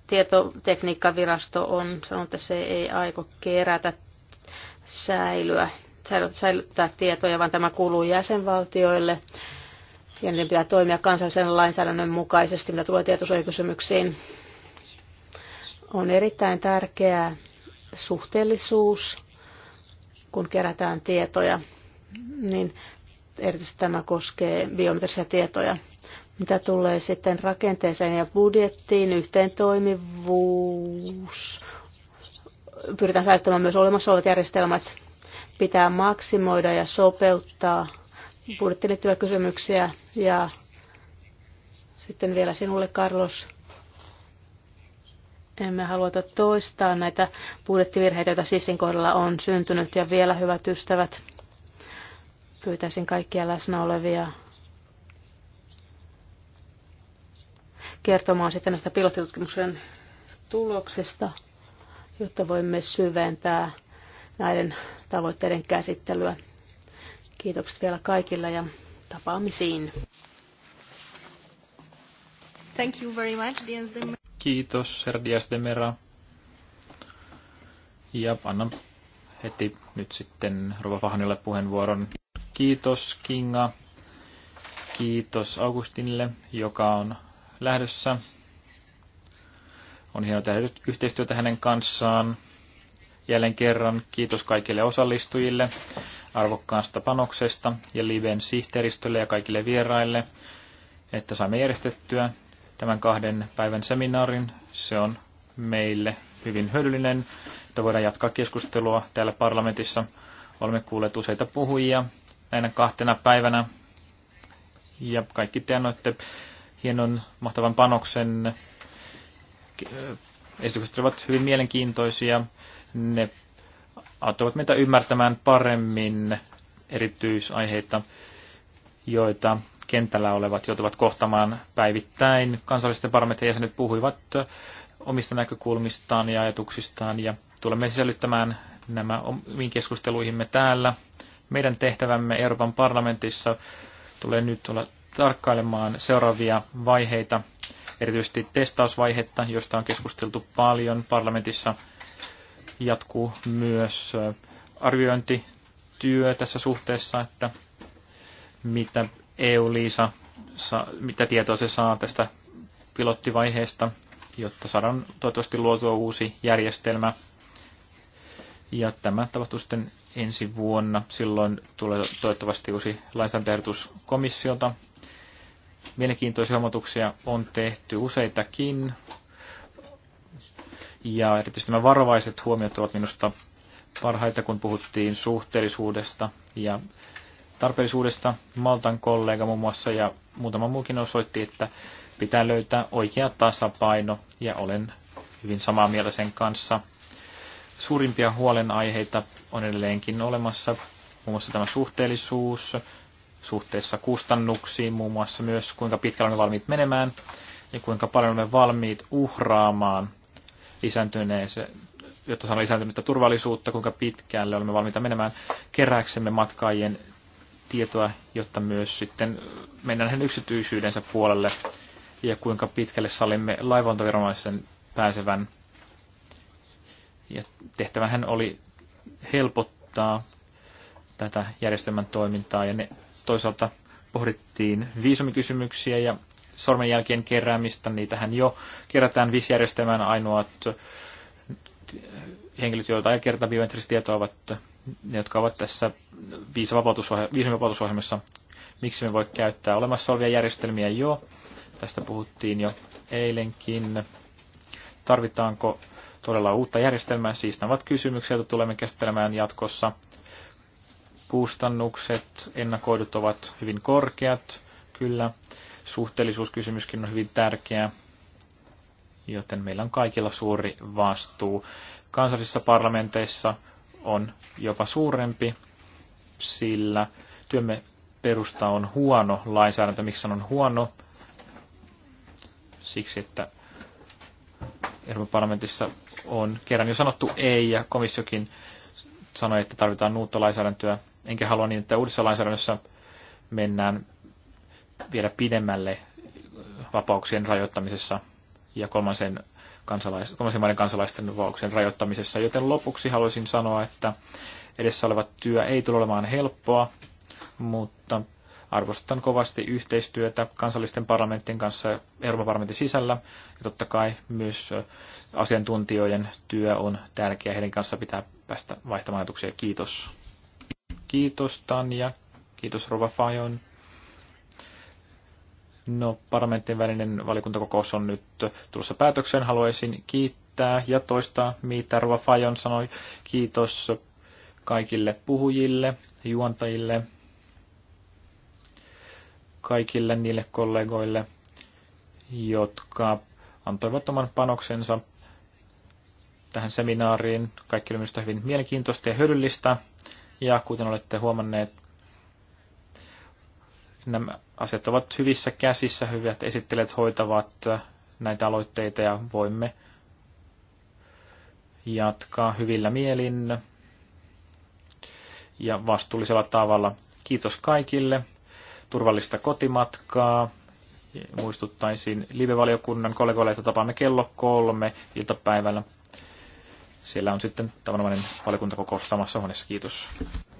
Speaker 1: Tietotekniikkavirasto on sanonut, että se ei aiko kerätä säilyä, säilyttää tietoja, vaan tämä kuuluu jäsenvaltioille. Ja niiden pitää toimia kansallisen lainsäädännön mukaisesti, mitä tulee tietosuojakysymyksiin. On erittäin tärkeää suhteellisuus, kun kerätään tietoja, niin erityisesti tämä koskee biometrisiä tietoja. Mitä tulee sitten rakenteeseen ja budjettiin, yhteentoimivuus, pyritään säilyttämään myös olemassa olevat järjestelmät, pitää maksimoida ja sopeuttaa budjettiin liittyviä kysymyksiä ja sitten vielä sinulle, Carlos, emme halua toistaa näitä budjettivirheitä, joita Sissin kohdalla on syntynyt. Ja vielä, hyvät ystävät, pyytäisin kaikkia läsnä olevia kertomaan sitten näistä pilottitutkimuksen tuloksista, jotta voimme syventää näiden tavoitteiden käsittelyä. Kiitokset vielä kaikille ja tapaamisiin.
Speaker 2: Thank you very much,
Speaker 3: Kiitos, Serdias Demera. Ja annan heti nyt sitten Rova Fahnille puheenvuoron. Kiitos, Kinga. Kiitos Augustinille, joka on lähdössä. On hienoa tehdä yhteistyötä hänen kanssaan. Jälleen kerran kiitos kaikille osallistujille arvokkaasta panoksesta ja Liven sihteeristölle ja kaikille vieraille, että saimme järjestettyä tämän kahden päivän seminaarin. Se on meille hyvin hyödyllinen, että voidaan jatkaa keskustelua täällä parlamentissa. Olemme kuulleet useita puhujia näinä kahtena päivänä. Ja kaikki te annoitte hienon mahtavan panoksen. Esitykset ovat hyvin mielenkiintoisia. Ne auttavat meitä ymmärtämään paremmin erityisaiheita, joita kentällä olevat joutuvat kohtamaan päivittäin. Kansallisten parlamentin jäsenet puhuivat omista näkökulmistaan ja ajatuksistaan ja tulemme sisällyttämään nämä omiin keskusteluihimme täällä. Meidän tehtävämme Euroopan parlamentissa tulee nyt olla tarkkailemaan seuraavia vaiheita, erityisesti testausvaihetta, josta on keskusteltu paljon parlamentissa. Jatkuu myös arviointityö tässä suhteessa, että mitä EU-Liisa, mitä tietoa se saa tästä pilottivaiheesta, jotta saadaan toivottavasti luotua uusi järjestelmä. Ja tämä tapahtuu sitten ensi vuonna. Silloin tulee toivottavasti uusi lainsäädäntöehdotus komissiota. Mielenkiintoisia huomautuksia on tehty useitakin. Ja erityisesti nämä varovaiset huomiot ovat minusta parhaita, kun puhuttiin suhteellisuudesta ja tarpeellisuudesta. Maltan kollega muun muassa ja muutama muukin osoitti, että pitää löytää oikea tasapaino ja olen hyvin samaa mieltä sen kanssa. Suurimpia huolenaiheita on edelleenkin olemassa, muun muassa tämä suhteellisuus suhteessa kustannuksiin, muun muassa myös kuinka pitkälle olemme valmiit menemään ja kuinka paljon olemme valmiit uhraamaan lisääntyneeseen jotta saadaan lisääntynyttä turvallisuutta, kuinka pitkälle olemme valmiita menemään kerääksemme matkaajien tietoa, jotta myös sitten mennään hänen yksityisyydensä puolelle ja kuinka pitkälle sallimme laivontaviranomaisen pääsevän. Ja tehtävän hän oli helpottaa tätä järjestelmän toimintaa ja ne toisaalta pohdittiin viisumikysymyksiä ja sormenjälkien keräämistä. Niitähän jo kerätään viisijärjestelmän ainoat henkilöt, joita ei kerätä biometristietoa, ovat ne, jotka ovat tässä viisumivapautusohjelmassa, miksi me voi käyttää olemassa olevia järjestelmiä jo. Tästä puhuttiin jo eilenkin. Tarvitaanko todella uutta järjestelmää? Siis nämä ovat kysymyksiä, joita tulemme käsittelemään jatkossa. Kustannukset, ennakoidut ovat hyvin korkeat, kyllä. Suhteellisuuskysymyskin on hyvin tärkeä, joten meillä on kaikilla suuri vastuu kansallisissa parlamenteissa, on jopa suurempi, sillä työmme perusta on huono lainsäädäntö. Miksi sanon huono? Siksi, että Euroopan parlamentissa on kerran jo sanottu ei, ja komissiokin sanoi, että tarvitaan uutta lainsäädäntöä. Enkä halua niin, että uudessa lainsäädännössä mennään vielä pidemmälle vapauksien rajoittamisessa ja kolmansen kansalaisten, kolmansien maiden kansalaisten vapauksien rajoittamisessa. Joten lopuksi haluaisin sanoa, että edessä oleva työ ei tule olemaan helppoa, mutta arvostan kovasti yhteistyötä kansallisten parlamenttien kanssa Euroopan parlamentin sisällä. Ja totta kai myös asiantuntijoiden työ on tärkeä. Heidän kanssa pitää päästä vaihtamaan ajatuksia. Kiitos. Kiitos Tanja. Kiitos Rova Fajon. No, parlamentin välinen valikuntakokous on nyt tulossa päätökseen. Haluaisin kiittää ja toistaa, mitä Ruva Fajon sanoi. Kiitos kaikille puhujille, juontajille, kaikille niille kollegoille, jotka antoivat oman panoksensa tähän seminaariin. Kaikki oli minusta hyvin mielenkiintoista ja hyödyllistä. Ja kuten olette huomanneet, Nämä asiat ovat hyvissä käsissä, hyvät esittelijät hoitavat näitä aloitteita ja voimme jatkaa hyvillä mielin ja vastuullisella tavalla. Kiitos kaikille. Turvallista kotimatkaa. Muistuttaisin live-valiokunnan kollegoille, että tapaamme kello kolme iltapäivällä. Siellä on sitten tavanomainen valiokuntakokous samassa huoneessa. Kiitos.